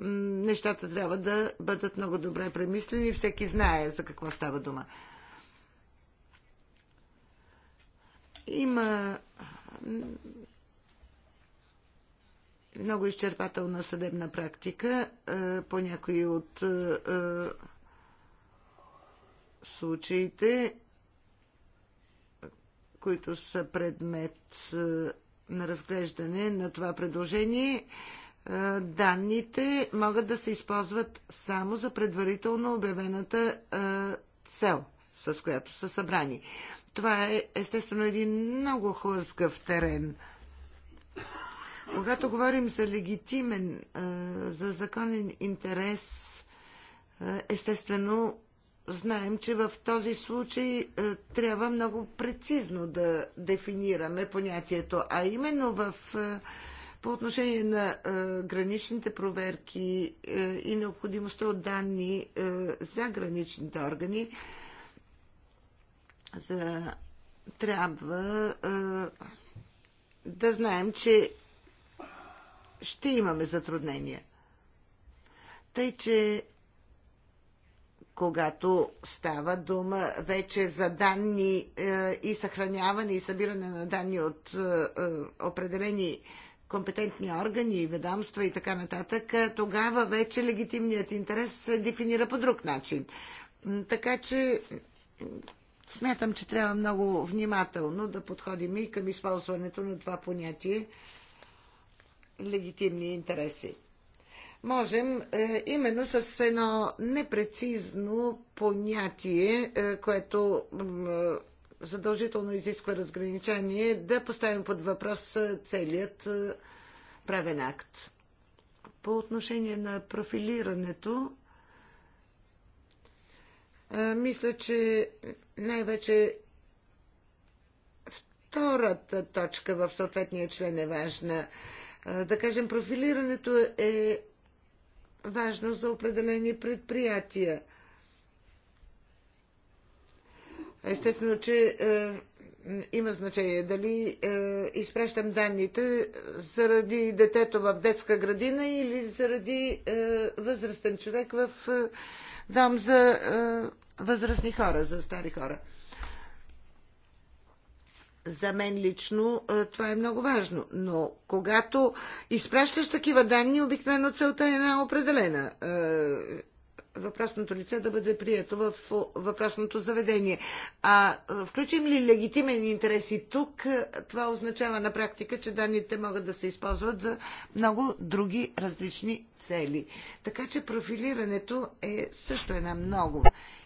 нещата трябва да бъдат много добре премислени. Всеки знае за какво става дума. Има много изчерпателна съдебна практика е, по някои от е, е случаите които са предмет е, на разглеждане на това предложение, е, данните могат да се използват само за предварително обявената е, цел, с която са събрани. Това е естествено един много хлъзгав терен. Когато говорим за легитимен, за законен интерес, естествено знаем, че в този случай е, трябва много прецизно да дефинираме понятието, а именно в е, по отношение на е, граничните проверки и необходимостта от данни за граничните органи, за, трябва да знаем, че ще имаме затруднения. Тъй, че когато става дума вече за данни е, и съхраняване и събиране на данни от е, е, определени компетентни органи, ведомства и така нататък, тогава вече легитимният интерес се дефинира по друг начин. Така че смятам, че трябва много внимателно да подходим и към използването на това понятие легитимни интереси можем е, именно с едно непрецизно понятие, е, което е, задължително изисква разграничение, да поставим под въпрос целият правен акт. По отношение на профилирането, мисля, че най-вече втората точка в съответния член е важна. Да кажем, профилирането е важно за определени предприятия. Естествено, че е, има значение дали е, изпращам данните заради детето в детска градина или заради е, възрастен човек в е, дом за е, възрастни хора, за стари хора. За мен лично това е много важно. Но когато изпращаш такива данни, обикновено целта е една определена. Въпросното лице да бъде прието в въпросното заведение. А включим ли легитимен интерес и тук, това означава на практика, че данните могат да се използват за много други различни цели. Така че профилирането е също една много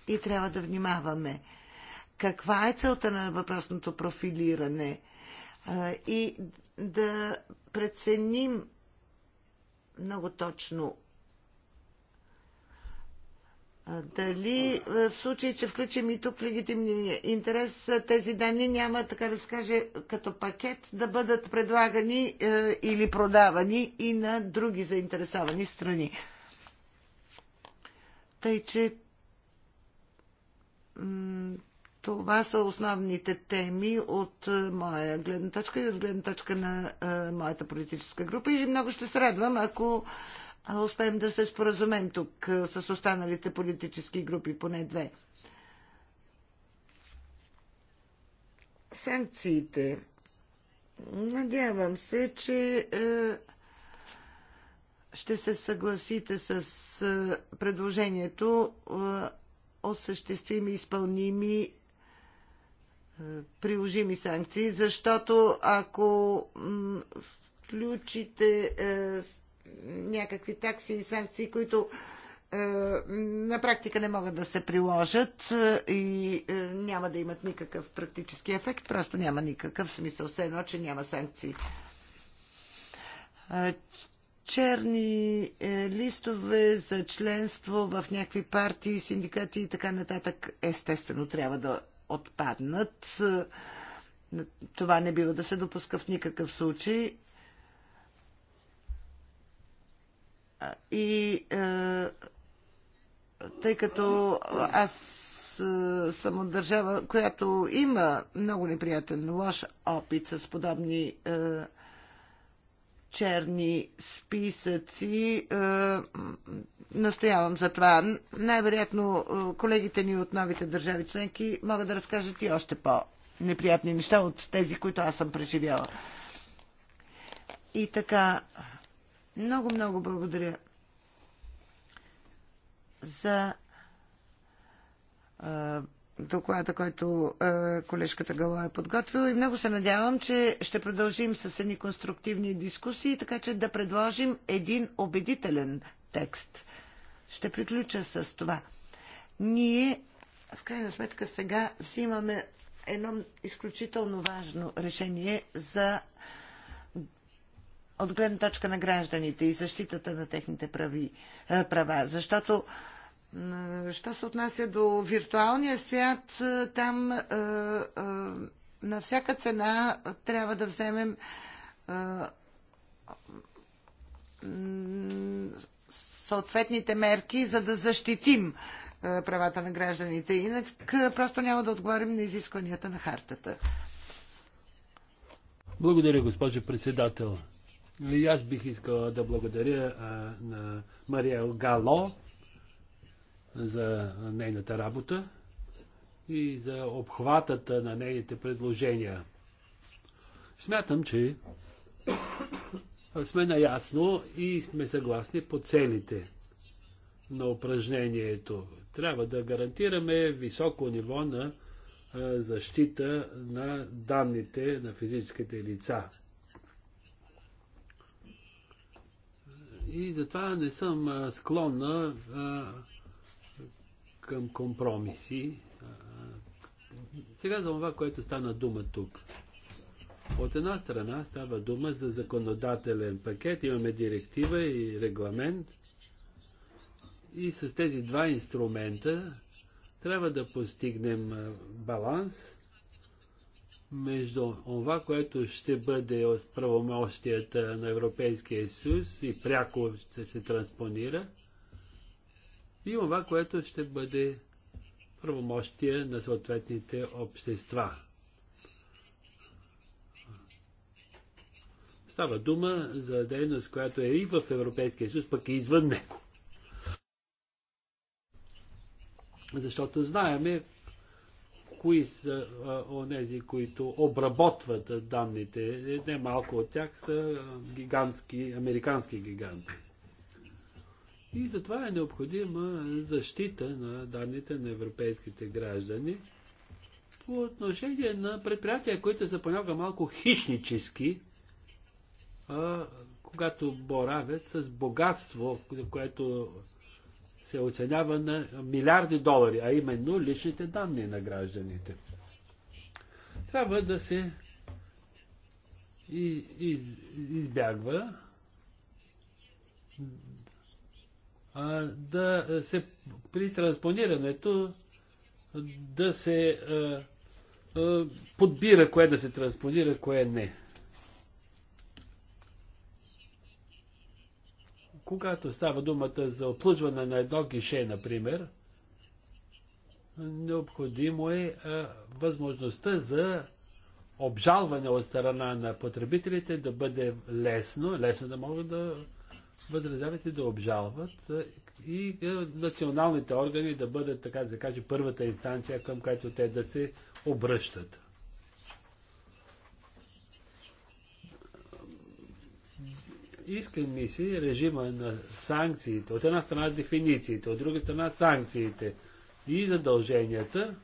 и трябва да внимаваме каква е целта на въпросното профилиране и да преценим много точно дали в случай, че включим и тук легитимния интерес, тези данни няма, така да се каже, като пакет да бъдат предлагани или продавани и на други заинтересовани страни. Тъй, че това са основните теми от е, моя гледна точка и от гледна точка на е, моята политическа група. И много ще се радвам, ако е, успеем да се споразумем тук с останалите политически групи, поне две. Санкциите. Надявам се, че ще се съгласите с предложението осъществими, изпълними приложими санкции, защото ако включите е, някакви такси и санкции, които е, на практика не могат да се приложат е, и няма да имат никакъв практически ефект, просто няма никакъв смисъл, все едно, че няма санкции. Черни листове за членство в някакви партии, синдикати и така нататък, естествено трябва да отпаднат. Това не бива да се допуска в никакъв случай. И е, тъй като аз е, съм от държава, която има много неприятен лош опит с подобни е, черни списъци, е, настоявам за това. Най-вероятно е, колегите ни от новите държави членки могат да разкажат и още по-неприятни неща от тези, които аз съм преживяла. И така, много-много благодаря за е, доклада, който е, колежката Гало е подготвила и много се надявам, че ще продължим с едни конструктивни дискусии, така че да предложим един убедителен текст. Ще приключа с това. Ние, в крайна сметка, сега взимаме едно изключително важно решение за от гледна точка на гражданите и защитата на техните прави, е, права. Защото, що се отнася до виртуалния свят, е, там е, на всяка цена трябва да вземем съответните мерки, за да защитим е, правата на гражданите. Иначе просто няма да отговорим на изискванията на хартата. Благодаря, госпожо председател. И аз бих искала да благодаря а, е, на Мария Гало за нейната работа и за обхватата на нейните предложения. Смятам, че сме наясно и сме съгласни по целите на упражнението. Трябва да гарантираме високо ниво на защита на данните на физическите лица. И затова не съм склонна към компромиси. Сега за това, което стана дума тук. От една страна става дума за законодателен пакет, имаме директива и регламент и с тези два инструмента трябва да постигнем баланс между това, което ще бъде от правомощията на Европейския съюз и пряко ще се транспонира, и това, което ще бъде правомощие на съответните общества. Става дума за дейност, която е и в Европейския съюз, пък и извън него. Защото знаеме кои са онези, които обработват данните. Немалко от тях са гигантски, американски гиганти. И затова е необходима защита на данните на европейските граждани по отношение на предприятия, които са понякога малко хищнически а, когато боравят с богатство, което се оценява на милиарди долари, а именно личните данни на гражданите. Трябва да се из, из, избягва а, да се при транспонирането да се а, а, подбира кое да се транспонира, кое не. когато става думата за обслужване на едно гише, например, необходимо е а, възможността за обжалване от страна на потребителите да бъде лесно, лесно да могат да възразяват и да обжалват а, и а, националните органи да бъдат, така да се каже, първата инстанция, към която те да се обръщат. искрен си режима на санкциите. От една страна дефинициите, от друга страна санкциите и задълженията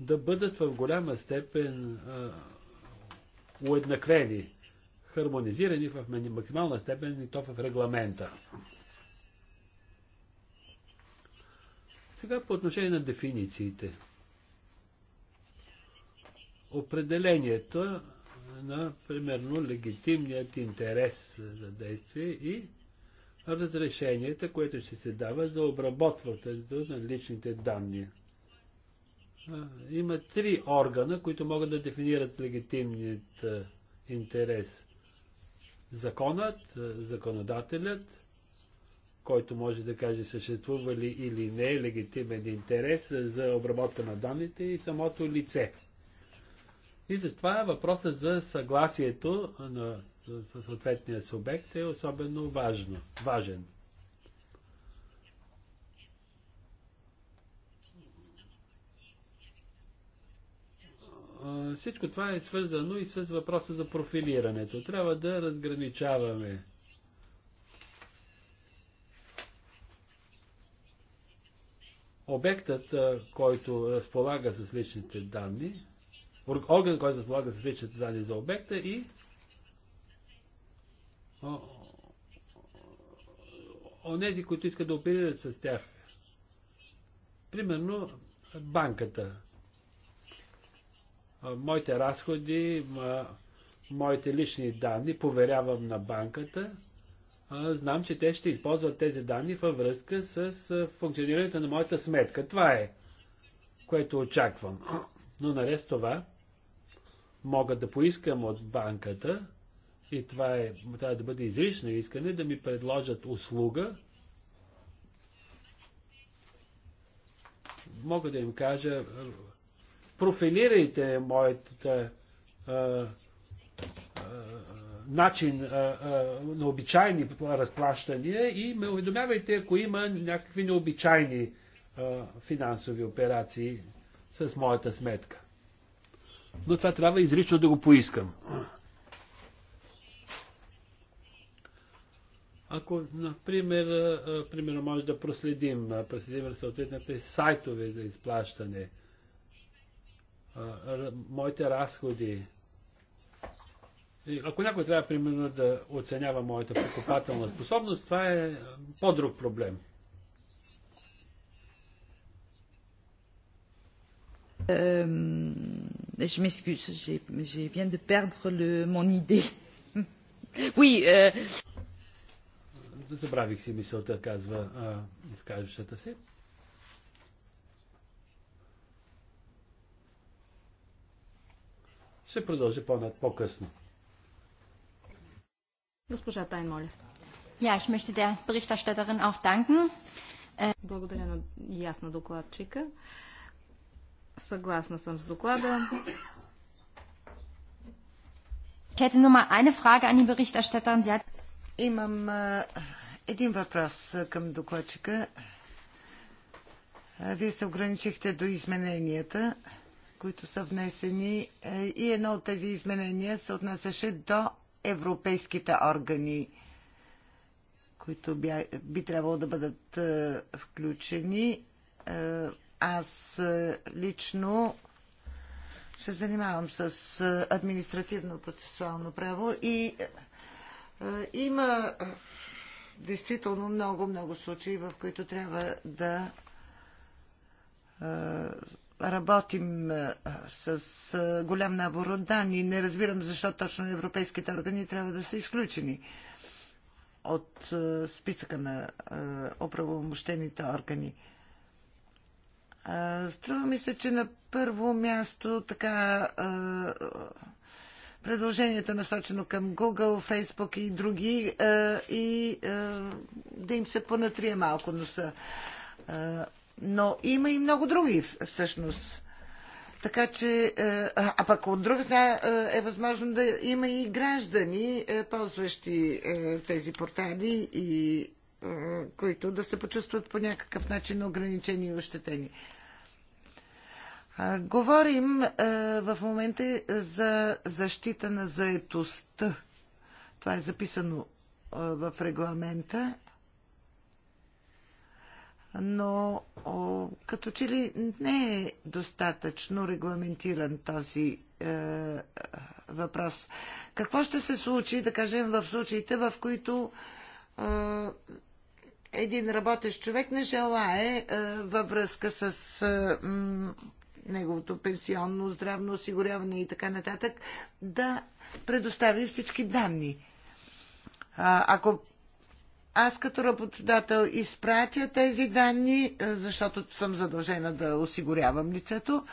да бъдат в голяма степен а, уеднаквени, хармонизирани в максимална степен и то в регламента. Сега по отношение на дефинициите. Определението на, примерно, легитимният интерес за действие и разрешенията, което ще се дава за обработването на личните данни. Има три органа, които могат да дефинират легитимният интерес. Законът, законодателят, който може да каже съществува ли или не легитимен интерес за обработка на данните и самото лице – и затова въпросът за съгласието на съответния субект е особено важно, важен. Всичко това е свързано и с въпроса за профилирането. Трябва да разграничаваме обектът, който разполага с личните данни, орган, който разполага с личните данни за обекта и онези, които искат да оперират с тях. Примерно банката. Моите разходи, моите лични данни поверявам на банката. Знам, че те ще използват тези данни във връзка с функционирането на моята сметка. Това е, което очаквам. Но наред с това, мога да поискам от банката, и това е, трябва да бъде изрично искане, да ми предложат услуга, мога да им кажа, профилирайте моят а, а, начин а, а, на обичайни разплащания и ме уведомявайте, ако има някакви необичайни а, финансови операции с моята сметка но това трябва изрично да го поискам. Ако, например, примерно може да проследим, проследим съответните сайтове за изплащане, моите разходи, ако някой трябва, примерно, да оценява моята покупателна способност, това е по-друг проблем. Um, Euh, je m'excuse, je viens de perdre le, mon idée. *laughs* Oui. Euh... Забравих си мисълта, казва а, изкажущата се. Ще продължи по-над по-късно. Госпожа Тайн, моля. Ja, ich möchte der Berichterstatterin auch danken. Äh, Благодаря на ясна докладчика. Uh, Съгласна съм с доклада. Имам един въпрос към докладчика. Вие се ограничихте до измененията, които са внесени е, и едно от тези изменения се отнасяше до европейските органи, които би, би трябвало да бъдат включени аз е, лично се занимавам с е, административно-процесуално право и е, има действително много-много случаи, в които трябва да работим с голям набор от данни. Не разбирам защо точно европейските органи трябва да са изключени от списъка на оправомощените органи. Струва ми се, че на първо място така предложението е насочено към Google, Facebook и други и да им се понатрие малко носа. Но има и много други всъщност. Така че, а пък от друга страна е възможно да има и граждани, ползващи тези портали и които да се почувстват по някакъв начин ограничени и ощетени. Говорим в момента за защита на заетостта. Това е записано в регламента. Но като че ли не е достатъчно регламентиран този е, въпрос. Какво ще се случи, да кажем, в случаите, в които е, един работещ човек не желае е, във връзка с е, неговото пенсионно, здравно осигуряване и така нататък, да предостави всички данни. А, ако аз като работодател изпратя тези данни, е, защото съм задължена да осигурявам лицето,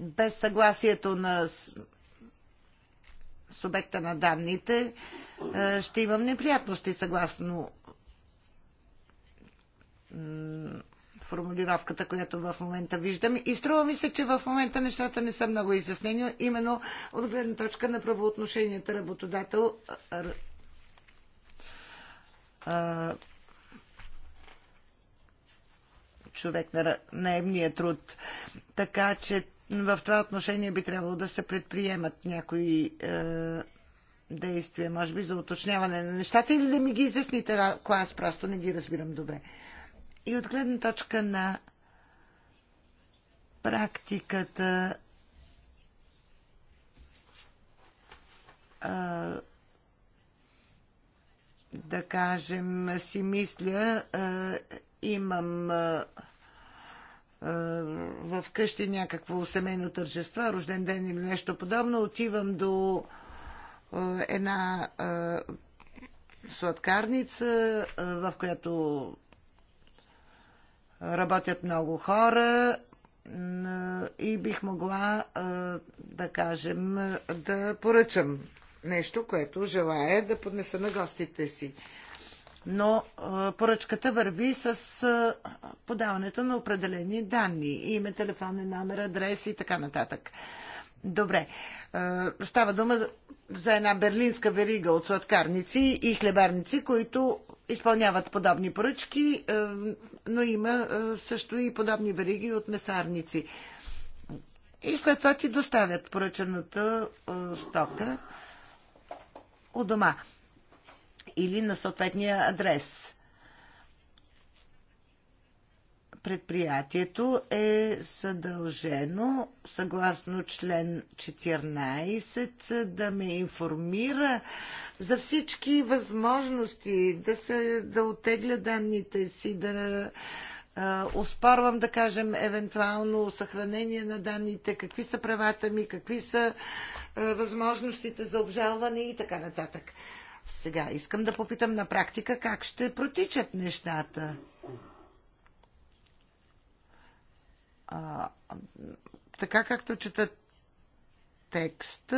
без съгласието на субекта на данните, е, ще имам неприятности съгласно формулировката, която в момента виждам. И струва ми се, че в момента нещата не са много изяснени, именно от гледна точка на правоотношенията работодател е, е, човек на наемния труд. Така че в това отношение би трябвало да се предприемат някои е, действия, може би за уточняване на нещата или да ми ги изясните, ако аз просто не ги разбирам добре. И от гледна точка на практиката е, да кажем, си мисля, е, имам е, в къщи някакво семейно тържество, рожден ден или нещо подобно, отивам до една сладкарница, в която работят много хора и бих могла, да кажем, да поръчам нещо, което желая да поднеса на гостите си но поръчката върви с подаването на определени данни. Име, телефон, номер, адрес и така нататък. Добре. Става дума за една берлинска верига от сладкарници и хлебарници, които изпълняват подобни поръчки, но има също и подобни вериги от месарници. И след това ти доставят поръчената стока у дома или на съответния адрес. Предприятието е задължено, съгласно член 14, да ме информира за всички възможности, да, се, да отегля данните си, да оспорвам, да кажем, евентуално съхранение на данните, какви са правата ми, какви са възможностите за обжалване и така нататък. Сега искам да попитам на практика как ще протичат нещата. А, така както чета текст,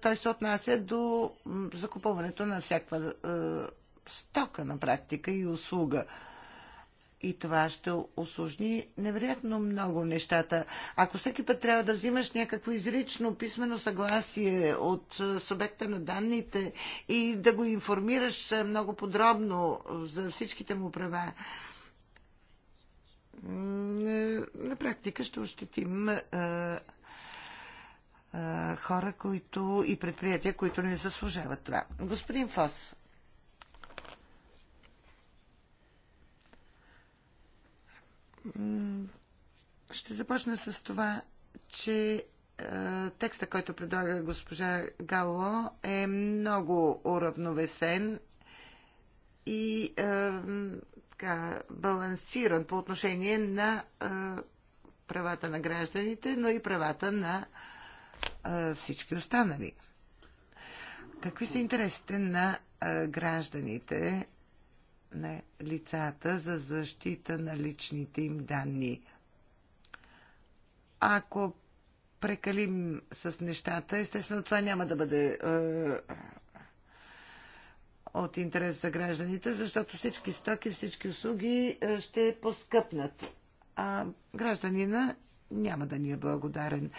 той се отнася до закупуването на всяка стока на практика и услуга. И това ще осложни невероятно много нещата. Ако всеки път трябва да взимаш някакво изрично писмено съгласие от е, субекта на данните и да го информираш е, много подробно за всичките му права, е, на практика ще ощетим хора, които и предприятия, които не заслужават това. Господин Фос, Ще започна с това, че текста, който предлага госпожа Гало, е много уравновесен и е, така, балансиран по отношение на е, правата на гражданите, но и правата на е, всички останали. Какви са интересите на е, гражданите на лицата за защита на личните им данни. Ако прекалим с нещата, естествено това няма да бъде е, от интерес за гражданите, защото всички стоки, всички услуги е, ще поскъпнат. А гражданина няма да ни е благодарен.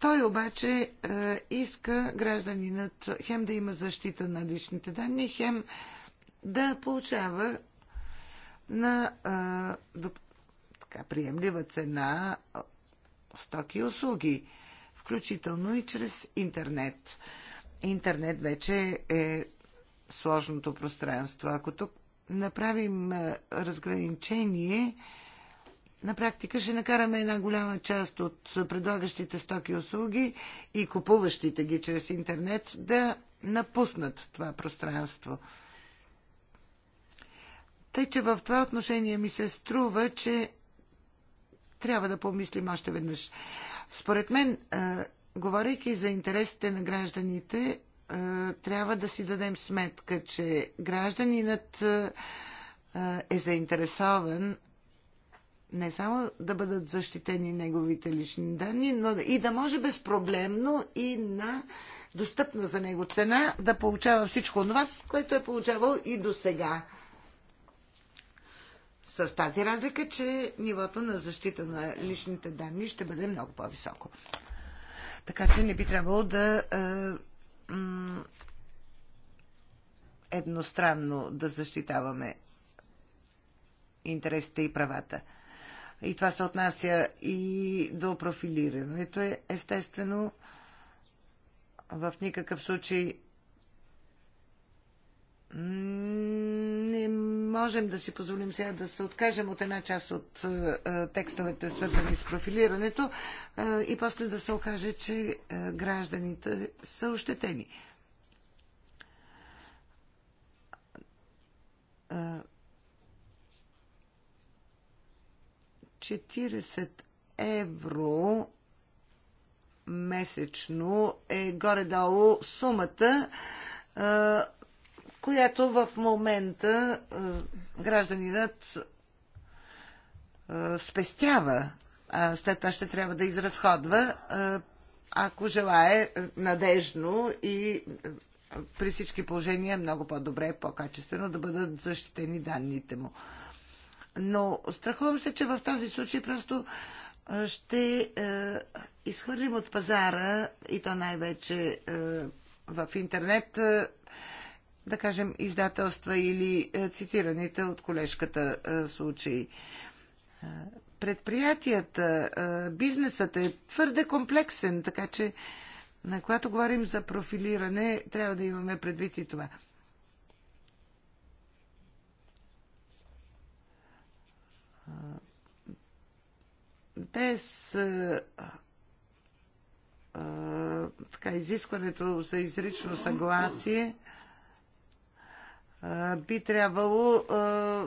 Той обаче е, иска гражданинът хем да има защита на личните данни, хем да получава на а, до, така, приемлива цена стоки и услуги, включително и чрез интернет. Интернет вече е сложното пространство. Ако тук направим разграничение, на практика ще накараме една голяма част от предлагащите стоки и услуги и купуващите ги чрез интернет да напуснат това пространство. Тъй, че в това отношение ми се струва, че трябва да помислим още веднъж. Според мен, говорейки за интересите на гражданите, трябва да си дадем сметка, че гражданинът е заинтересован не само да бъдат защитени неговите лични данни, но и да може безпроблемно и на достъпна за него цена да получава всичко това, което е получавал и до сега. С тази разлика, че нивото на защита на личните данни ще бъде много по-високо. Така че не би трябвало да е, едностранно да защитаваме интересите и правата. И това се отнася и до профилирането. Естествено, в никакъв случай не можем да си позволим сега да се откажем от една част от е, текстовете, свързани с профилирането, е, и после да се окаже, че е, гражданите са ощетени. Четиридесет евро месечно е горе-долу сумата която в момента е, гражданинът е, спестява, а след това ще трябва да изразходва, е, ако желае надежно и при всички положения много по-добре, по-качествено да бъдат защитени данните му. Но страхувам се, че в този случай просто ще е, изхвърлим от пазара и то най-вече е, в интернет е, да кажем, издателства или е, цитираните от колежката е, случаи. Е, предприятията, бизнесът е твърде комплексен, така че на когато говорим за профилиране, трябва да имаме предвид и това. Без така, изискването за изрично съгласие, би трябвало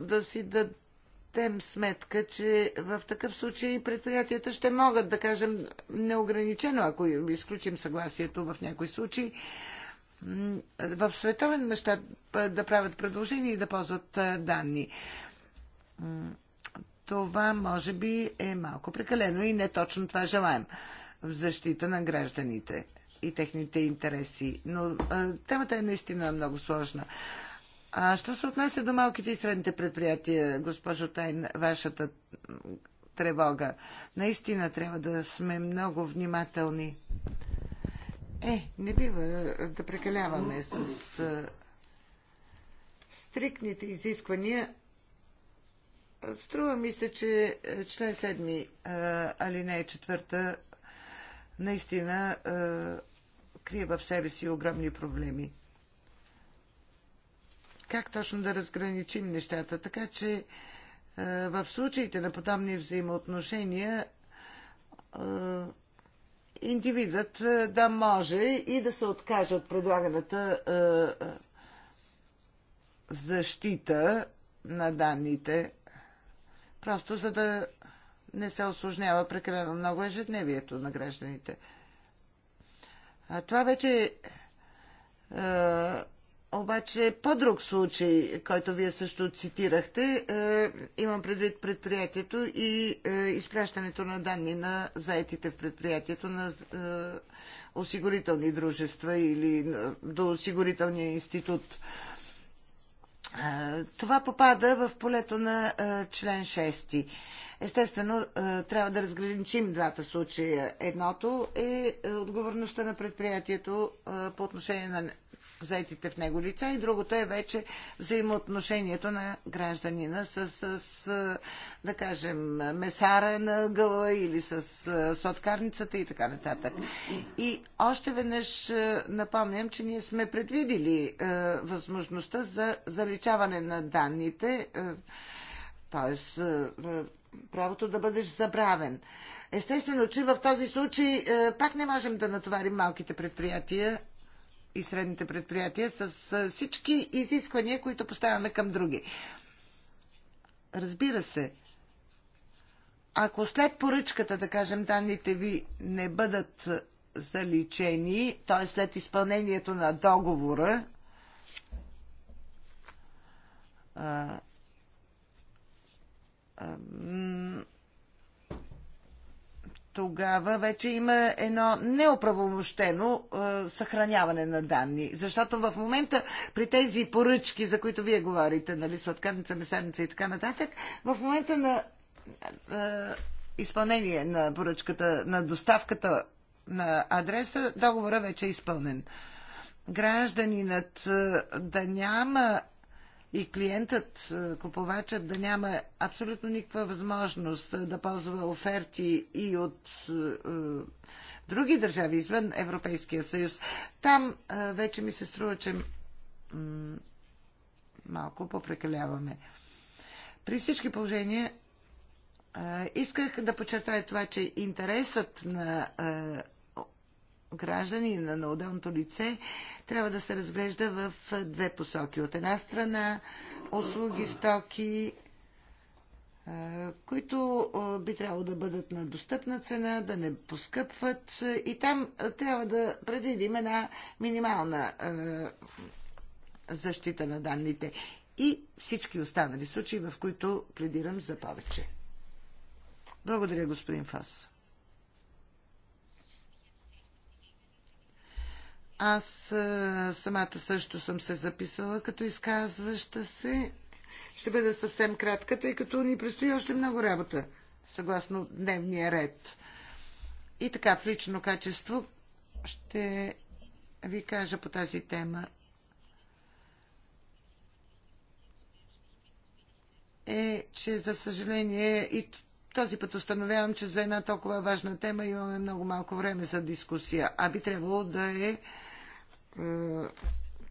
да си дадем сметка, че в такъв случай предприятията ще могат, да кажем, неограничено, ако изключим съгласието в някои случаи, в световен мащаб да правят предложения и да ползват данни. Това може би е малко прекалено и не точно това желаем в защита на гражданите и техните интереси. Но темата е наистина много сложна. А що се отнася до малките и средните предприятия, госпожо Тайн, вашата тревога, наистина трябва да сме много внимателни. Е, не бива да прекаляваме с стрикните изисквания. Струва ми се, че член 7, алинея 4, наистина крие в себе си огромни проблеми как точно да разграничим нещата. Така че е, в случаите на подобни взаимоотношения е, индивидът е, да може и да се откаже от предлаганата защита на данните, просто за да не се осложнява прекалено много ежедневието на гражданите. А това вече е, обаче по-друг случай, който вие също цитирахте, е, имам предвид предприятието и е, изпращането на данни на заетите в предприятието на е, осигурителни дружества или е, до осигурителния институт. Е, това попада в полето на е, член 6. Естествено, трябва да разграничим двата случая. Едното е отговорността на предприятието по отношение на заетите в него лица и другото е вече взаимоотношението на гражданина с, с, с да кажем, месара на гъла или с, с соткарницата и така нататък. И още веднъж напомням, че ние сме предвидили е, възможността за заличаване на данните, е, т.е. правото да бъдеш забравен. Естествено, че в този случай е, пак не можем да натоварим малките предприятия и средните предприятия с всички изисквания, които поставяме към други. Разбира се, ако след поръчката, да кажем, данните ви не бъдат заличени, т.е. след изпълнението на договора, тогава вече има едно неоправомощено е, съхраняване на данни. Защото в момента при тези поръчки, за които вие говорите, нали, сладкарница, месарница и така нататък, в момента на е, изпълнение на поръчката, на доставката на адреса, договора вече е изпълнен. Гражданинът е, да няма и клиентът, е, купувачът да няма абсолютно никаква възможност е, да ползва оферти и от е, е, други държави извън Европейския съюз. Там е, вече ми се струва, че малко попрекаляваме. При всички положения е, исках да подчертая това, че интересът на гражданина, на отделното лице, трябва да се разглежда в две посоки. От една страна услуги, стоки, които би трябвало да бъдат на достъпна цена, да не поскъпват. И там трябва да предвидим една минимална защита на данните. И всички останали случаи, в които пледирам за повече. Благодаря, господин Фас. Аз а, самата също съм се записала като изказваща се. Ще бъда съвсем кратка, тъй като ни предстои още много работа, съгласно дневния ред. И така, в лично качество ще ви кажа по тази тема. Е, че за съжаление и този път установявам, че за една толкова важна тема имаме много малко време за дискусия, а би трябвало да е е,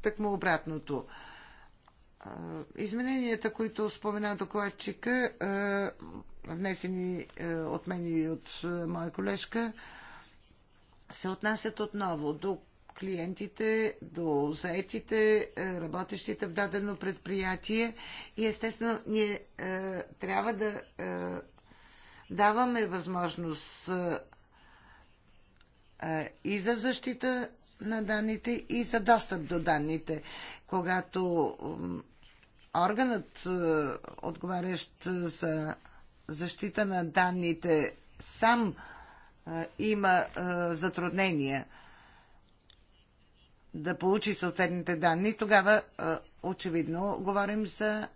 тъкмо обратното. Е, измененията, които спомена докладчика, е, внесени от мен и от моя колежка, се отнасят отново до клиентите, до заетите, работещите в дадено предприятие и естествено ние трябва да даваме възможност и за защита на данните и за достъп до данните. Когато органът, е, отговарящ за защита на данните, сам е, има е, затруднения да получи съответните данни, тогава очевидно говорим за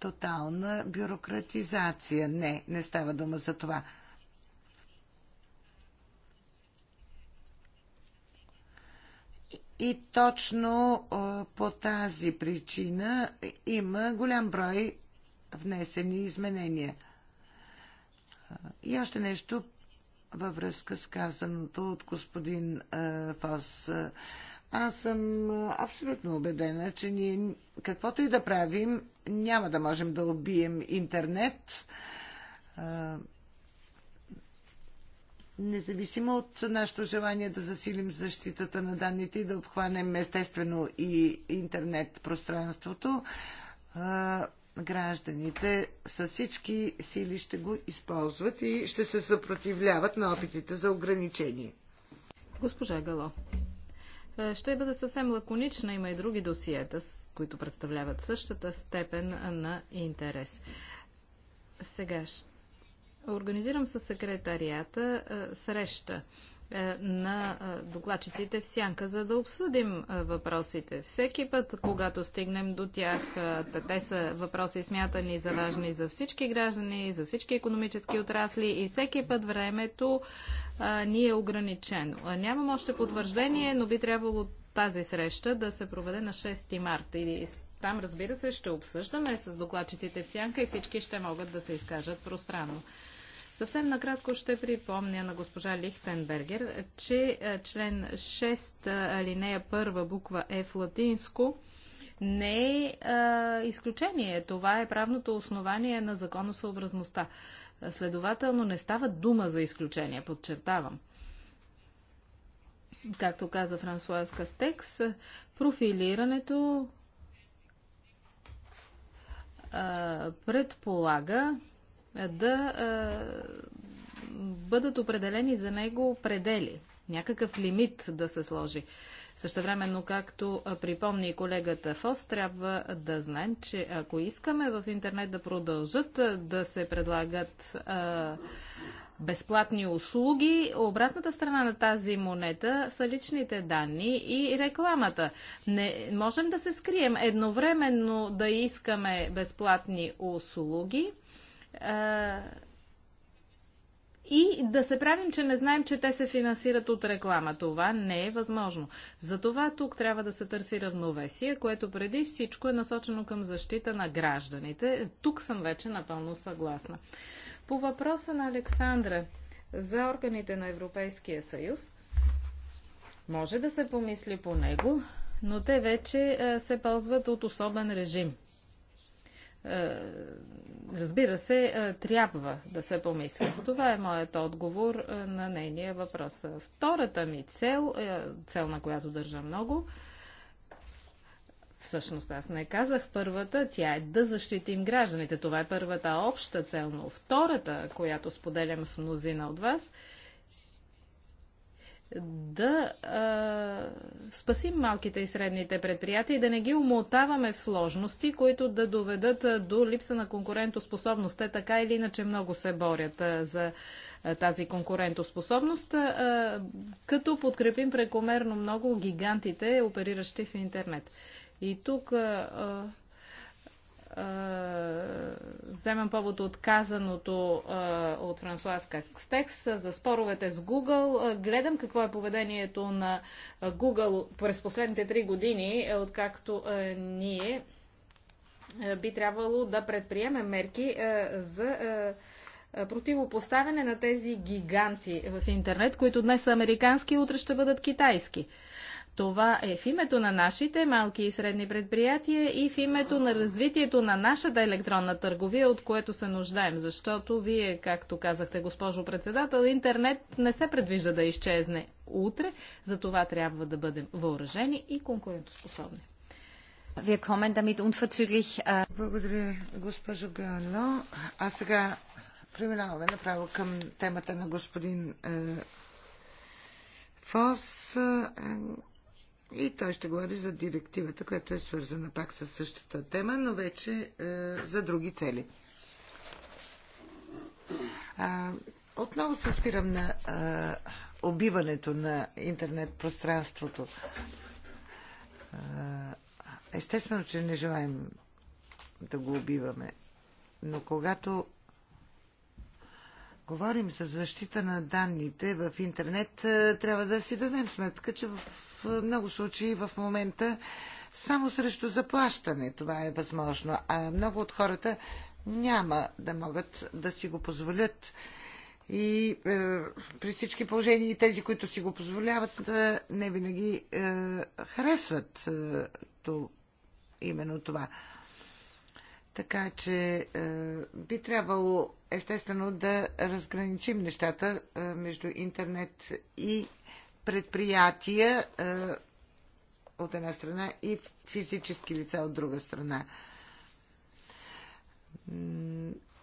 тотална бюрократизация. Не, не става дума за това. И точно по тази причина има голям брой внесени изменения. И още нещо във връзка с казаното от господин Фос. Аз съм абсолютно убедена, че ние каквото и да правим, няма да можем да убием интернет. Независимо от нашето желание да засилим защитата на данните и да обхванем естествено и интернет пространството, гражданите с всички сили ще го използват и ще се съпротивляват на опитите за ограничение. Госпожа Гало, ще бъда съвсем лаконична. Има и други досиета, които представляват същата степен на интерес. Сега ще организирам със секретарията среща на докладчиците в сянка, за да обсъдим въпросите. Всеки път, когато стигнем до тях, те са въпроси смятани за важни за всички граждани, за всички економически отрасли и всеки път времето а, ни е ограничено. Нямам още потвърждение, но би трябвало тази среща да се проведе на 6 марта. И там, разбира се, ще обсъждаме с докладчиците в сянка и всички ще могат да се изкажат пространно. Съвсем накратко ще припомня на госпожа Лихтенбергер, че е, член 6 е, алинея 1 буква е в латинско не е а, е, изключение. Това е правното основание на законосъобразността. Следователно не става дума за изключение, подчертавам. Както каза Франсуаз Кастекс, профилирането предполага е, да бъдат определени за него предели, някакъв лимит да се сложи. Същевременно, както припомни колегата Фос, трябва да знаем, че ако искаме в интернет да продължат да се предлагат а, безплатни услуги, обратната страна на тази монета са личните данни и рекламата. Не можем да се скрием едновременно да искаме безплатни услуги а, и да се правим, че не знаем, че те се финансират от реклама. Това не е възможно. Затова тук трябва да се търси равновесие, което преди всичко е насочено към защита на гражданите. Тук съм вече напълно съгласна. По въпроса на Александра за органите на Европейския съюз, може да се помисли по него, но те вече е, се ползват от особен режим. Е, разбира се, е, трябва да се помисли. Това е моят отговор на нейния въпрос. Втората ми цел, цел на която държа много, е Всъщност аз не казах първата, тя е да защитим гражданите. Това е първата обща цел, но втората, която споделям с мнозина от вас, да а, спасим малките и средните предприятия и да не ги умотаваме в сложности, които да доведат до липса на конкурентоспособност. Те така или иначе много се борят а, за тази конкурентоспособност, а, като подкрепим прекомерно много гигантите, опериращи в интернет. И тук а, а, вземам повод от казаното а, от Франсуаз Кастекс за споровете с Google. Гледам какво е поведението на Google през последните три години, е, откакто ние би трябвало да предприемем мерки за противопоставяне на тези гиганти в интернет, които днес са американски, утре ще бъдат китайски. Това е в името на нашите малки и средни предприятия и в името на развитието на нашата електронна търговия, от което се нуждаем. Защото вие, както казахте, госпожо председател, интернет не се предвижда да изчезне утре. За това трябва да бъдем въоръжени и конкурентоспособни. Благодаря, госпожо Гано. А сега преминаваме направо към темата на господин Фос. И той ще говори за директивата, която е свързана пак с същата тема, но вече е, за други цели. А, отново се спирам на а, убиването на интернет пространството. естествено, че не желаем да го убиваме. Но когато говорим за защита на данните в интернет, е, трябва да си дадем сметка, че в много случаи в момента само срещу заплащане това е възможно, а много от хората няма да могат да си го позволят. И е, при всички положения и тези, които си го позволяват, да е, не винаги е, харесват е, то, именно това. Така че е, би трябвало естествено да разграничим нещата между интернет и предприятия от една страна и физически лица от друга страна.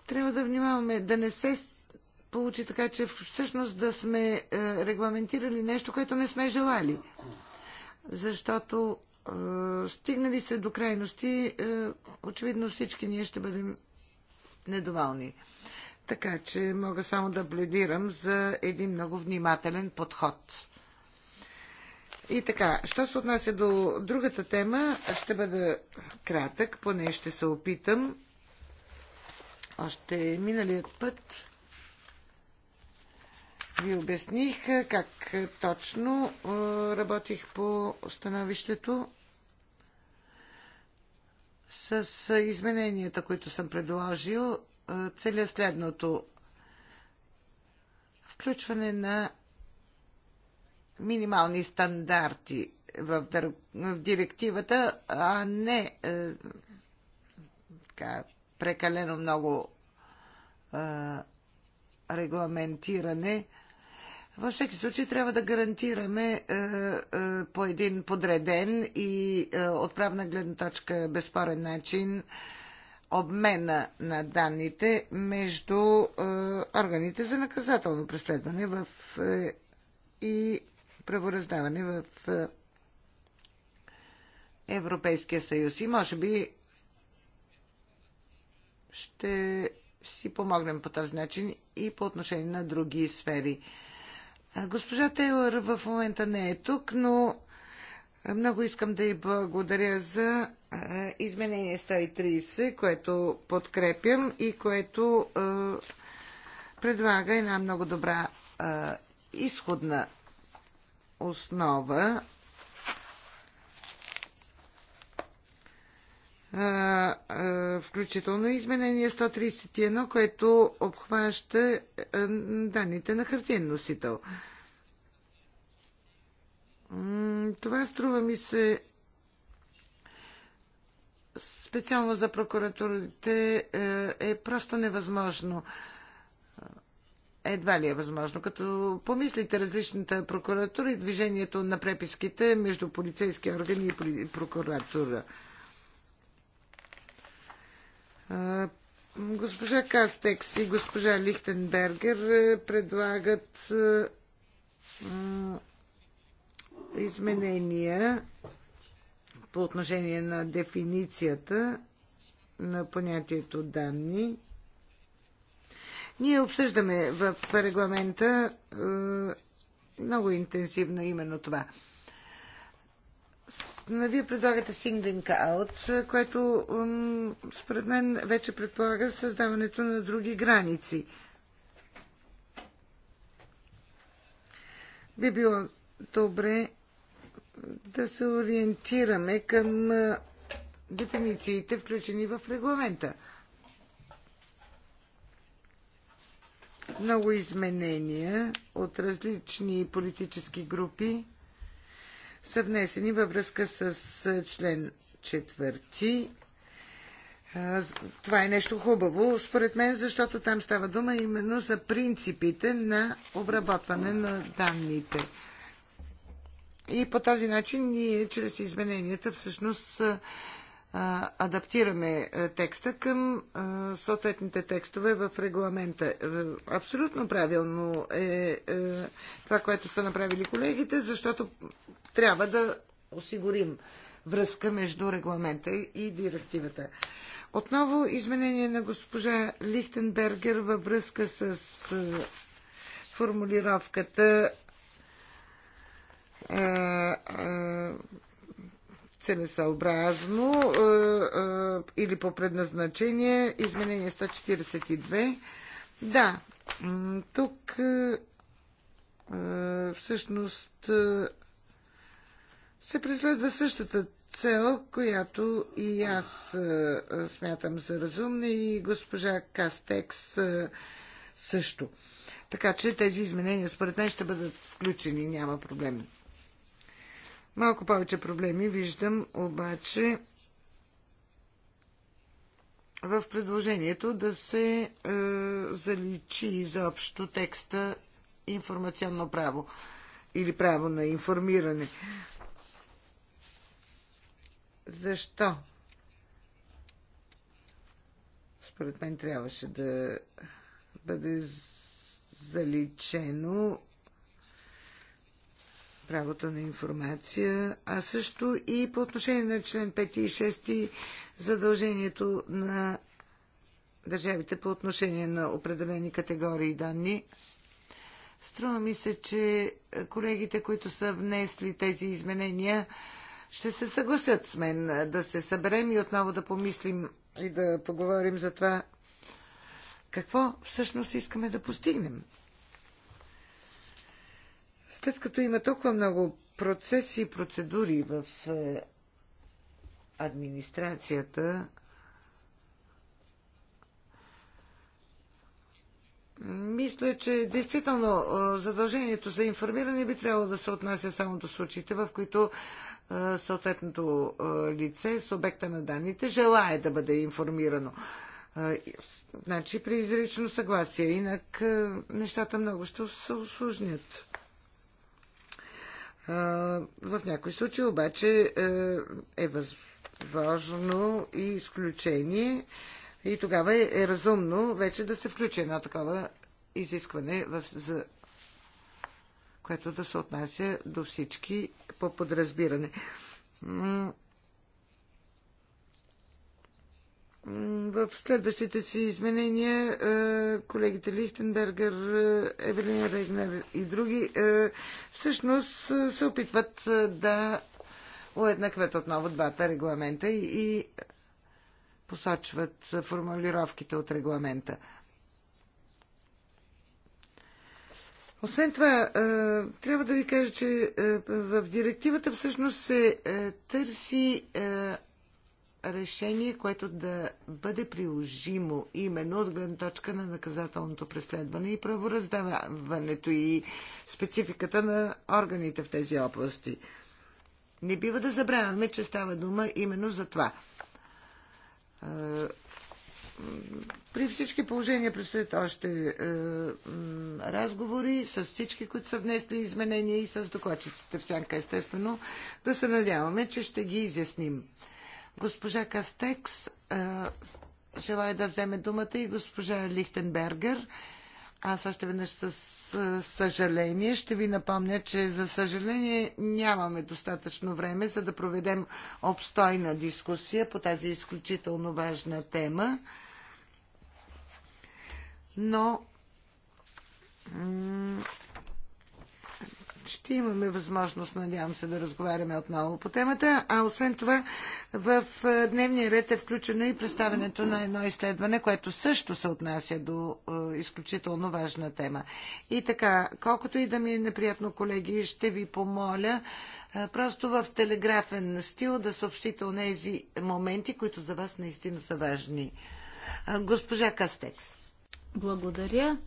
Трябва да внимаваме да не се получи така, че всъщност да сме регламентирали нещо, което не сме желали. Защото стигнали се до крайности, очевидно всички ние ще бъдем недоволни. Така че мога само да пледирам за един много внимателен подход. И така, що се отнася до другата тема, ще бъда кратък, поне ще се опитам. Още миналият път ви обясних как точно работих по становището с измененията, които съм предложил целя следното. Включване на минимални стандарти в, директивата, а не е, така, прекалено много е, регламентиране. Във всеки случай трябва да гарантираме е, е, по един подреден и е, отправна гледна точка безспорен начин обмена на данните между е, органите за наказателно преследване в, е, и правораздаване в е, Европейския съюз. И може би ще си помогнем по този начин и по отношение на други сфери. Госпожа Тейлър в момента не е тук, но много искам да й благодаря за изменение 130, което подкрепям и което предлага една много добра изходна основа включително изменение 131, което обхваща данните на хартиен носител. Това струва ми се специално за прокуратурите е, е просто невъзможно. Едва ли е възможно. Като помислите различната прокуратура и движението на преписките между полицейски органи и прокуратура. Е, госпожа Кастекс и госпожа Лихтенбергер е, предлагат изменения по отношение на дефиницията на понятието данни. Ние обсъждаме в регламента е, много интенсивно е именно това. Вие предлагате Singling Out, което според мен вече предполага създаването на други граници. Би било добре да се ориентираме към дефинициите, включени в регламента. Много изменения от различни политически групи са внесени във връзка с член четвърти. Това е нещо хубаво, според мен, защото там става дума именно за принципите на обработване на данните. И по този начин ние, чрез измененията, всъщност адаптираме текста към съответните текстове в регламента. Е, абсолютно правилно е, е това, което са направили колегите, защото трябва да осигурим връзка между регламента и директивата. Отново изменение на госпожа Лихтенбергер във връзка с формулировката целесообразно или по предназначение изменение 142. Да, тук всъщност се преследва същата цел, която и аз смятам за разумна и госпожа Кастекс също. Така че тези изменения според мен ще бъдат включени, няма проблем. Малко повече проблеми виждам обаче в предложението да се е, заличи изобщо текста информационно право или право на информиране. Защо? Според мен трябваше да бъде заличено правото на информация, а също и по отношение на член 5 и 6 задължението на държавите по отношение на определени категории данни. Струва ми се, че колегите, които са внесли тези изменения, ще се съгласят с мен да се съберем и отново да помислим и да поговорим за това какво всъщност искаме да постигнем след като има толкова много процеси и процедури в е, администрацията, Мисля, че действително е, задължението за информиране би трябвало да се отнася само до случаите, в които е, съответното лице, субекта на данните, желая да бъде информирано. Значи при изрично съгласие, инак нещата много ще се осложнят. В някои случаи обаче е, е възможно и изключение и тогава е, е разумно вече да се включи едно такова изискване, в, за, което да се отнася до всички по подразбиране. В следващите си изменения е, колегите Лихтенбергер, е, Евелин Регнер и други е, всъщност се опитват да уеднакват отново двата регламента и посочват формулировките от регламента. Освен това, трябва да ви кажа, че в директивата всъщност се търси решение, което да бъде приложимо именно от гледна точка на наказателното преследване и правораздаването и спецификата на органите в тези области. Не бива да забравяме, че става дума именно за това. При всички положения предстоят още разговори с всички, които са внесли изменения и с докладчиците в сянка, естествено, да се надяваме, че ще ги изясним. Госпожа Кастекс желая да вземе думата и госпожа Лихтенбергер. Аз още веднъж с съжаление ще ви напомня, че за съжаление нямаме достатъчно време, за да проведем обстойна дискусия по тази изключително важна тема. Но ще имаме възможност, надявам се, да разговаряме отново по темата. А освен това, в дневния ред е включено и представенето на едно изследване, което също се отнася до изключително важна тема. И така, колкото и да ми е неприятно, колеги, ще ви помоля просто в телеграфен стил да съобщите о тези моменти, които за вас наистина са важни. Госпожа Кастекс. Благодаря.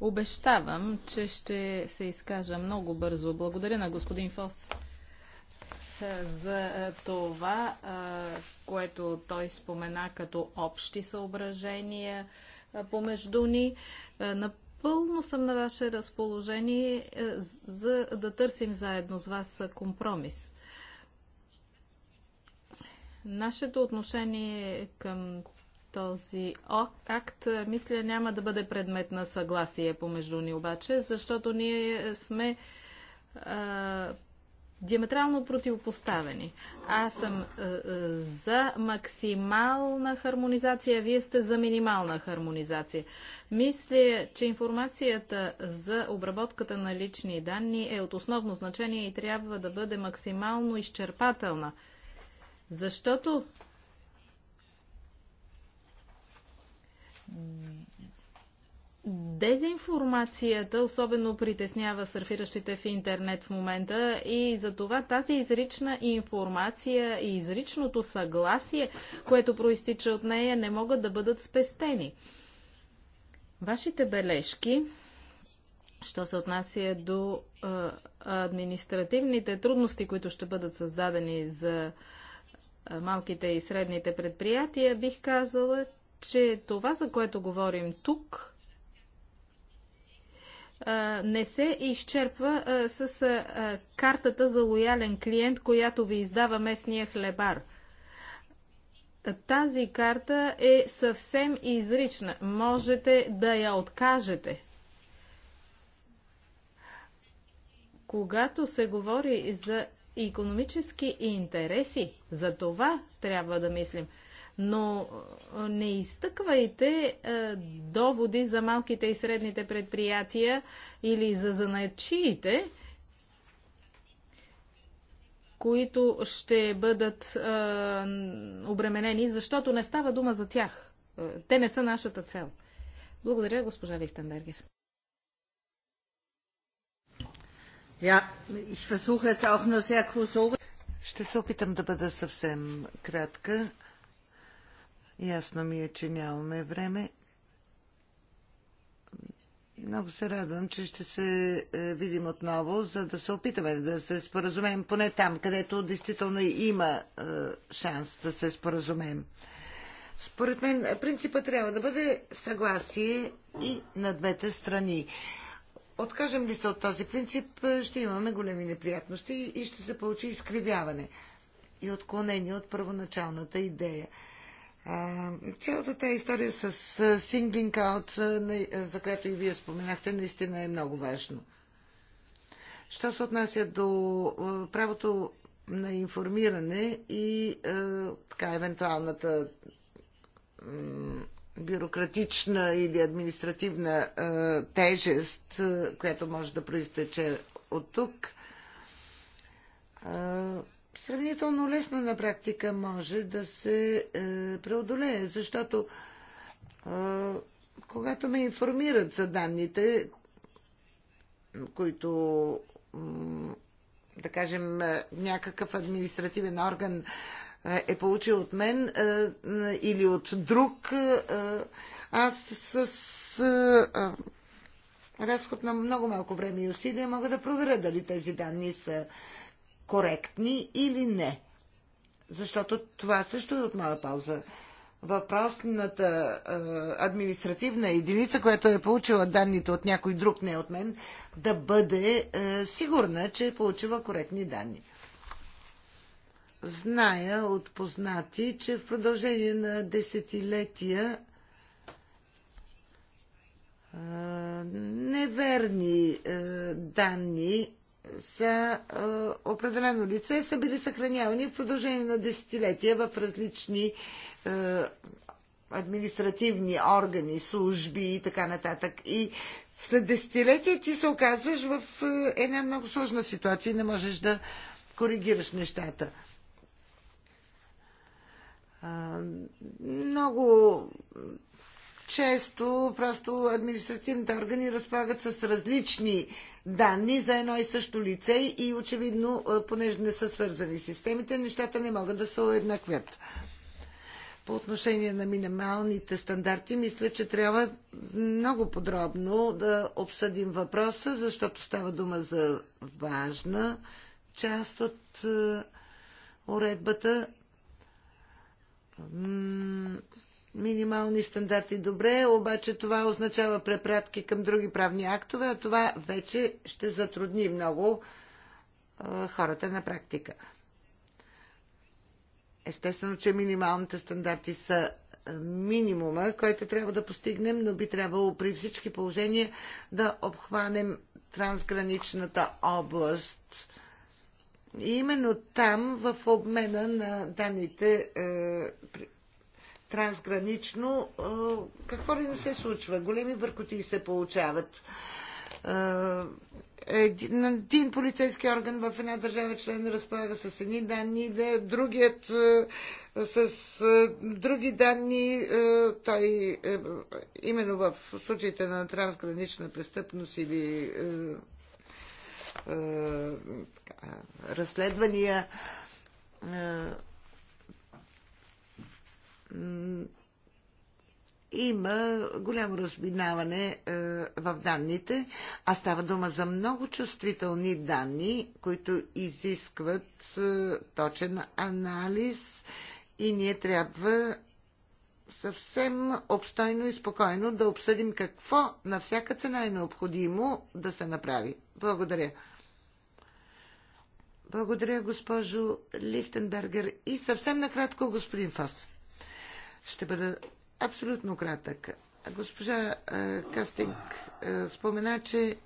Обещавам, че ще се изкажа много бързо. Благодаря на господин Фос е, за е, това, е, което той спомена като общи съображения помежду ни. Напълно съм на ваше разположение за да търсим заедно с вас компромис. Нашето отношение към този акт, мисля, няма да бъде предмет на съгласие помежду ни обаче, защото ние сме а, диаметрално противопоставени. Аз съм а, за максимална хармонизация, вие сте за минимална хармонизация. Мисля, че информацията за обработката на лични данни е от основно значение и трябва да бъде максимално изчерпателна. Защото Дезинформацията особено притеснява сърфиращите в интернет в момента и за това тази изрична информация и изричното съгласие, което проистича от нея, не могат да бъдат спестени. Вашите бележки, що се отнася до а, административните трудности, които ще бъдат създадени за малките и средните предприятия, бих казала, че това, за което говорим тук, не се изчерпва с картата за лоялен клиент, която ви издава местния хлебар. Тази карта е съвсем изрична. Можете да я откажете. Когато се говори за економически интереси, за това трябва да мислим – но не изтъквайте доводи за малките и средните предприятия или за занаячиите, които ще бъдат е, обременени, защото не става дума за тях. Те не са нашата цел. Благодаря, госпожа Лихтенбергер. Ja, ich versuche jetzt auch nur sehr Ще се опитам да бъда съвсем кратка. Ясно ми е, че нямаме време. Много се радвам, че ще се е, видим отново, за да се опитаме да се споразумеем, поне там, където действително има е, шанс да се споразумеем. Според мен принципът трябва да бъде съгласие и на двете страни. Откажем ли се от този принцип, е, ще имаме големи неприятности и ще се получи изкривяване и отклонение от първоначалната идея. Цялата тази история с Singling Out, за която и вие споменахте, наистина е много важно. Що се отнася до правото на информиране и така евентуалната бюрократична или административна тежест, която може да проистече от тук, сравнително лесно на практика може да се е, преодолее, защото е, когато ме информират за данните, които, да кажем, е, някакъв административен орган е получил от мен или от друг, аз с разход на много малко време и усилия мога да проверя дали тези данни са коректни или не. Защото това също е от моя пауза. Въпросната е, административна единица, която е получила данните от някой друг, не от мен, да бъде е, сигурна, че е получила коректни данни. Зная от познати, че в продължение на десетилетия неверни данни за е, определено лице са били съхранявани в продължение на десетилетия в различни е, административни органи, служби и така нататък. И след десетилетия ти се оказваш в е, една много сложна ситуация и не можеш да коригираш нещата. Много често просто административните органи разполагат с различни данни за едно и също лице и очевидно, понеже не са свързани системите, нещата не могат да се уеднаквят. По отношение на минималните стандарти, мисля, че трябва много подробно да обсъдим въпроса, защото става дума за важна част от уредбата минимални стандарти. Добре, обаче това означава препратки към други правни актове, а това вече ще затрудни много е, хората на практика. Естествено, че минималните стандарти са минимума, който трябва да постигнем, но би трябвало при всички положения да обхванем трансграничната област. И именно там, в обмена на данните, е, трансгранично, какво ли не се случва? Големи бъркоти се получават. Един, един полицейски орган в една държава член разполага с едни данни, да, другият с други данни. Той е, именно в случаите на трансгранична престъпност или разследвания има голямо разминаване е, в данните, а става дума за много чувствителни данни, които изискват е, точен анализ и ние трябва съвсем обстойно и спокойно да обсъдим какво на всяка цена е необходимо да се направи. Благодаря. Благодаря, госпожо Лихтенбергер. И съвсем накратко, господин Фас. Ще бъда абсолютно кратък. Госпожа Кастинг спомена, че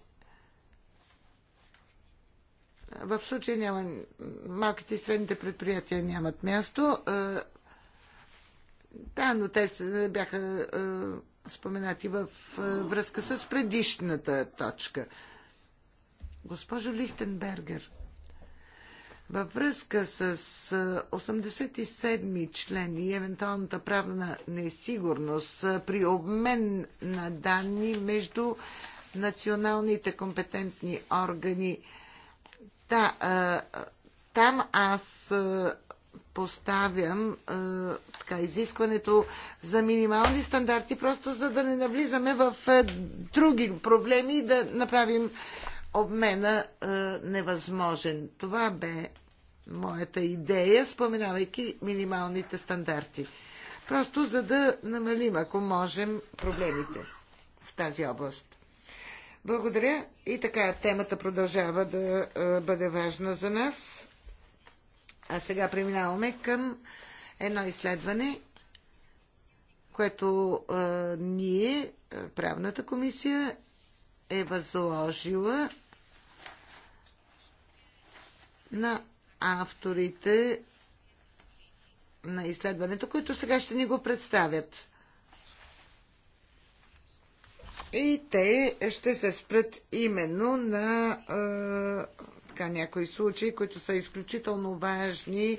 в случая няма, малките и средните предприятия нямат място. Да, но те бяха споменати в връзка с предишната точка. Госпожо Лихтенбергер, във връзка с 87-ми член и евентуалната правна несигурност при обмен на данни между националните компетентни органи, да, там аз поставям така, изискването за минимални стандарти, просто за да не навлизаме в други проблеми и да направим обмена е, невъзможен. Това бе моята идея, споменавайки минималните стандарти. Просто за да намалим, ако можем, проблемите в тази област. Благодаря. И така, темата продължава да е, бъде важна за нас. А сега преминаваме към едно изследване, което е, ние, е, правната комисия, е възложила на авторите на изследването, които сега ще ни го представят. И те ще се спрат именно на е, така, някои случаи, които са изключително важни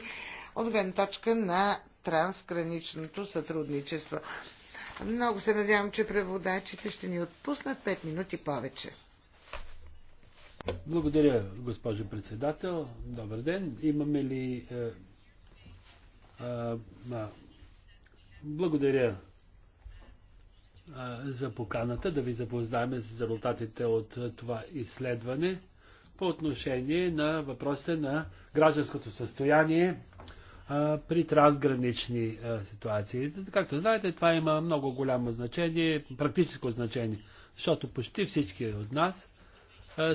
от гледна точка на трансграничното сътрудничество. Много се надявам, че преводачите ще ни отпуснат 5 минути повече. Благодаря, госпожо председател. Добър ден. Имаме ли. Е, е, а, а, благодаря а, е, за поканата да ви запознаем с резултатите от това изследване по отношение на въпросите на гражданското състояние а, при трансгранични а, ситуации. Както знаете, това има много голямо значение, практическо значение, защото почти всички от нас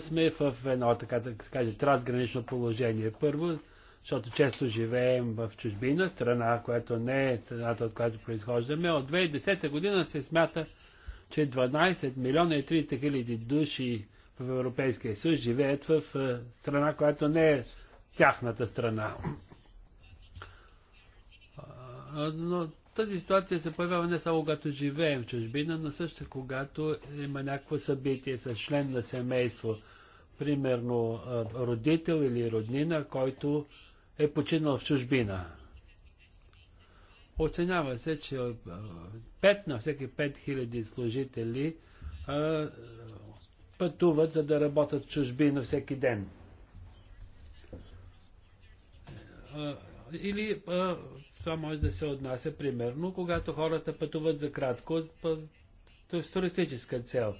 сме в едно, така да каже, трансгранично положение. Първо, защото често живеем в чужбина, страна, която не е страната, от която произхождаме. От 2010 година се смята, че 12 милиона и 30 хиляди души в Европейския съюз живеят в страна, която не е тяхната страна. Но тази ситуация се появява не само когато живеем в чужбина, но също когато има някакво събитие с член на семейство. Примерно родител или роднина, който е починал в чужбина. Оценява се, че 5 на всеки 5000 служители пътуват, за да работят в чужбина всеки ден. или това може да се отнася примерно, когато хората пътуват за кратко с туристическа цел.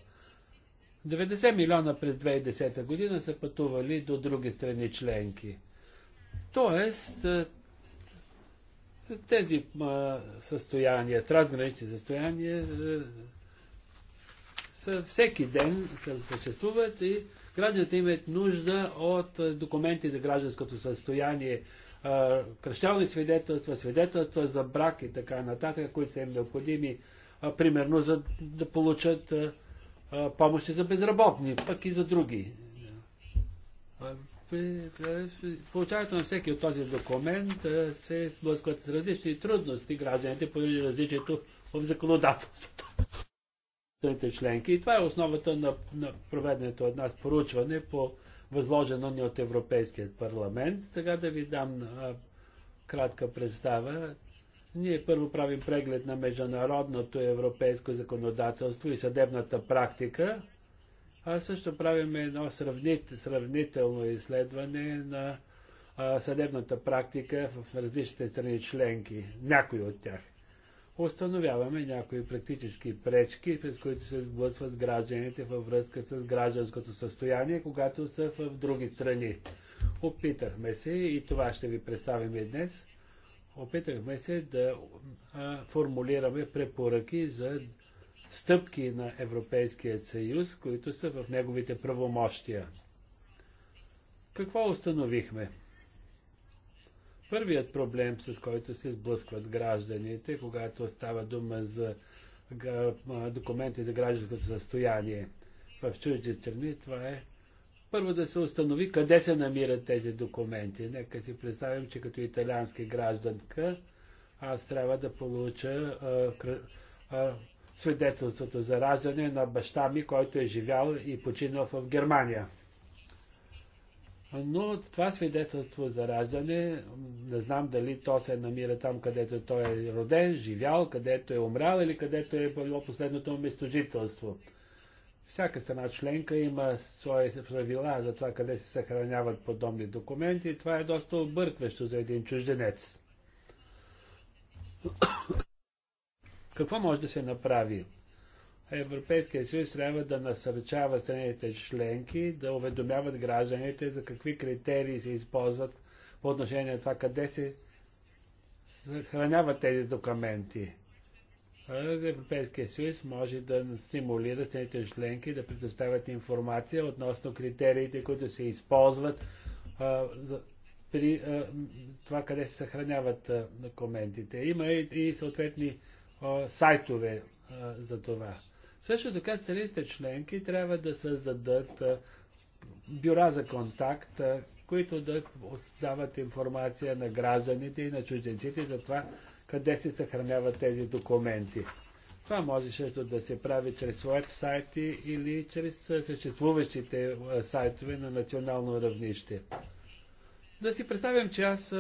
90 милиона през 2010 година са пътували до други страни членки. Тоест, тези състояния, трансгранични състояния, са всеки ден съществуват и гражданите имат нужда от документи за гражданското състояние, кръщални свидетелства, свидетелства за брак и така нататък, които са им необходими, а, примерно за да получат а, а, помощи за безработни, пък и за други. получаването на всеки от този документ се сблъскват с различни трудности гражданите по различието в законодателството. членки. И това е основата на, на проведенето от нас поручване по възложено ни от Европейският парламент. Сега да ви дам а, кратка представа. Ние първо правим преглед на международното европейско законодателство и съдебната практика, а също правим едно сравнит, сравнително изследване на а, съдебната практика в различните страни членки, някои от тях – установяваме някои практически пречки, през които се сблъсват гражданите във връзка с гражданското състояние, когато са в други страни. Опитахме се, и това ще ви представим и днес, опитахме се да а, формулираме препоръки за стъпки на Европейския съюз, които са в неговите правомощия. Какво установихме? първият проблем, с който се сблъскват гражданите, когато става дума за документи за гражданското състояние в чужди страни, това е първо да се установи къде се намират тези документи. Нека си представим, че като италиански гражданка аз трябва да получа а, а, свидетелството за раждане на баща ми, който е живял и починал в Германия. Но това свидетелство за раждане, не знам дали то се намира там, където той е роден, живял, където е умрял или където е било последното му местожителство. Всяка страна членка има свои правила за това къде се съхраняват подобни документи и това е доста объркващо за един чужденец. *coughs* Какво може да се направи? Европейския съюз трябва да насърчава страните членки, да уведомяват гражданите за какви критерии се използват по отношение на това къде се съхраняват тези документи. Европейския съюз може да стимулира страните членки да предоставят информация относно критериите, които се използват а, при а, това къде се съхраняват а, документите. Има и, и съответни сайтове а, за това. Също така страните членки трябва да създадат бюра за контакт, които да дават информация на гражданите и на чужденците за това къде се съхраняват тези документи. Това може също да се прави чрез веб-сайти или чрез съществуващите сайтове на национално равнище. Да си представим, че аз,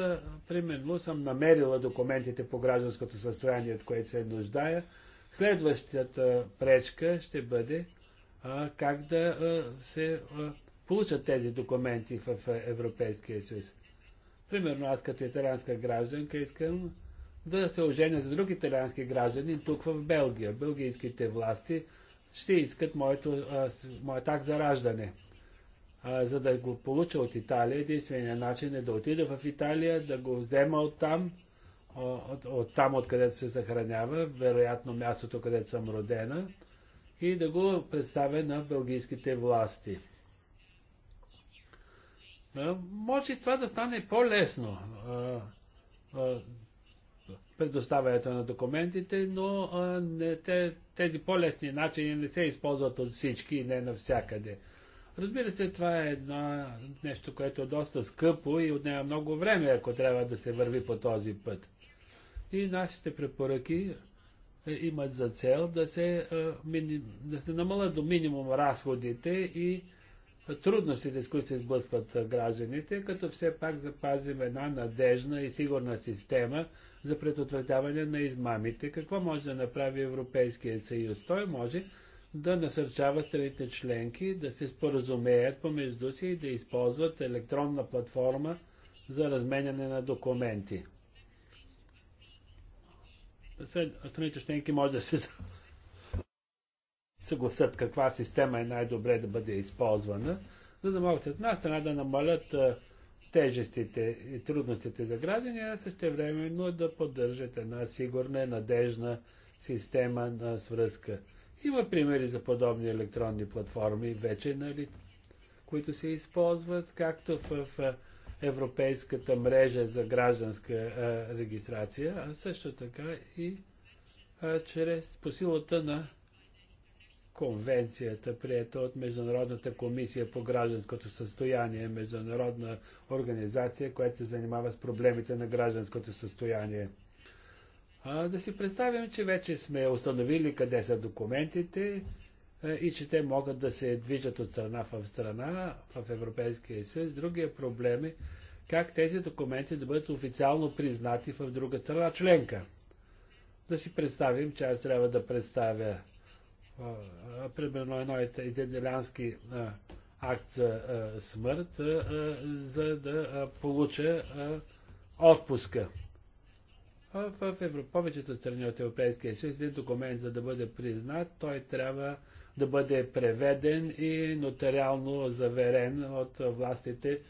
примерно, съм намерила документите по гражданското състояние, от което се нуждая Следващата пречка ще бъде а, как да а, се а, получат тези документи в Европейския съюз. Примерно аз като италианска гражданка искам да се оженя с друг италиански граждани, тук в Белгия. Белгийските власти ще искат моето, а, моят так за раждане. А, за да го получа от Италия, единствения начин е да отида в Италия, да го взема от там от, от там, откъдето се съхранява, вероятно мястото, където съм родена, и да го представя на бългийските власти. Може това да стане по-лесно, предоставянето на документите, но не, те, тези по-лесни начини не се използват от всички и не навсякъде. Разбира се, това е едно нещо, което е доста скъпо и отнема много време, ако трябва да се върви по този път. И нашите препоръки е, имат за цел да се, е, да се намалят до минимум разходите и е, трудностите, с които се сблъскват гражданите, като все пак запазим една надежна и сигурна система за предотвратяване на измамите. Какво може да направи Европейския съюз? Той може да насърчава страните членки да се споразумеят помежду си и да използват електронна платформа за разменяне на документи страните членки може да се съгласят каква система е най-добре да бъде използвана, за да могат от една страна да намалят тежестите и трудностите за граждани, а същевременно да поддържат една сигурна и надежна система на свръзка. Има примери за подобни електронни платформи вече, нали, които се използват както в, в Европейската мрежа за гражданска а, регистрация, а също така и а, чрез по силата на конвенцията, прията от Международната комисия по гражданското състояние, международна организация, която се занимава с проблемите на гражданското състояние. А, да си представим, че вече сме установили къде са документите, е, и че те могат да се движат от страна в страна в Европейския съюз. Другия проблем е как тези документи да бъдат официално признати в друга страна членка. Да си представим, че аз трябва да представя примерно едно италиански акт за смърт, за да получа отпуска. В, повечето страни от Европейския съюз един документ, за да бъде признат, той трябва да бъде преведен и нотариално заверен от властите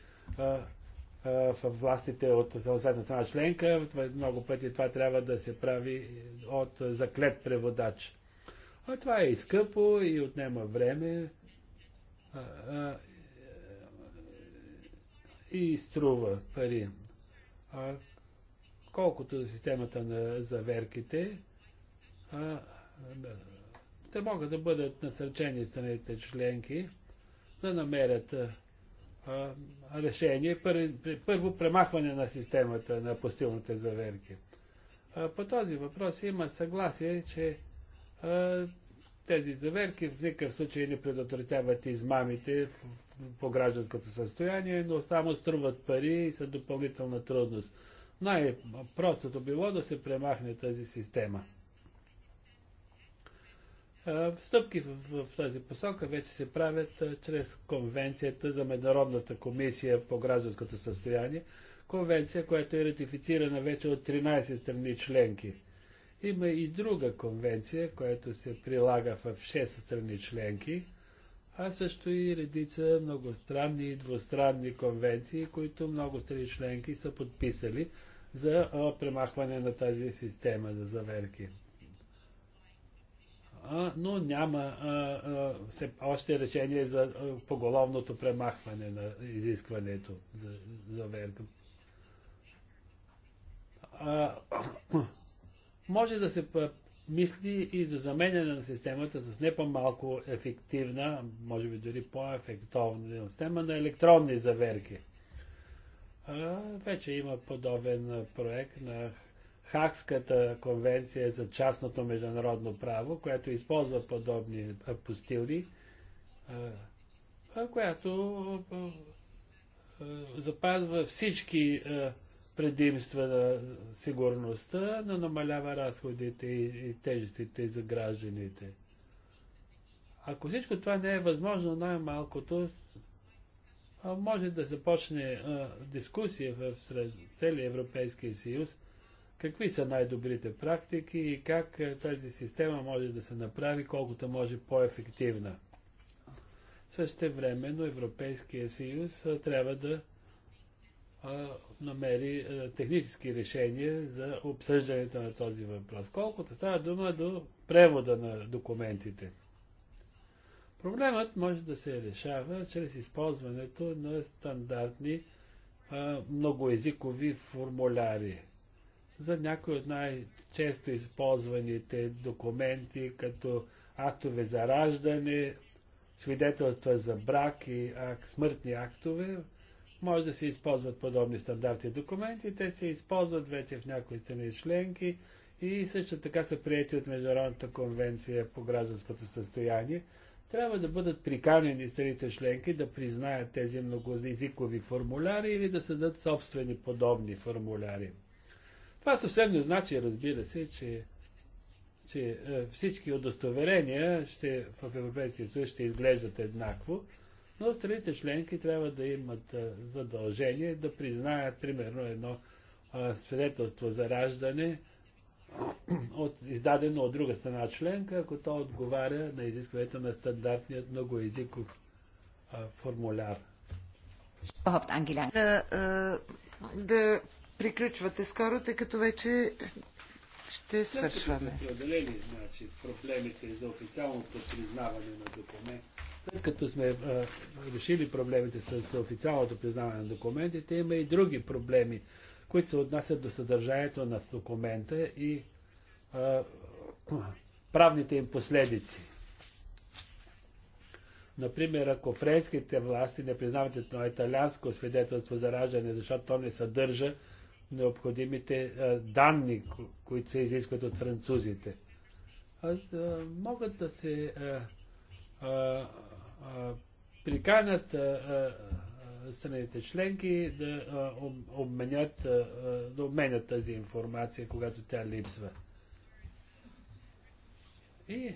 в властите от съответната страна членка. Е много пъти това трябва да се прави от заклет преводач. А това е и скъпо и отнема време и струва пари. А, колкото до системата на заверките, а, те могат да бъдат насърчени страните членки да намерят а, решение. Пър, първо премахване на системата на постилните заверки. А, по този въпрос има съгласие, че а, тези заверки в никакъв случай не предотвратяват измамите по гражданското състояние, но само струват пари и са допълнителна трудност. Най-простото било да се премахне тази система. Стъпки в, в, тази посока вече се правят чрез Конвенцията за Международната комисия по гражданското състояние. Конвенция, която е ратифицирана вече от 13 страни членки. Има и друга конвенция, която се прилага в 6 страни членки, а също и редица многостранни и двустранни конвенции, които много страни членки са подписали за премахване на тази система за заверки но няма все още решение за поголовното премахване на изискването за заверка. *clears throat* Може да се мисли и за заменяне на системата с не по-малко ефективна, може би дори по-ефектовна система на електронни заверки. А, вече има подобен проект на Хакската конвенция за частното международно право, която използва подобни апостили, която запазва всички предимства на сигурността, но намалява разходите и тежестите за гражданите. Ако всичко това не е възможно, най-малкото може да започне дискусия в целия Европейския съюз какви са най-добрите практики и как е, тази система може да се направи колкото може по-ефективна. Същевременно Европейския съюз е, трябва да е, намери технически решения за обсъждането на този въпрос, колкото става дума до превода на документите. Проблемът може да се решава чрез използването на стандартни а, многоезикови формуляри за някои от най-често използваните документи, като актове за раждане, свидетелства за брак и ак, смъртни актове, може да се използват подобни стандарти документи. Те се използват вече в някои страни членки и също така са прияти от Международната конвенция по гражданското състояние. Трябва да бъдат приканени страните членки да признаят тези многоязикови формуляри или да създадат собствени подобни формуляри. Това съвсем не значи, разбира се, че, че е, всички удостоверения ще, в Европейския съюз ще изглеждат еднакво, но страните членки трябва да имат е, задължение да признаят, примерно, едно е, свидетелство за раждане, от, издадено от друга страна членка, ако то отговаря на изискването на стандартният многоязиков а, формуляр. Да, да приключвате скоро, тъй като вече ще свършваме. определили значи, проблемите за официалното признаване на документ. След като сме а, решили проблемите с официалното признаване на документите, има и други проблеми, които се отнасят до съдържанието на документа и а, правните им последици. Например, ако френските власти не признават едно италианско свидетелство за раждане, защото то не съдържа необходимите данни, които се изискват от французите. Могат да се приканят страните членки да обменят, да обменят тази информация, когато тя липсва. И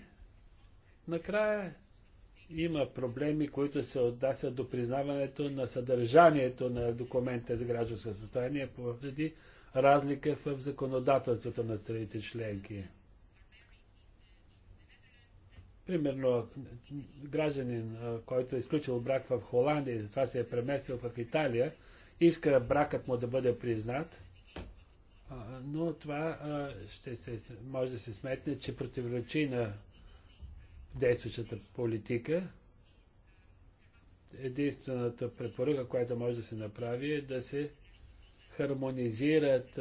накрая има проблеми, които се отнасят до признаването на съдържанието на документа за гражданско състояние поради разлика в законодателството на страните членки. Примерно, гражданин, който е изключил брак в Холандия и затова се е преместил в Италия, иска бракът му да бъде признат, но това ще се, може да се сметне, че противоречи на действащата политика. Единствената препоръка, която може да се направи е да се хармонизират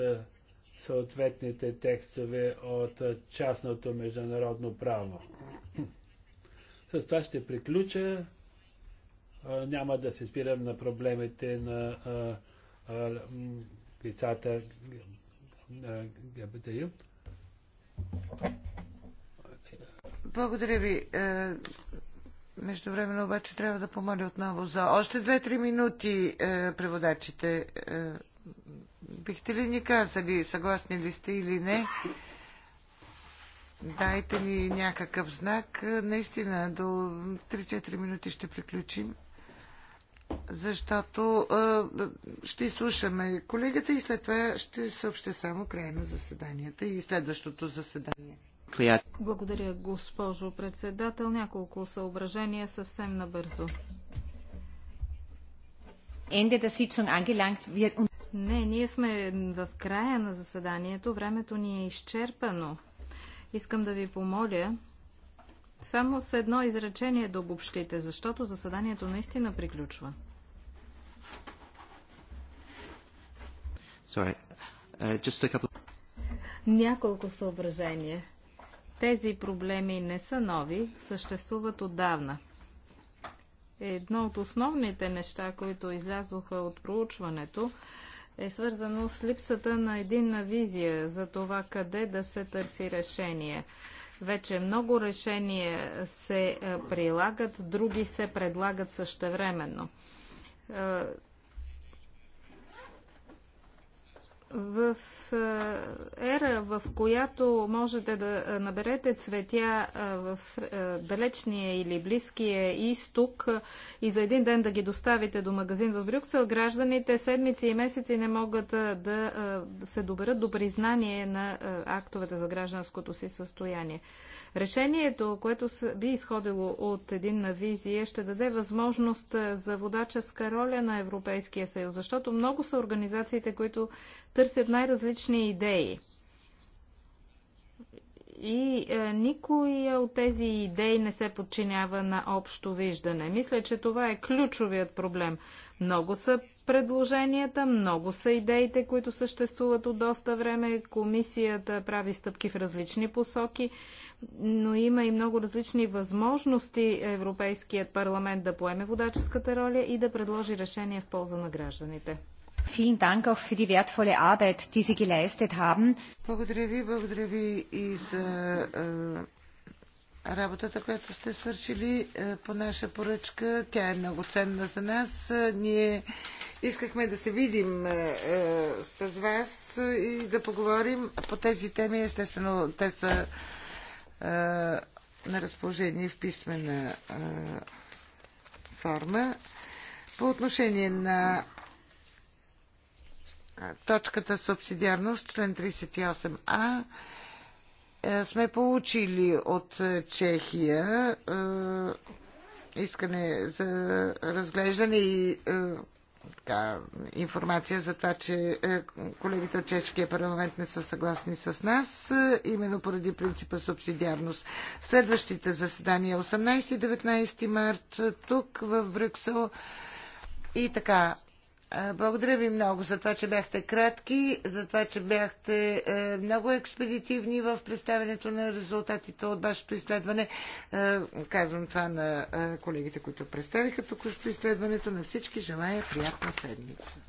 съответните текстове от частното международно право. С това ще приключа. Няма да се спирам на проблемите на лицата ГБТЮ. Благодаря ви. Е, Между време обаче трябва да помоля отново за още две-три минути е, преводачите. Е, бихте ли ни казали, съгласни ли сте или не? Дайте ни някакъв знак. Наистина, до 3-4 минути ще приключим. Защото ще изслушаме колегата и след това ще съобща само края на заседанията и следващото заседание. Благодаря, госпожо председател. Няколко съображения съвсем набързо. Не, ние сме в края на заседанието. Времето ни е изчерпано. Искам да ви помоля само с едно изречение да обобщите, защото заседанието наистина приключва. Sorry. Uh, just a couple... Няколко съображения. Тези проблеми не са нови, съществуват отдавна. Едно от основните неща, които излязоха от проучването, е свързано с липсата на единна визия за това къде да се търси решение. Вече много решения се е, прилагат, други се предлагат същевременно е, в ера, в която можете да наберете цветя в далечния или близкия изток и за един ден да ги доставите до магазин в Брюксел, гражданите седмици и месеци не могат да се доберат до признание на актовете за гражданското си състояние. Решението, което би изходило от един визия, ще даде възможност за водаческа роля на Европейския съюз, защото много са организациите, които търсят най-различни идеи. И е, никой от тези идеи не се подчинява на общо виждане. Мисля, че това е ключовият проблем. Много са предложенията, много са идеите, които съществуват от доста време. Комисията прави стъпки в различни посоки но има и много различни възможности Европейският парламент да поеме водаческата роля и да предложи решение в полза на гражданите. Благодаря ви, благодаря ви и за е, работата, която сте свършили е, по наша поръчка. Тя е много ценна за нас. Ние искахме да се видим е, с вас и да поговорим по тези теми. Естествено, те са на разположение в писмена форма. По отношение на точката субсидиарност, член 38а, сме получили от Чехия искане за разглеждане и така, информация за това, че е, колегите от Чешкия парламент не са съгласни с нас, е, именно поради принципа субсидиарност. Следващите заседания 18-19 март тук в Брюксел. И така, благодаря ви много за това, че бяхте кратки, за това, че бяхте е, много експедитивни в представянето на резултатите от вашето изследване. Е, казвам това на е, колегите, които представиха току-що изследването. На всички желая приятна седмица.